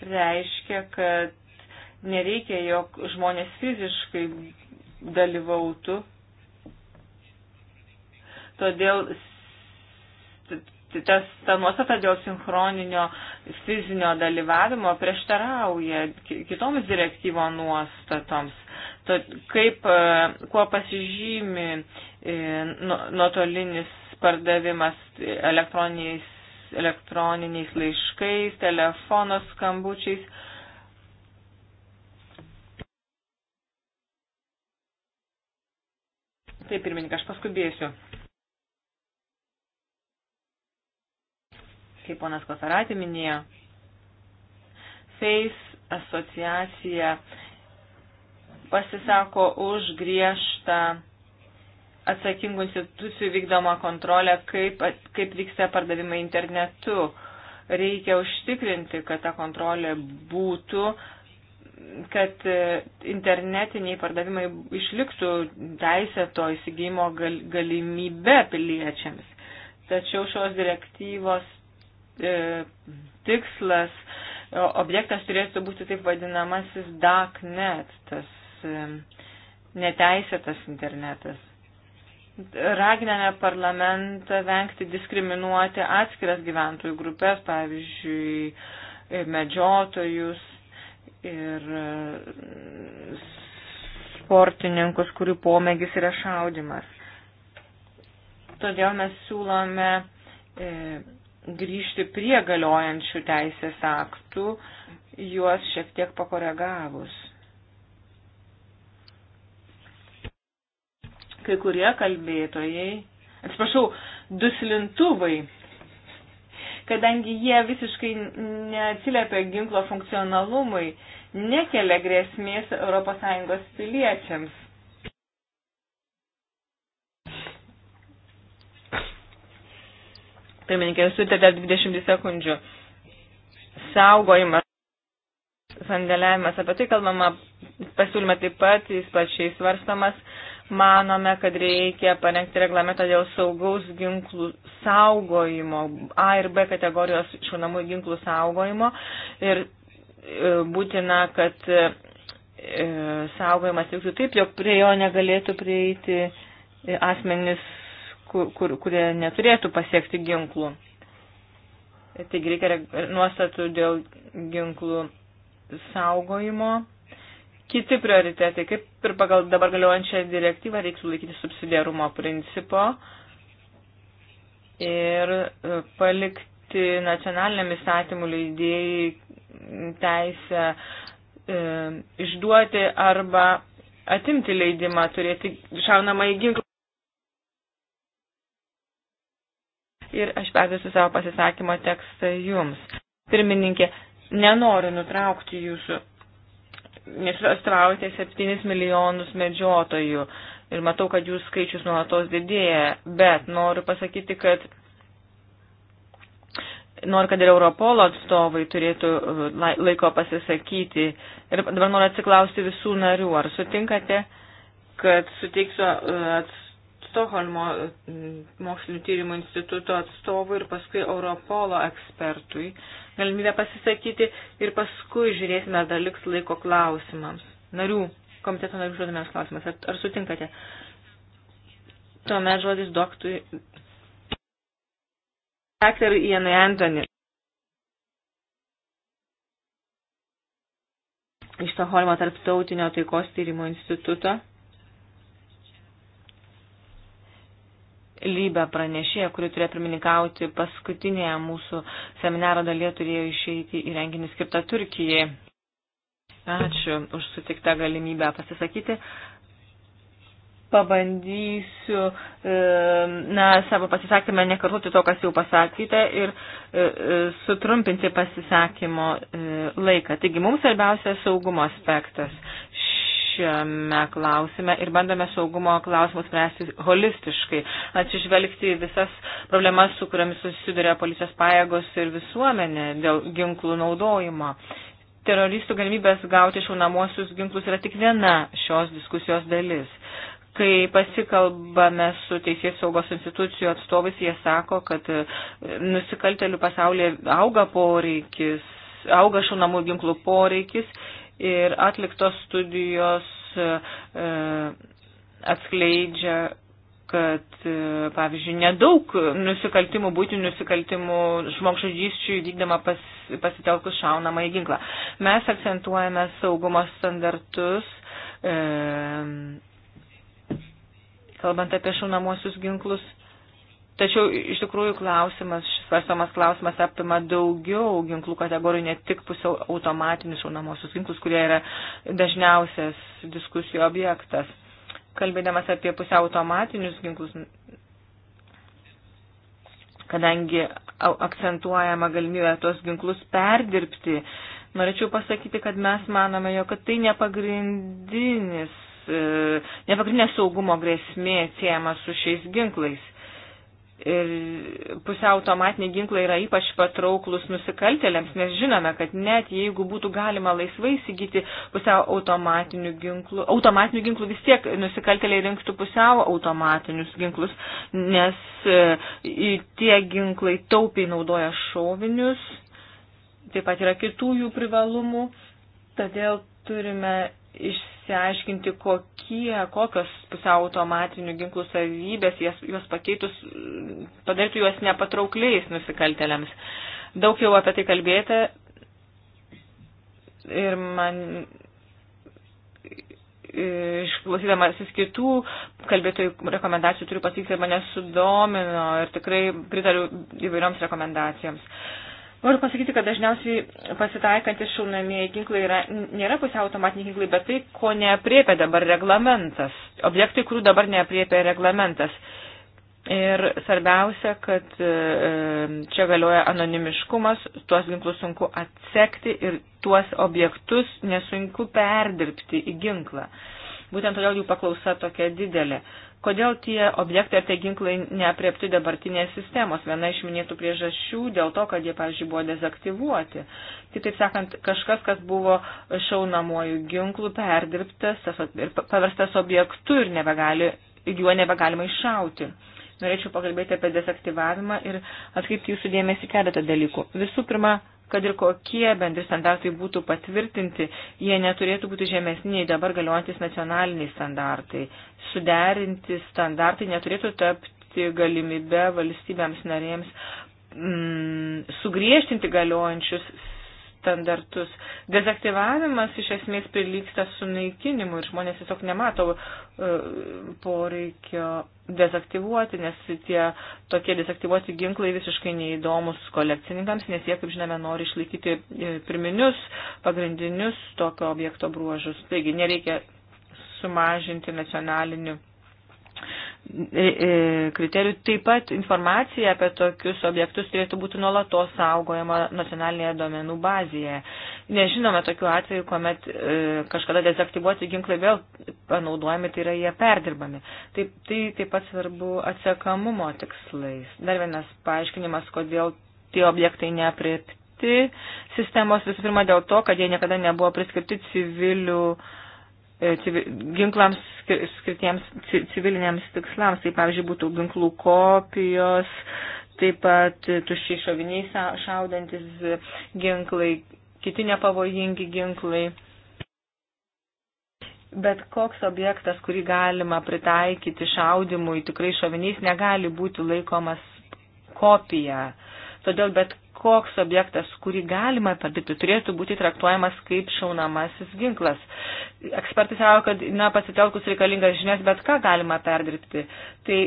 reiškia, kad nereikia, jog žmonės fiziškai dalyvautų. Todėl tas, ta nuostata dėl sinchroninio fizinio dalyvavimo prieštarauja kitoms direktyvo nuostatoms. To, kaip, e, kuo pasižymi e, nu-, nuotolinis pardavimas elektroniniais, elektroniniais laiškais, telefono skambučiais. Taip, pirmininkai, aš paskubėsiu. Kaip ponas Kosaratė minėjo, FACE asociacija pasisako už griežtą atsakingų institucijų vykdoma kontrolė, kaip, kaip vyksta pardavimai internetu. Reikia užtikrinti, kad ta kontrolė būtų, kad e, internetiniai pardavimai išliktų teisėto įsigymo gal, galimybe piliečiams. Tačiau šios direktyvos e, tikslas, objektas turėtų būti taip vadinamasis DACnet, tas e, neteisėtas internetas raginame parlamentą vengti diskriminuoti atskiras gyventojų grupės, pavyzdžiui, medžiotojus ir e, sportininkus, kurių pomėgis yra šaudimas. Todėl mes siūlome e, grįžti prie galiojančių teisės aktų, juos šiek tiek pakoregavus. kai kurie kalbėtojai, atsiprašau, duslintuvai, kadangi jie visiškai neatsiliepia ginklo funkcionalumui, nekelia grėsmės ES piliečiams. Pirmininkė, sutė dar 20 sekundžių. Saugojimas, sandėliavimas, apie tai kalbama, pasiūlyme taip pat, jis plačiai svarstamas manome, kad reikia parengti reglamentą dėl saugaus ginklų saugojimo, A ir B kategorijos šaunamų ginklų saugojimo ir e, būtina, kad e, e, saugojimas vyktų taip, jog prie jo negalėtų prieiti asmenys, kur, kur, kurie neturėtų pasiekti ginklų. Taigi reikia nuostatų dėl ginklų saugojimo kiti prioritetai, kaip ir pagal dabar galiojančią direktyvą reiks laikyti subsidiarumo principo ir e, palikti nacionaliniam įstatymų leidėjai teisę e, išduoti arba atimti leidimą turėti šaunamą į ginklą. Ir aš perduosiu savo pasisakymo tekstą jums. Pirmininkė, nenoriu nutraukti jūsų nes atstovaujate 7 milijonus medžiotojų ir matau, kad jų skaičius nuolatos didėja, bet noriu pasakyti, kad noriu, kad ir Europolo atstovai turėtų laiko pasisakyti. Ir dabar noriu atsiklausti visų narių, ar sutinkate, kad suteiksiu e, Stoholmo mokslinio tyrimų instituto atstovui ir paskui Europolo ekspertui galimybę pasisakyti ir paskui žiūrėsime, ar dar liks laiko klausimams. Narių, komiteto narių žodimės klausimas, ar, ar sutinkate? Tuomet žodis doktui. Daktarui Ianui Antoni. Iš Stokholmo tarptautinio taikos tyrimo instituto. lybę pranešėja, kuri turėjo pirmininkauti paskutinėje mūsų seminaro dalyje, turėjo išeiti į renginį skirtą Turkijai. Ačiū už sutiktą galimybę pasisakyti. Pabandysiu, e, na, savo pasisakymę nekartoti to, kas jau pasakyta ir e, e, sutrumpinti pasisakymo laiką. Taigi, mums svarbiausia saugumo aspektas šiame klausime ir bandome saugumo klausimus spręsti holistiškai, atsižvelgti visas problemas, su kuriamis susiduria policijos pajėgos ir visuomenė dėl ginklų naudojimo. Teroristų galimybės gauti šaunamosius ginklus yra tik viena šios diskusijos dalis. Kai pasikalbame su teisės saugos institucijų atstovais, jie sako, kad e, nusikaltelių pasaulyje auga poreikis auga šaunamų ginklų poreikis ir atliktos studijos e, e, atskleidžia, kad, e, pavyzdžiui, nedaug nusikaltimų, būti nusikaltimų žmogžudysčių įvykdama pas, pasitelkus šaunamą į ginklą. Mes akcentuojame saugumo standartus, e, kalbant apie šaunamuosius ginklus. Tačiau iš tikrųjų klausimas svarstomas klausimas apima daugiau ginklų kategorijų, ne tik pusiau automatinius šaunamosius ginklus, kurie yra dažniausias diskusijų objektas. Kalbėdamas apie pusiau automatinius ginklus, kadangi akcentuojama galimybė tos ginklus perdirbti, norėčiau pasakyti, kad mes manome, jo, kad tai nepagrindinis e, nepagrindinė saugumo grėsmė siejama su šiais ginklais. E, pusiau automatiniai ginklai yra ypač patrauklus nusikaltėliams, nes žinome, kad net jeigu būtų galima laisvai įsigyti pusiau automatinių ginklų, automatinių ginklų vis tiek nusikaltėliai rinktų pusiau automatinius ginklus, nes e, tie ginklai taupiai naudoja šovinius, taip pat yra kitų jų privalumų, todėl turime išsiaiškinti išsiaiškinti, kokie, kokios pusiau automatinių ginklų savybės jas, juos pakeitus padarytų juos nepatraukliais nusikaltelėms. Daug jau apie tai kalbėta ir man išklausydamas vis kitų kalbėtojų rekomendacijų turiu pasakyti, kad mane sudomino ir tikrai pritariu įvairioms rekomendacijoms. Uh, Noriu pasakyti, kad dažniausiai pasitaikantis šaunamieji ginklai yra, nėra pusiau automatiniai ginklai, bet tai, ko neapriepia dabar reglamentas, objektai, kurių dabar neapriepia reglamentas. Ir svarbiausia, kad e, čia galioja anonimiškumas, tuos ginklus sunku atsekti ir tuos objektus nesunku perdirbti į ginklą. Būtent todėl jų paklausa tokia didelė. Kodėl tie objektai ar tie ginklai neapriepti dabartinės sistemos? Viena iš minėtų priežasčių dėl to, kad jie, pavyzdžiui, buvo dezaktyvuoti. Kitaip sakant, kažkas, kas buvo šaunamojų ginklų, perdirbtas ir paverstas objektu ir nebegali, juo nebegalima iššauti. Norėčiau pakalbėti apie dezaktyvavimą ir atkreipti jūsų dėmesį keletą dalykų. Visų pirma, kad ir kokie bendri standartai būtų patvirtinti, jie neturėtų būti žemesni nei dabar galiojantis nacionaliniai standartai. Suderinti standartai neturėtų tapti galimybę valstybėms narėms mm, sugriežtinti galiojančius standartus. Dezaktyvavimas iš esmės prilyksta sunaikinimu ir žmonės tiesiog nemato e, poreikio dezaktyvuoti, nes tie tokie dezaktyvuoti ginklai visiškai neįdomus kolekcininkams, nes jie, kaip žinome, nori išlaikyti e, pirminius, pagrindinius tokio objekto bruožus. Taigi nereikia sumažinti nacionalinių E, e, kriterijų. Taip pat informacija apie tokius objektus turėtų būti nuolatos saugojama nacionalinėje domenų bazėje. Nežinome tokių atvejų, kuomet e, kažkada dezaktyvuoti ginklai vėl panaudojami, tai yra jie perdirbami. Taip, tai taip pat svarbu atsekamumo tikslais. Dar vienas paaiškinimas, kodėl tie objektai neaprėpti sistemos visų pirma dėl to, kad jie niekada nebuvo priskirti civilių uh, E, ginklams skirtiems civiliniams tikslams. Tai, pavyzdžiui, būtų ginklų kopijos, taip pat tuščiai šoviniai šaudantis ginklai, kiti nepavojingi ginklai. Bet koks objektas, kurį galima pritaikyti šaudimui tikrai šoviniais, negali būti laikomas kopija. Todėl bet koks objektas, kurį galima padirbti, turėtų būti traktuojamas kaip šaunamasis ginklas. Ekspertai sako, kad na, pasitelkus reikalingas žinias, bet ką galima perdirbti. Tai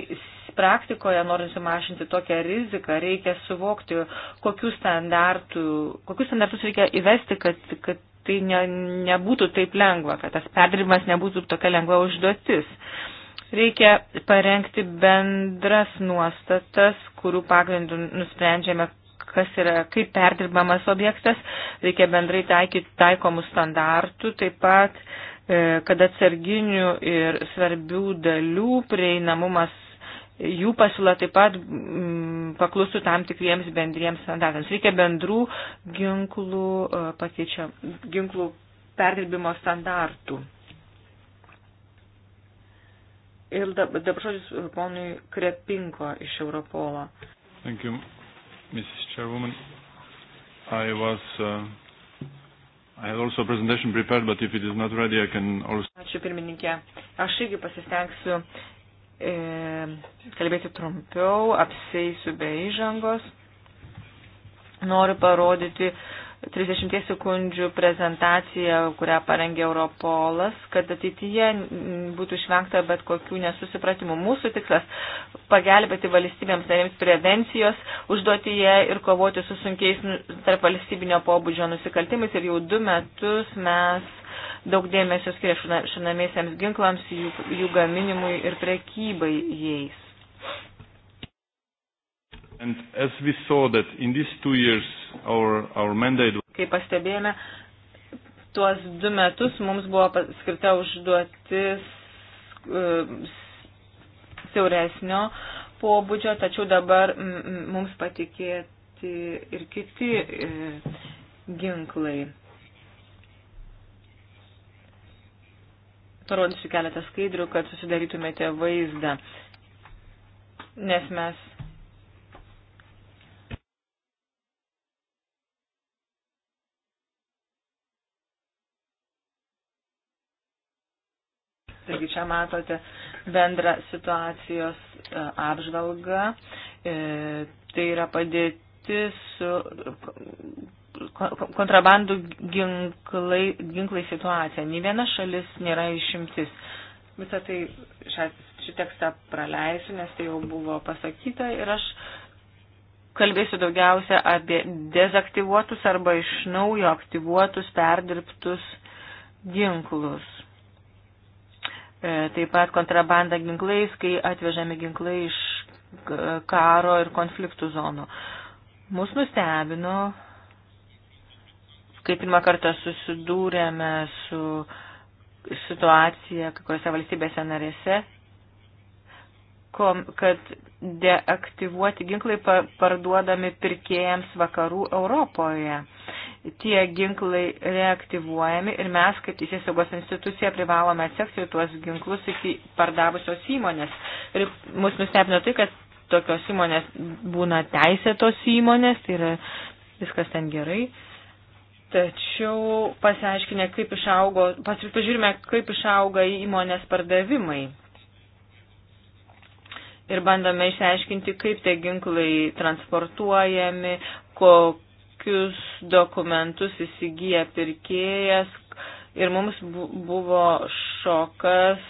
praktikoje, norint sumažinti tokią riziką, reikia suvokti, kokius, standartų, kokius standartus reikia įvesti, kad, kad tai ne, nebūtų taip lengva, kad tas perdirbimas nebūtų tokia lengva užduotis. Reikia parengti bendras nuostatas, kurių pagrindų nusprendžiame, kas yra, kaip perdirbamas objektas, reikia bendrai taikyti taikomų standartų, taip pat, e, kad atsarginių ir svarbių dalių prieinamumas jų pasiūla taip pat m, mm, paklusų tam tikriems bendriems standartams. Reikia bendrų ginklų, e, pakeičia, ginklų perdirbimo standartų. Ir dabar žodis ponui Krepinko iš Europolo. Thank you. Mrs. Chairwoman. I was. Uh, I had also a presentation prepared, but if it is not ready, I can also. Ačiū pirmininkė. Aš irgi pasistengsiu e, kalbėti trumpiau, apseisiu be įžangos. Noriu parodyti 30 sekundžių prezentaciją, kurią parengė Europolas, kad ateityje būtų išvengta bet kokių nesusipratimų. Mūsų tikslas - pagelbėti valstybėms narėms prevencijos užduotyje ir kovoti su sunkiais tarp valstybinio pobūdžio nusikaltimais. Ir jau du metus mes daug dėmesio skiria šinamiesiems ginklams, jų, jų gaminimui ir prekybai jais. Years, our, our mandate... Kaip pastebėjome, tuos du metus mums buvo skirta užduotis e, siauresnio pobūdžio, tačiau dabar mums patikėti ir kiti e, ginklai. Parodysiu keletą skaidrių, kad susidarytumėte vaizdą, nes mes Taigi čia matote bendrą situacijos e, apžvalgą. E, tai yra padėtis su kontrabandų ginklai, ginklai situacija. Nė viena šalis nėra išimtis. Visą tai šią, šį tekstą praleisiu, nes tai jau buvo pasakyta ir aš kalbėsiu daugiausia apie dezaktyvuotus arba iš naujo aktyvuotus perdirbtus ginklus. E, taip pat kontrabanda ginklais, kai atvežami ginklai iš karo ir konfliktų zonų. Mus nustebino, kai pirmą kartą susidūrėme su situacija kai kuriuose valstybėse narėse, kad deaktyvuoti ginklai parduodami pirkėjams vakarų Europoje. Tie ginklai reaktyvuojami ir mes, kaip teisės saugos institucija, privalome atsekti tuos ginklus iki pardavusios įmonės. Ir mus nustebino tai, kad tokios įmonės būna teisėtos įmonės, tai yra viskas ten gerai. Tačiau pasiaiškinę, kaip išaugo, pasižiūrime, kaip išauga įmonės pardavimai ir bandome išsiaiškinti, kaip tie ginklai transportuojami, kokius dokumentus įsigyja pirkėjas. Ir mums buvo šokas,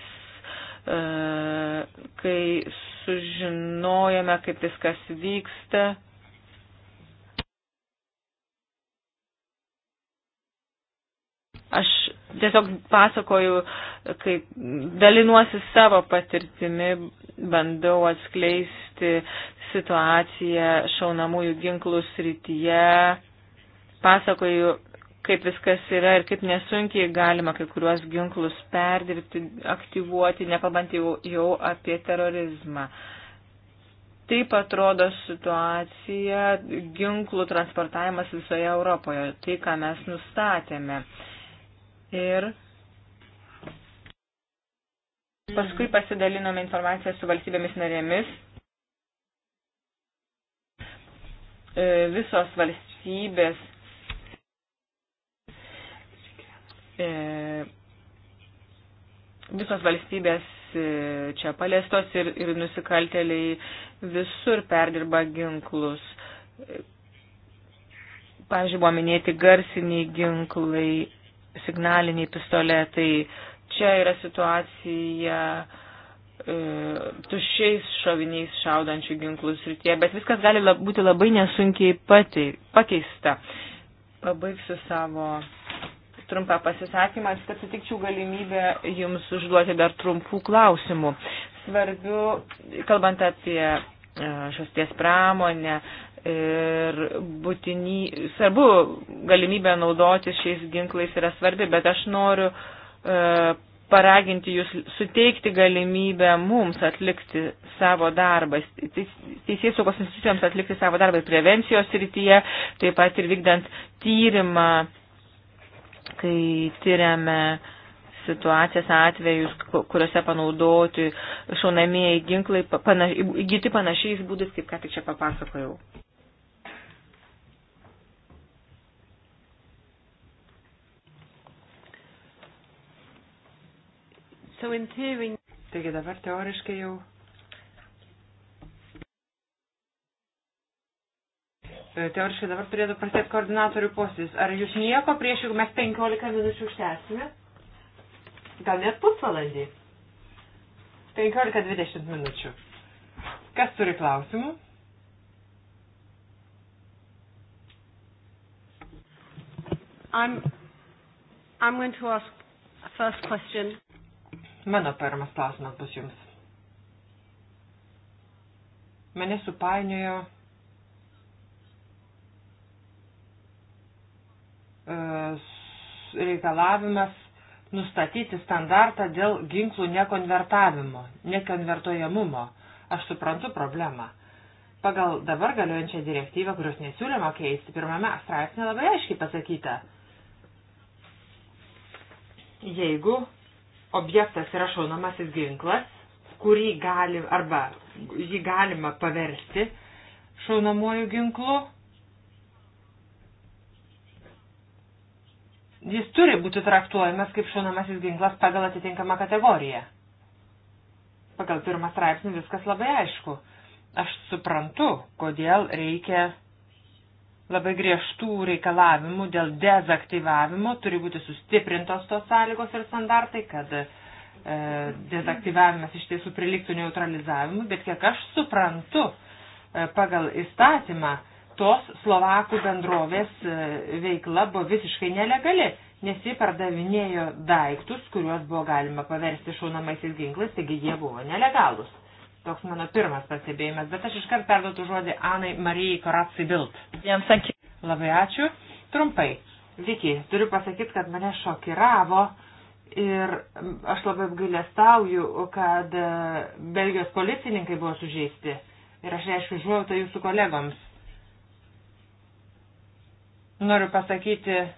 e, kai sužinojame, kaip viskas vyksta. Aš tiesiog pasakoju, kaip dalinuosi savo patirtimi, bandau atskleisti situaciją šaunamųjų ginklų srityje, pasakoju, kaip viskas yra ir kaip nesunkiai galima kai kuriuos ginklus perdirbti, aktyvuoti, nekalbant jau, jau apie terorizmą. Taip atrodo situacija ginklų transportavimas visoje Europoje, tai ką mes nustatėme. Uh, ir paskui pasidalinome informaciją su valstybėmis narėmis. E, visos valstybės e, visos valstybės e, čia paliestos ir, ir nusikalteliai visur perdirba ginklus. Pavyzdžiui, buvo minėti garsiniai ginklai, signaliniai pistoletai. Čia yra situacija e, tušiais šoviniais šaudančių ginklų srityje, bet viskas gali lab, būti labai nesunkiai pati, pakeista. Pabaigsiu savo trumpą pasisakymą, kad sutikčiau galimybę Jums užduoti dar trumpų klausimų. Svarbiu, kalbant apie e, šios ties pramonę, Ir būtiny, svarbu, galimybė naudotis šiais ginklais yra svarbi, bet aš noriu e, paraginti jūs suteikti galimybę mums atlikti savo darbą, teisės saugos institucijoms atlikti savo darbą ir prevencijos rytyje, taip pat ir vykdant tyrimą, kai tyriame situacijas, atvejus, kuriuose panaudoti šaunamieji ginklai, pana, įgyti panašiais būdais, kaip ką tik čia papasakojau. So in theory... Taigi dabar teoriškai jau teoriškai dabar turėtų prasidėti koordinatorių posėdis. Ar jūs nieko prieš, jeigu mes 15 minučių užtęsime? Gal net pusvalandį? 15-20 minučių. Kas turi klausimų? I'm, I'm going to ask a first question. Mano pirmas klausimas bus jums. Mane supainiojo e, reikalavimas nustatyti standartą dėl ginklų nekonvertavimo, nekonvertojamumo. Aš suprantu problemą. Pagal dabar galiojančią direktyvą, kurios nesiūlyma keisti, pirmame straipsnė labai aiškiai pasakyta. Jeigu objektas yra šaunamasis ginklas, kurį gali arba jį galima paversti šaunamuoju ginklu. Jis turi būti traktuojamas kaip šaunamasis ginklas pagal atitinkamą kategoriją. Pagal pirmą straipsnį viskas labai aišku. Aš suprantu, kodėl reikia labai griežtų reikalavimų dėl dezaktyvavimo, turi būti sustiprintos tos sąlygos ir standartai, kad e, dezaktyvavimas iš tiesų priliktų neutralizavimui, bet kiek aš suprantu, e, pagal įstatymą tos Slovakų bendrovės e, veikla buvo visiškai nelegali, nes ji pardavinėjo daiktus, kuriuos buvo galima paversti šaunamaisiais ginklais, taigi jie buvo nelegalus. Toks mano pirmas pastebėjimas, bet aš iškart perduotų žodį Anai Marijai Koratsai Bilt. Jam sakyk. Labai ačiū. Trumpai. Viki, turiu pasakyti, kad mane šokiravo ir aš labai apgailestauju, kad e, Belgijos policininkai buvo sužeisti. Ir aš reiškiu žuojautą tai jūsų kolegoms. Noriu pasakyti e,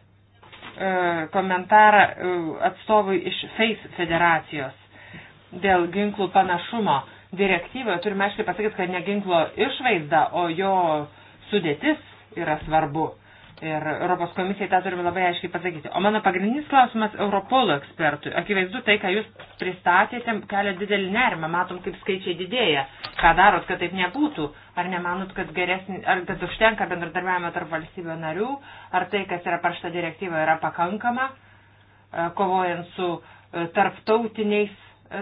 komentarą e, atstovui iš FACE federacijos dėl ginklų panašumo direktyvoje turime aiškiai pasakyti, kad ne ginklo išvaizda, o jo sudėtis yra svarbu. Ir Europos komisijai tą turime labai aiškiai pasakyti. O mano pagrindinis klausimas Europolo ekspertui. Akivaizdu, tai, ką jūs pristatėte, kelia didelį nerimą. Matom, kaip skaičiai didėja. Ką darot, kad taip nebūtų? Ar nemanot, kad, geresnį, ar, kad užtenka bendradarbiavimo tarp valstybių narių? Ar tai, kas yra parašta direktyva, yra pakankama, e, kovojant su e, tarptautiniais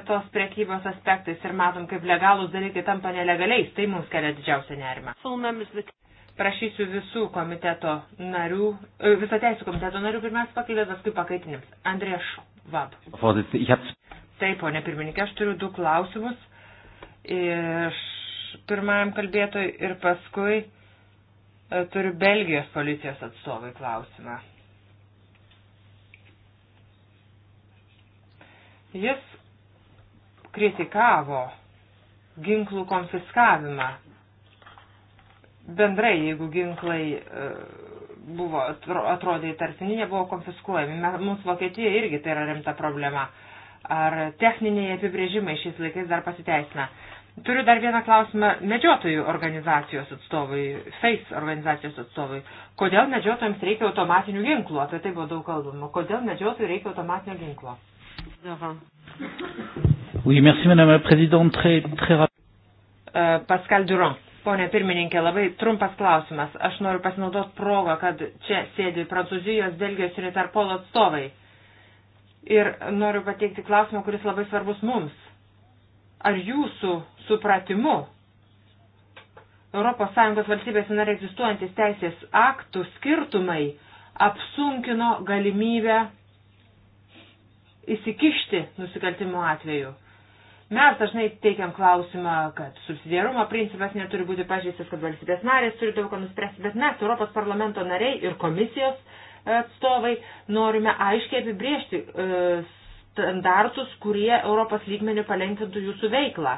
tos priekybos aspektais ir matom, kaip legalūs dalykai tampa nelegaliais, tai mums kelia didžiausią nerimą. Prašysiu visų komiteto narių, e, visą teisų komiteto narių pirmiausia pakeitė, paskui pakaitinims. Andrieš Vab. Taip, ponė pirmininkė, aš turiu du klausimus. Iš pirmajam kalbėtojui ir paskui e, turiu Belgijos policijos atstovai klausimą. Jis kritikavo ginklų konfiskavimą. Bendrai, jeigu ginklai e, buvo, atrodė įtartini, jie buvo konfiskuojami. Mums Vokietija irgi tai yra rimta problema. Ar techniniai apibrėžimai šiais laikais dar pasiteisina? Turiu dar vieną klausimą medžiotojų organizacijos atstovui, FACE organizacijos atstovui. Kodėl medžiotojams reikia automatinių ginklų? Apie tai buvo daug kalbama. Kodėl medžiotojų reikia automatinio ginklo? Aha. Oui, merci, madame la présidente. Très, très rapide. E, Pascal Durand. Pone pirmininkė, labai trumpas klausimas. Aš noriu pasinaudoti progą, kad čia sėdi Prancūzijos, Belgijos ir Interpolo atstovai. Ir noriu pateikti klausimą, kuris labai svarbus mums. Ar jūsų supratimu ES valstybės nare egzistuojantis teisės aktų skirtumai apsunkino galimybę įsikišti nusikaltimų atveju. Mes dažnai teikiam klausimą, kad subsidiarumo principas neturi būti pažeistas, kad valstybės narės turi daug ką nuspręsti, bet mes, Europos parlamento nariai ir komisijos atstovai, norime aiškiai apibriežti e, standartus, kurie Europos lygmenių palengvintų jūsų veiklą.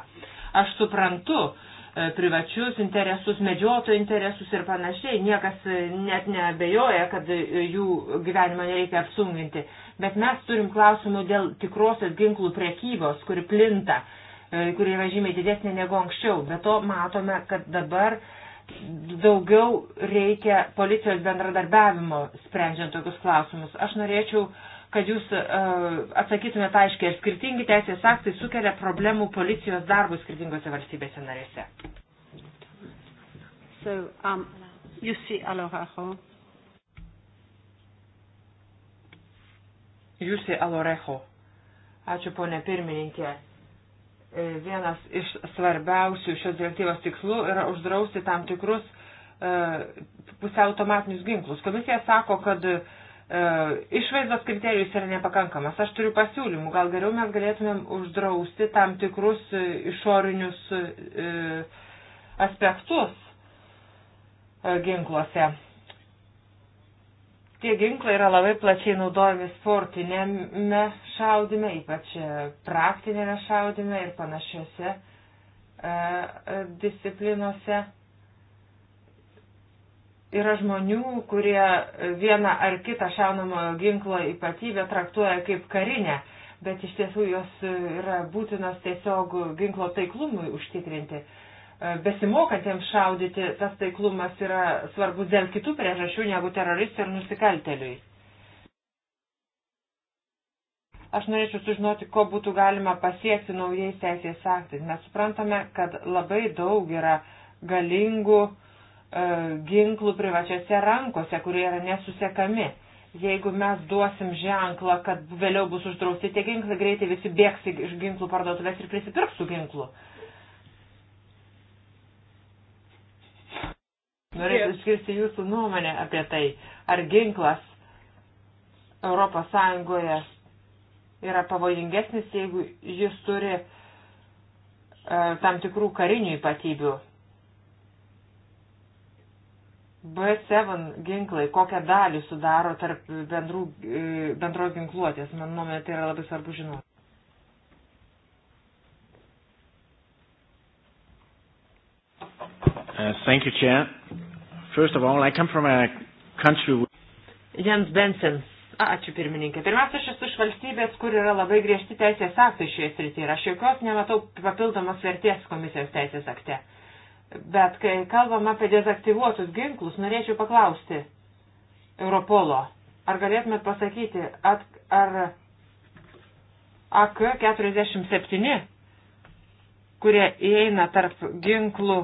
Aš suprantu, E, privačius interesus, medžiotojų interesus ir panašiai. Niekas e, net nebejoja, kad e, jų gyvenimą nereikia apsunginti. Bet mes turim klausimų dėl tikrosios ginklų priekybos, kuri plinta, kuri yra žymiai didesnė negu anksčiau. Be to matome, kad dabar daugiau reikia policijos bendradarbiavimo sprendžiant tokius klausimus. Aš norėčiau uh, kad jūs e, atsakytumėte aiškiai, ar skirtingi teisės aktai sukelia problemų policijos darbų skirtingose valstybėse narėse. So, um, you see, aloha. Jūsi Aloreho. Ačiū, ponė pirmininkė. E, vienas iš svarbiausių šios direktyvos tikslų yra uždrausti tam tikrus e, pusiau automatinius ginklus. Komisija sako, kad uh, E, išvaizdos kriterijus yra nepakankamas. Aš turiu pasiūlymų. Gal geriau mes galėtumėm uždrausti tam tikrus e, išorinius e, aspektus ginkluose. Tie ginklai yra labai plačiai naudojami sportinėme šaudime, ypač praktinėme šaudime ir panašiose disciplinose. Yra žmonių, kurie vieną ar kitą šaunamojo ginklo ypatybę traktuoja kaip karinę, bet iš tiesų jos yra būtinos tiesiog ginklo taiklumui užtikrinti e, besimokantiems šaudyti, tas taiklumas yra svarbus dėl kitų priežasčių negu teroristui ir nusikalteliui. Aš norėčiau sužinoti, ko būtų galima pasiekti naujais teisės aktais. Mes suprantame, kad labai daug yra galingų uh, E, ginklų privačiose rankose, kurie yra nesusekami. Jeigu mes duosim ženklą, kad vėliau bus uždrausti tie ginklai, greitai visi bėgs iš ginklų parduotuvės ir prisipirks tų ginklų. Norėčiau išgirsti jūsų nuomonę apie tai, ar ginklas Europos Sąjungoje yra pavojingesnis, jeigu jis turi e, tam tikrų karinių ypatybių B7 ginklai, kokią dalį sudaro tarp bendrų, e, bendros ginkluotės, man nuomonė, tai yra labai svarbu žinoti. Uh, thank you, Chair. First of all, I come from a country. Jens Benson. Ačiū pirmininkė. Pirmiausia, aš esu iš valstybės, kur yra labai griežti teisės aktai šioje srityje ir aš jokios nematau papildomos vertės komisijos teisės akte. Uh, Bet kai kalbam apie dezaktyvuotus ginklus, norėčiau paklausti Europolo, ar galėtumėt pasakyti, at, ar AK-47, kurie įeina tarp ginklų,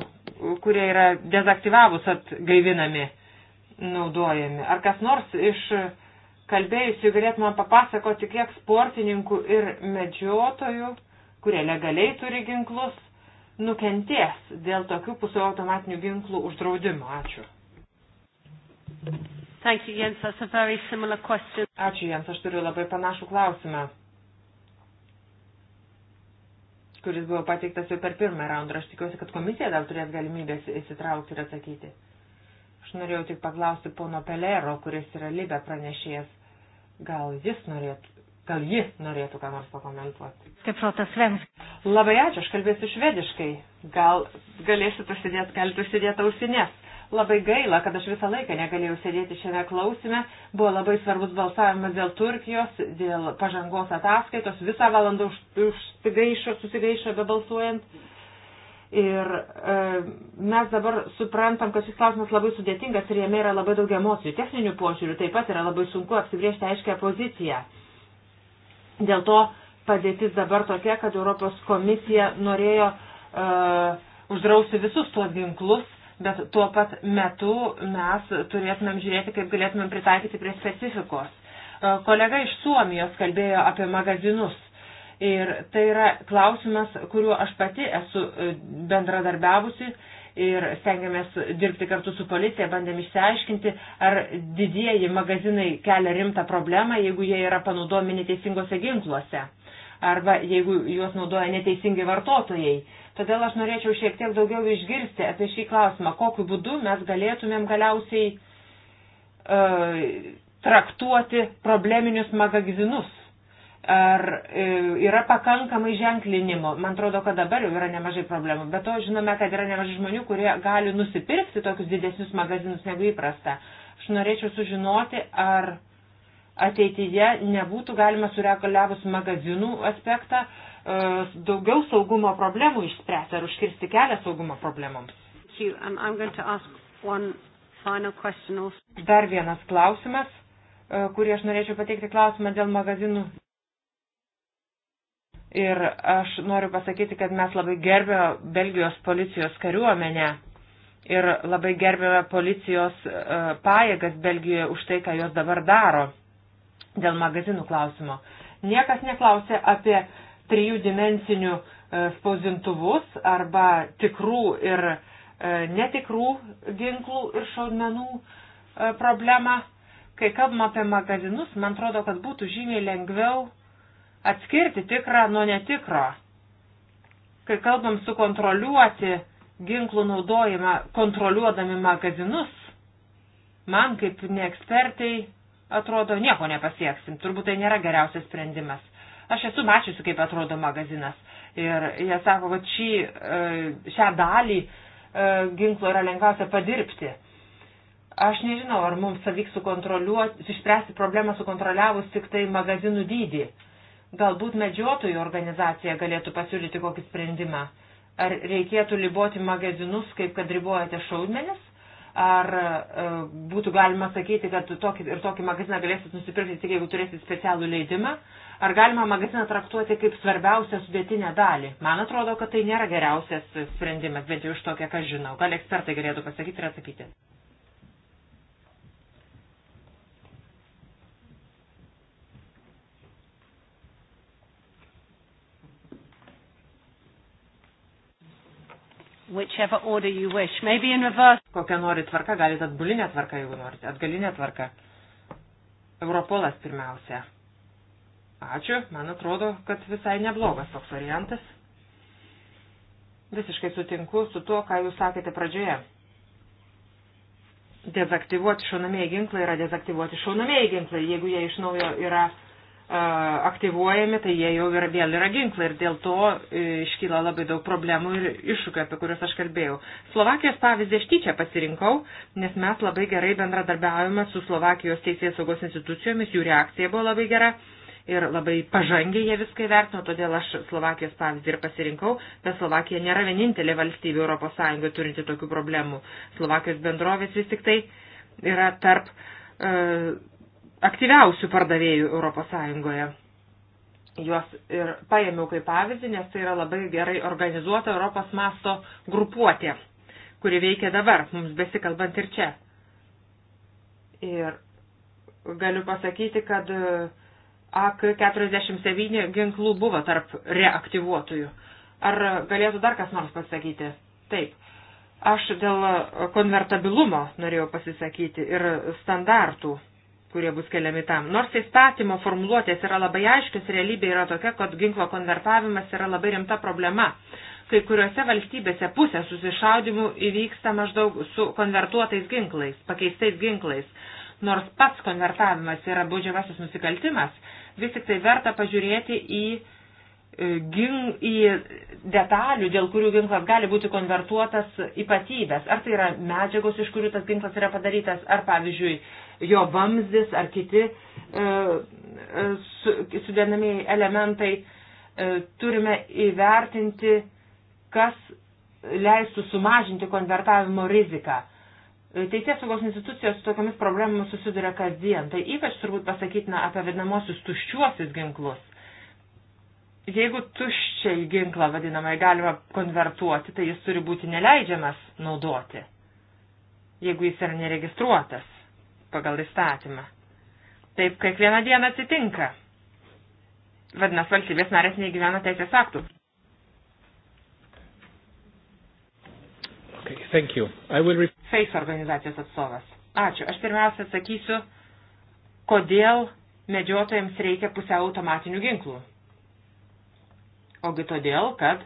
kurie yra dezaktyvavus atgaivinami, naudojami, ar kas nors iš kalbėjusių galėtų man papasakoti, kiek sportininkų ir medžiotojų, kurie legaliai turi ginklus, nukentės dėl tokių pusiau automatinių ginklų uždraudimo. Ačiū. Thank you, Jens. That's a very similar question. Ačiū, Jens. Aš turiu labai panašų klausimą, kuris buvo pateiktas jau per pirmą raundą. Aš tikiuosi, kad komisija dar turės galimybės įsitraukti ir atsakyti. Aš norėjau tik paklausti pono Pelero, kuris yra Libė pranešėjas. Gal jis norėtų Gal ji norėtų ką nors pakomentuoti? Taip, protas Vensk. Labai ačiū, aš kalbėsiu švediškai. Gal galėsiu užsidėti, galite užsidėti ausinės. Labai gaila, kad aš visą laiką negalėjau sėdėti šiame klausime. Buvo labai svarbus balsavimas dėl Turkijos, dėl pažangos ataskaitos. Visą valandą už, užsigaišo, susigaišo be balsuojant. Ir e, mes dabar suprantam, kad šis klausimas labai sudėtingas ir jame yra labai daug emocijų. Techninių požiūrių taip pat yra labai sunku apsibriežti aiškę poziciją. Dėl to padėtis dabar tokia, kad Europos komisija norėjo uh, uždrausti visus tuos ginklus, bet tuo pat metu mes turėtumėm žiūrėti, kaip galėtumėm pritaikyti prie specifikos. Uh, kolega iš Suomijos kalbėjo apie magazinus. Ir tai yra klausimas, kuriuo aš pati esu e, bendradarbiavusi ir stengiamės dirbti kartu su policija, bandėm išsiaiškinti, ar didieji magazinai kelia rimtą problemą, jeigu jie yra panaudojami neteisingose ginkluose arba jeigu juos naudoja neteisingi vartotojai. Todėl aš norėčiau šiek tiek daugiau išgirsti apie šį klausimą, kokiu būdu mes galėtumėm galiausiai uh, traktuoti probleminius magazinus ar e, yra pakankamai ženklinimo. Man atrodo, kad dabar jau yra nemažai problemų. Be to žinome, kad yra nemažai žmonių, kurie gali nusipirkti tokius didesnius magazinus negu įprasta. Aš norėčiau sužinoti, ar ateityje nebūtų galima sureguliavus magazinų aspektą e, daugiau saugumo problemų išspręsti ar užkirsti kelią saugumo problemoms. Um, Dar vienas klausimas e, kurį aš norėčiau pateikti klausimą dėl magazinų Ir aš noriu pasakyti, kad mes labai gerbėme Belgijos policijos kariuomenę ir labai gerbėme policijos uh, pajėgas Belgijoje už tai, ką jos dabar daro dėl magazinų klausimo. Niekas neklausė apie trijų dimensinių uh, e, spausintuvus arba tikrų ir uh, netikrų ginklų ir šaudmenų uh, problemą. Kai kalbam apie magazinus, man atrodo, kad būtų žymiai lengviau atskirti tikrą nuo netikro. Kai kalbam sukontroliuoti ginklų naudojimą, kontroliuodami magazinus, man kaip neekspertai atrodo, nieko nepasieksim. Turbūt tai nėra geriausias sprendimas. Aš esu mačiusi, kaip atrodo magazinas. Ir jie sako, kad šį, e, šią dalį e, ginklo yra lengviausia padirbti. Aš nežinau, ar mums pavyks išspręsti problemą sukontroliavus tik tai magazinų dydį. Galbūt medžiotojų organizacija galėtų pasiūlyti kokį sprendimą. Ar reikėtų liboti magazinus, kaip kad ribojate šaudmenis? Ar e, būtų galima sakyti, kad tokį, ir tokį magaziną galėsit nusipirkti tik jeigu turėsit specialų leidimą? Ar galima magaziną traktuoti kaip svarbiausią sudėtinę dalį? Man atrodo, kad tai nėra geriausias sprendimas, bent jau iš tokia, ką žinau. Gal ekspertai galėtų pasakyti ir atsakyti. whichever order you wish. Maybe in reverse. Kokią norit tvarką, galite atbulinę tvarką, jeigu norite, atgalinę tvarką. Europolas pirmiausia. Ačiū, man atrodo, kad visai neblogas toks variantas. Visiškai sutinku su tuo, ką jūs sakėte pradžioje. Dezaktyvuoti šaunamieji ginklai yra dezaktyvuoti šaunamieji ginklai, jeigu jie iš naujo yra aktyvuojami, tai jie jau yra, vėl yra ginklai ir dėl to e, iškyla labai daug problemų ir iššūkių, apie kuriuos aš kalbėjau. Slovakijos pavyzdį aš tyčia pasirinkau, nes mes labai gerai bendradarbiavome su Slovakijos teisės saugos institucijomis, jų reakcija buvo labai gera. Ir labai pažangiai jie viską įvertino, todėl aš Slovakijos pavyzdį ir pasirinkau, bet Slovakija nėra vienintelė valstybė ES turinti tokių problemų. Slovakijos bendrovės vis tik tai yra tarp uh, aktyviausių pardavėjų ES. Juos ir paėmiau kaip pavyzdį, nes tai yra labai gerai organizuota Europos masto grupuotė, kuri veikia dabar, mums besikalbant ir čia. Ir galiu pasakyti, kad e, AK-47 ginklų buvo tarp reaktyvuotųjų. Ar galėtų dar kas nors pasakyti? Taip. Aš dėl konvertabilumo norėjau pasisakyti ir standartų kurie bus keliami tam. Nors įstatymo formuluotės yra labai aiškios, realybė yra tokia, kad ginklo konvertavimas yra labai rimta problema. Kai kuriuose valstybėse pusė susišaudimų įvyksta maždaug su konvertuotais ginklais, pakeistais ginklais. Nors pats konvertavimas yra baudžiavasis nusikaltimas, vis tik tai verta pažiūrėti į, e, gin, į detalių, dėl kurių ginklas gali būti konvertuotas ypatybės. Ar tai yra medžiagos, iš kurių tas ginklas yra padarytas, ar pavyzdžiui, jo vamzdis ar kiti e, e, sudėdamieji elementai, e, turime įvertinti, kas leistų sumažinti konvertavimo riziką. Teisės saugos institucijos su tokiamis problemomis susiduria kasdien. Tai ypač turbūt pasakytina apie vadinamosius tuščiuosius ginklus. Jeigu tuščiai ginklą vadinamai galima konvertuoti, tai jis turi būti neleidžiamas naudoti, jeigu jis yra neregistruotas pagal įstatymą. Taip kiekvieną dieną atsitinka. Vadinasi, valstybės narės neįgyvena teisės aktų. Okay, thank you. I will... Face organizacijos atstovas. Ačiū. Aš pirmiausia atsakysiu, kodėl medžiotojams reikia pusiau automatinių ginklų. Ogi todėl, kad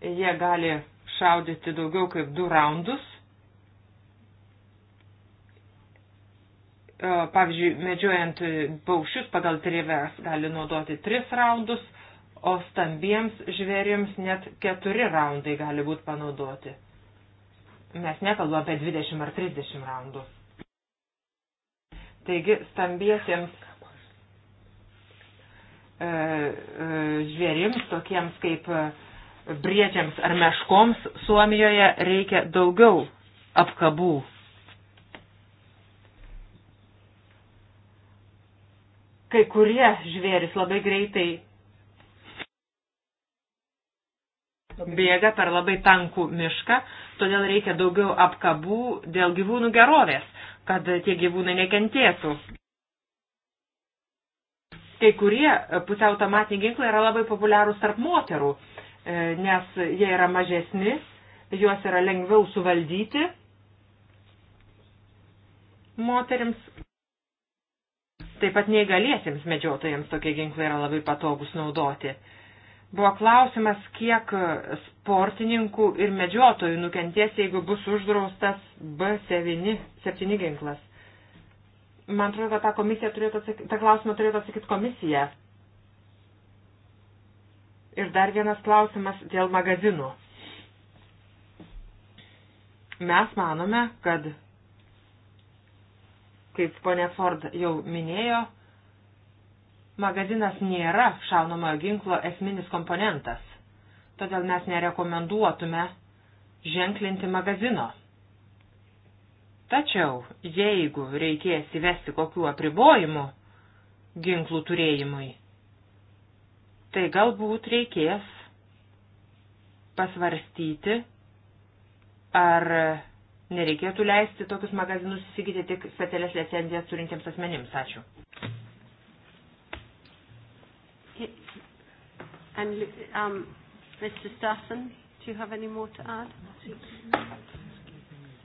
jie gali šaudyti daugiau kaip du raundus pavyzdžiui, medžiojant paukščius pagal trives gali naudoti tris raundus, o stambiems žvėrims net keturi raundai gali būti panaudoti. Mes nekalbame apie 20 ar 30 raundų. Taigi stambiesiems e, e, žvėrims, tokiems kaip e, briedžiams ar meškoms, Suomijoje reikia daugiau apkabų kai kurie žvėris labai greitai bėga per labai tankų mišką, todėl reikia daugiau apkabų dėl gyvūnų gerovės, kad tie gyvūnai nekentėtų. Kai kurie pusiau automatiniai ginklai yra labai populiarūs tarp moterų, e, nes jie yra mažesni, juos yra lengviau suvaldyti moteriams Taip pat neįgaliesiems medžiotojams tokie ginklai yra labai patogus naudoti. Buvo klausimas, kiek sportininkų ir medžiotojų nukenties, jeigu bus uždraustas B7 ginklas. Man atrodo, kad tą, komisiją turėtų atsakyti, tą klausimą turėtų atsakyti komisija. Ir dar vienas klausimas dėl magazinų. Mes manome, kad Kaip ponė Ford jau minėjo, magazinas nėra šaunamojo ginklo esminis komponentas, todėl mes nerekomenduotume ženklinti magazino. Tačiau, jeigu reikės įvesti kokių apribojimų ginklų turėjimui, tai galbūt reikės pasvarstyti, ar nereikėtų leisti tokius magazinus įsigyti tik specialias licencijas turintiems asmenims. Ačiū. And, um, Mr. Stassen, do you have any more to add?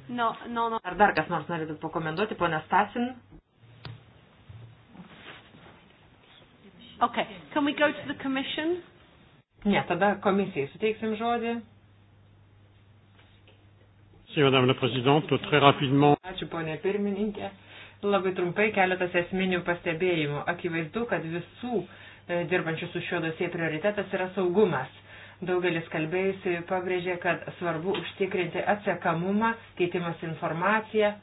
No, no, no. Ar dar kas nors norėtų pakomentuoti, ponė Stasin? Okay, can we go to the commission? Ne, tada komisijai suteiksim žodį. Ačiū, ponė pirmininkė. Labai trumpai keletas esminių pastebėjimų. Akivaizdu, kad visų e, dirbančių su šiuo dosie prioritetas yra saugumas. Daugelis kalbėjusių pabrėžė, kad svarbu užtikrinti atsekamumą, keitimas informaciją.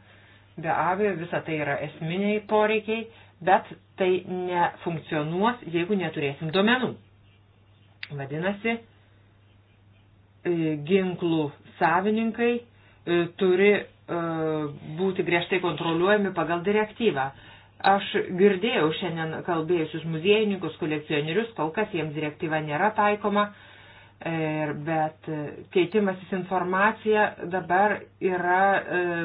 Be abejo, visa tai yra esminiai poreikiai, bet tai nefunkcionuos, jeigu neturėsim duomenų. Vadinasi, e, ginklų savininkai E, turi e, būti griežtai kontroliuojami pagal direktyvą. Aš girdėjau šiandien kalbėjusius muziejininkus, kolekcionierius, kol kas jiems direktyva nėra taikoma, bet e, keitimasis informacija dabar yra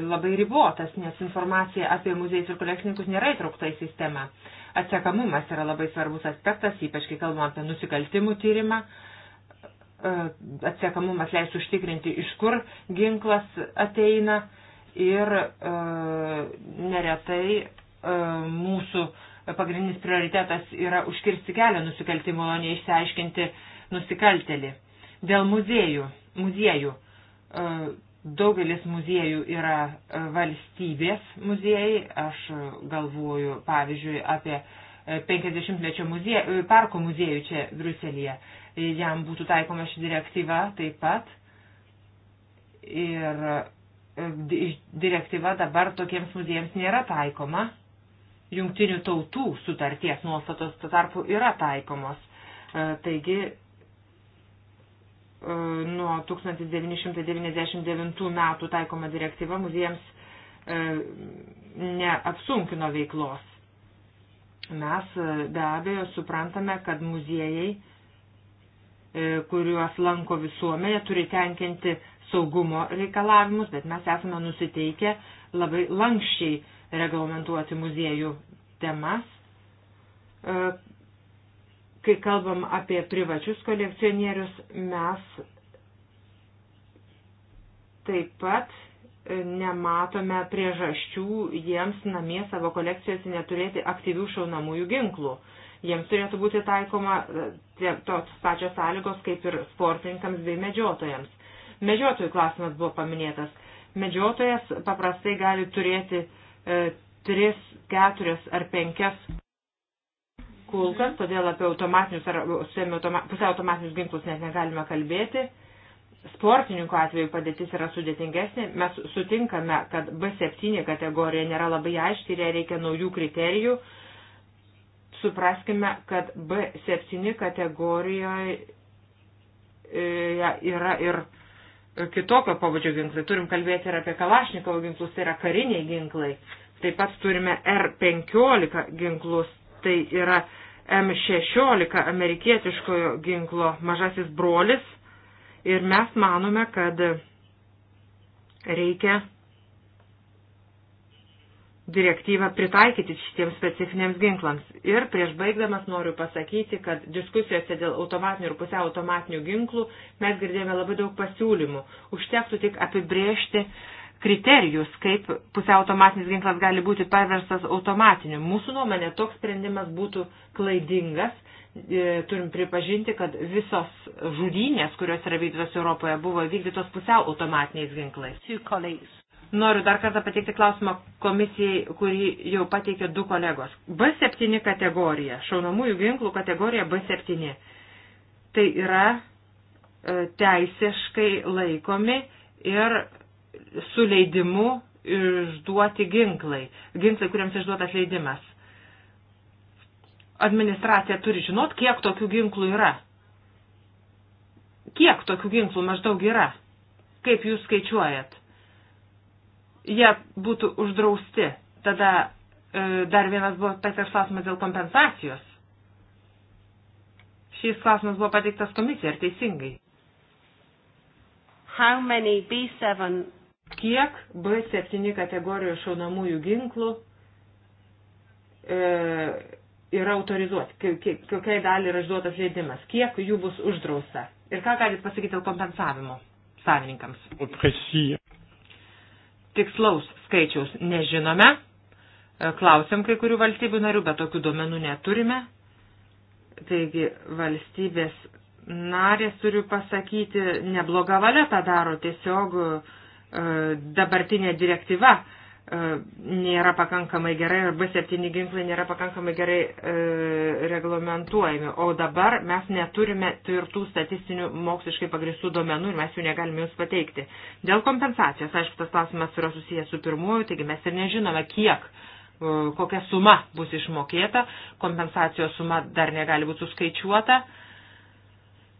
labai ribotas, nes informacija apie muziejus ir kolekcininkus nėra įtraukta į sistemą. Atsekamumas yra labai svarbus aspektas, ypač kai kalbam apie nusikaltimų tyrimą. E, atsiekamumas leis užtikrinti, iš kur ginklas ateina ir e, neretai e, mūsų pagrindinis prioritetas yra užkirsti kelią nusikaltimo, o ne išsiaiškinti nusikaltelį. Dėl muziejų. muziejų e, daugelis muziejų yra e, valstybės muziejai. Aš galvoju, pavyzdžiui, apie e, 50-mečio muzie, e, parko muziejų čia Bruselėje. Jam būtų taikoma ši direktyva taip pat. Ir e, direktyva dabar tokiems muziejams nėra taikoma. Jungtinių tautų sutarties nuostatos tuo tarpu yra taikomos. E, taigi nuo 1999 metų taikoma direktyva muziejams neapsunkino veiklos Mes e, be abejo suprantame, kad muziejai, e, kuriuos lanko visuomenė, turi tenkinti saugumo reikalavimus, bet mes esame nusiteikę labai lankščiai reglamentuoti muziejų temas. E, kai kalbam apie privačius kolekcionierius, mes taip pat nematome priežasčių jiems namie savo kolekcijose neturėti aktyvių šaunamųjų ginklų. Jiems turėtų būti taikoma e, tos pačios sąlygos kaip ir sportininkams bei medžiotojams. Medžiotojų klausimas buvo paminėtas. Medžiotojas paprastai gali turėti e, 3, 4 ar 5 kulkas, todėl apie automatinius ar pusiau automatinius ginklus net negalime kalbėti. E, sportininkų atveju padėtis yra sudėtingesnė. Mes sutinkame, kad B7 kategorija nėra labai aiški ir jai reikia naujų kriterijų. Supraskime, kad B7 kategorijoje e, yra ir kitokio pabudžio ginklai. Turim kalbėti ir apie Kalašnikovo ginklus, tai yra kariniai ginklai. Taip pat turime R15 ginklus, tai yra M16 amerikietiškojo ginklo mažasis brolis Ir mes manome, kad reikia direktyvą pritaikyti šitiems specifinėms ginklams. Ir prieš baigdamas noriu pasakyti, kad diskusijose dėl automatinių ir pusiau automatinių ginklų mes girdėjome labai daug pasiūlymų. Užtektų tik apibriežti kriterijus, kaip pusiau automatinis ginklas gali būti perverstas automatiniu. Mūsų nuomonė toks sprendimas būtų klaidingas, E, turim pripažinti, kad visos žudynės, kurios yra vykdytos Europoje, buvo vykdytos pusiau automatiniais ginklais. Noriu dar kartą pateikti klausimą komisijai, kurį jau pateikė du kolegos. B7 kategorija, šaunamųjų ginklų kategorija B7. Tai yra e, teisiškai laikomi ir su leidimu išduoti ginklai, ginklai, kuriems išduotas leidimas administracija turi žinot, kiek tokių ginklų yra. Kiek tokių ginklų maždaug yra? Kaip jūs skaičiuojat? Jie būtų uždrausti. Tada e, dar vienas buvo pateiktas klausimas dėl kompensacijos. Šis klausimas buvo pateiktas komisija ir teisingai. How many B7? Kiek B7 kategorijų šaunamųjų ginklų e, yra autorizuoti, kokiai daliai yra išduotas leidimas, kiek jų bus uždrausta ir ką galite pasakyti dėl kompensavimo savininkams. Opresija. Tikslaus skaičiaus nežinome, e, klausim kai kurių valstybių narių, bet tokių duomenų neturime. Taigi valstybės narės, turiu pasakyti, nebloga valia tą daro, tiesiog e, dabartinė direktyva E, nėra pakankamai gerai, ar B7 ginklai nėra pakankamai gerai e, reglamentuojami. O dabar mes neturime tvirtų statistinių moksliškai pagristų duomenų ir mes jų negalime jums pateikti. Dėl kompensacijos, aišku, tas klausimas yra susijęs su pirmuoju, taigi mes ir nežinome, kiek e, kokia suma bus išmokėta, kompensacijos suma dar negali būti suskaičiuota.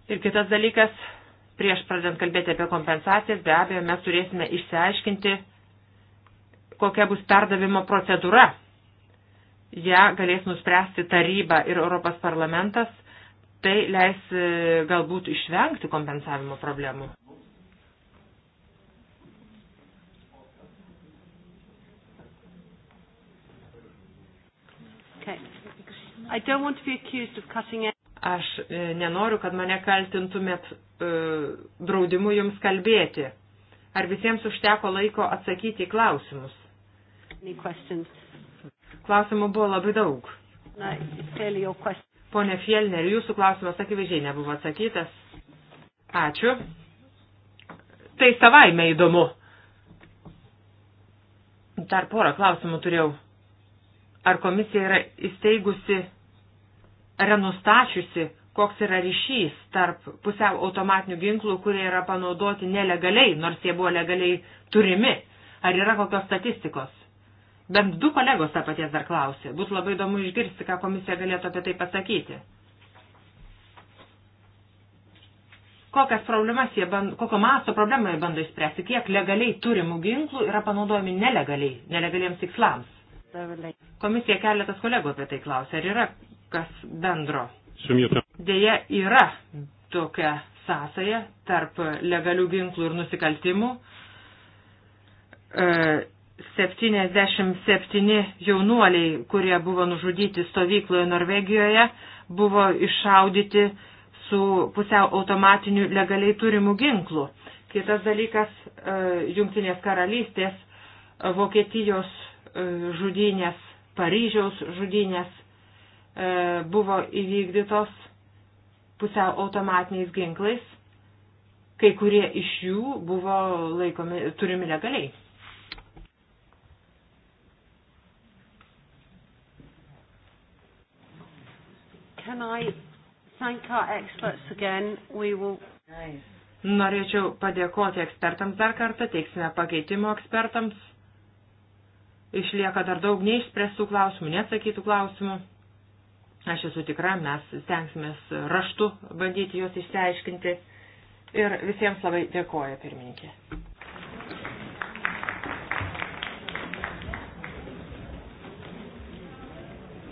Ir kitas dalykas, prieš pradant kalbėti apie kompensacijas, be abejo, mes turėsime išsiaiškinti, kokia bus perdavimo procedūra. Ja galės nuspręsti taryba ir Europos parlamentas, tai leis e, galbūt išvengti kompensavimo problemų. Aš e, nenoriu, kad mane kaltintumėt e, draudimu jums kalbėti. Ar visiems užteko laiko atsakyti į klausimus? Klausimų buvo labai daug. Pone Fielner, jūsų klausimas akivaizdžiai nebuvo atsakytas. Ačiū. Tai savaime įdomu. Dar porą klausimų turėjau. Ar komisija yra įsteigusi, yra nustačiusi, koks yra ryšys tarp pusiau automatinių ginklų, kurie yra panaudoti nelegaliai, nors jie buvo legaliai turimi? Ar yra kokios statistikos? Bent du kolegos tą paties dar klausė. Būtų labai įdomu išgirsti, ką komisija galėtų apie tai pasakyti. Kokias problemas jie bando, kokio masto problemą jie bando išspręsti, kiek legaliai turimų ginklų yra panaudojami nelegaliai, nelegaliems tikslams. Komisija keletas kolegų apie tai klausė, ar yra kas bendro. Dėja, yra tokia sąsaja tarp legalių ginklų ir nusikaltimų. E, 77 jaunuoliai, kurie buvo nužudyti stovykloje Norvegijoje, buvo iššaudyti su pusiau automatiniu legaliai turimų ginklų. Kitas dalykas e, - Junktinės karalystės, e, Vokietijos e, žudynės, Paryžiaus žudynės buvo įvykdytos pusiau automatiniais ginklais, kai kurie iš jų buvo laikomi turimi legaliai. Can I thank our experts again? We will... Norėčiau padėkoti ekspertams dar kartą, teiksime pakeitimo ekspertams. Išlieka dar daug neišspręstų klausimų, neatsakytų klausimų. Aš esu tikra, mes stengsimės raštu bandyti juos išsiaiškinti. Ir visiems labai dėkoju, pirmininkė.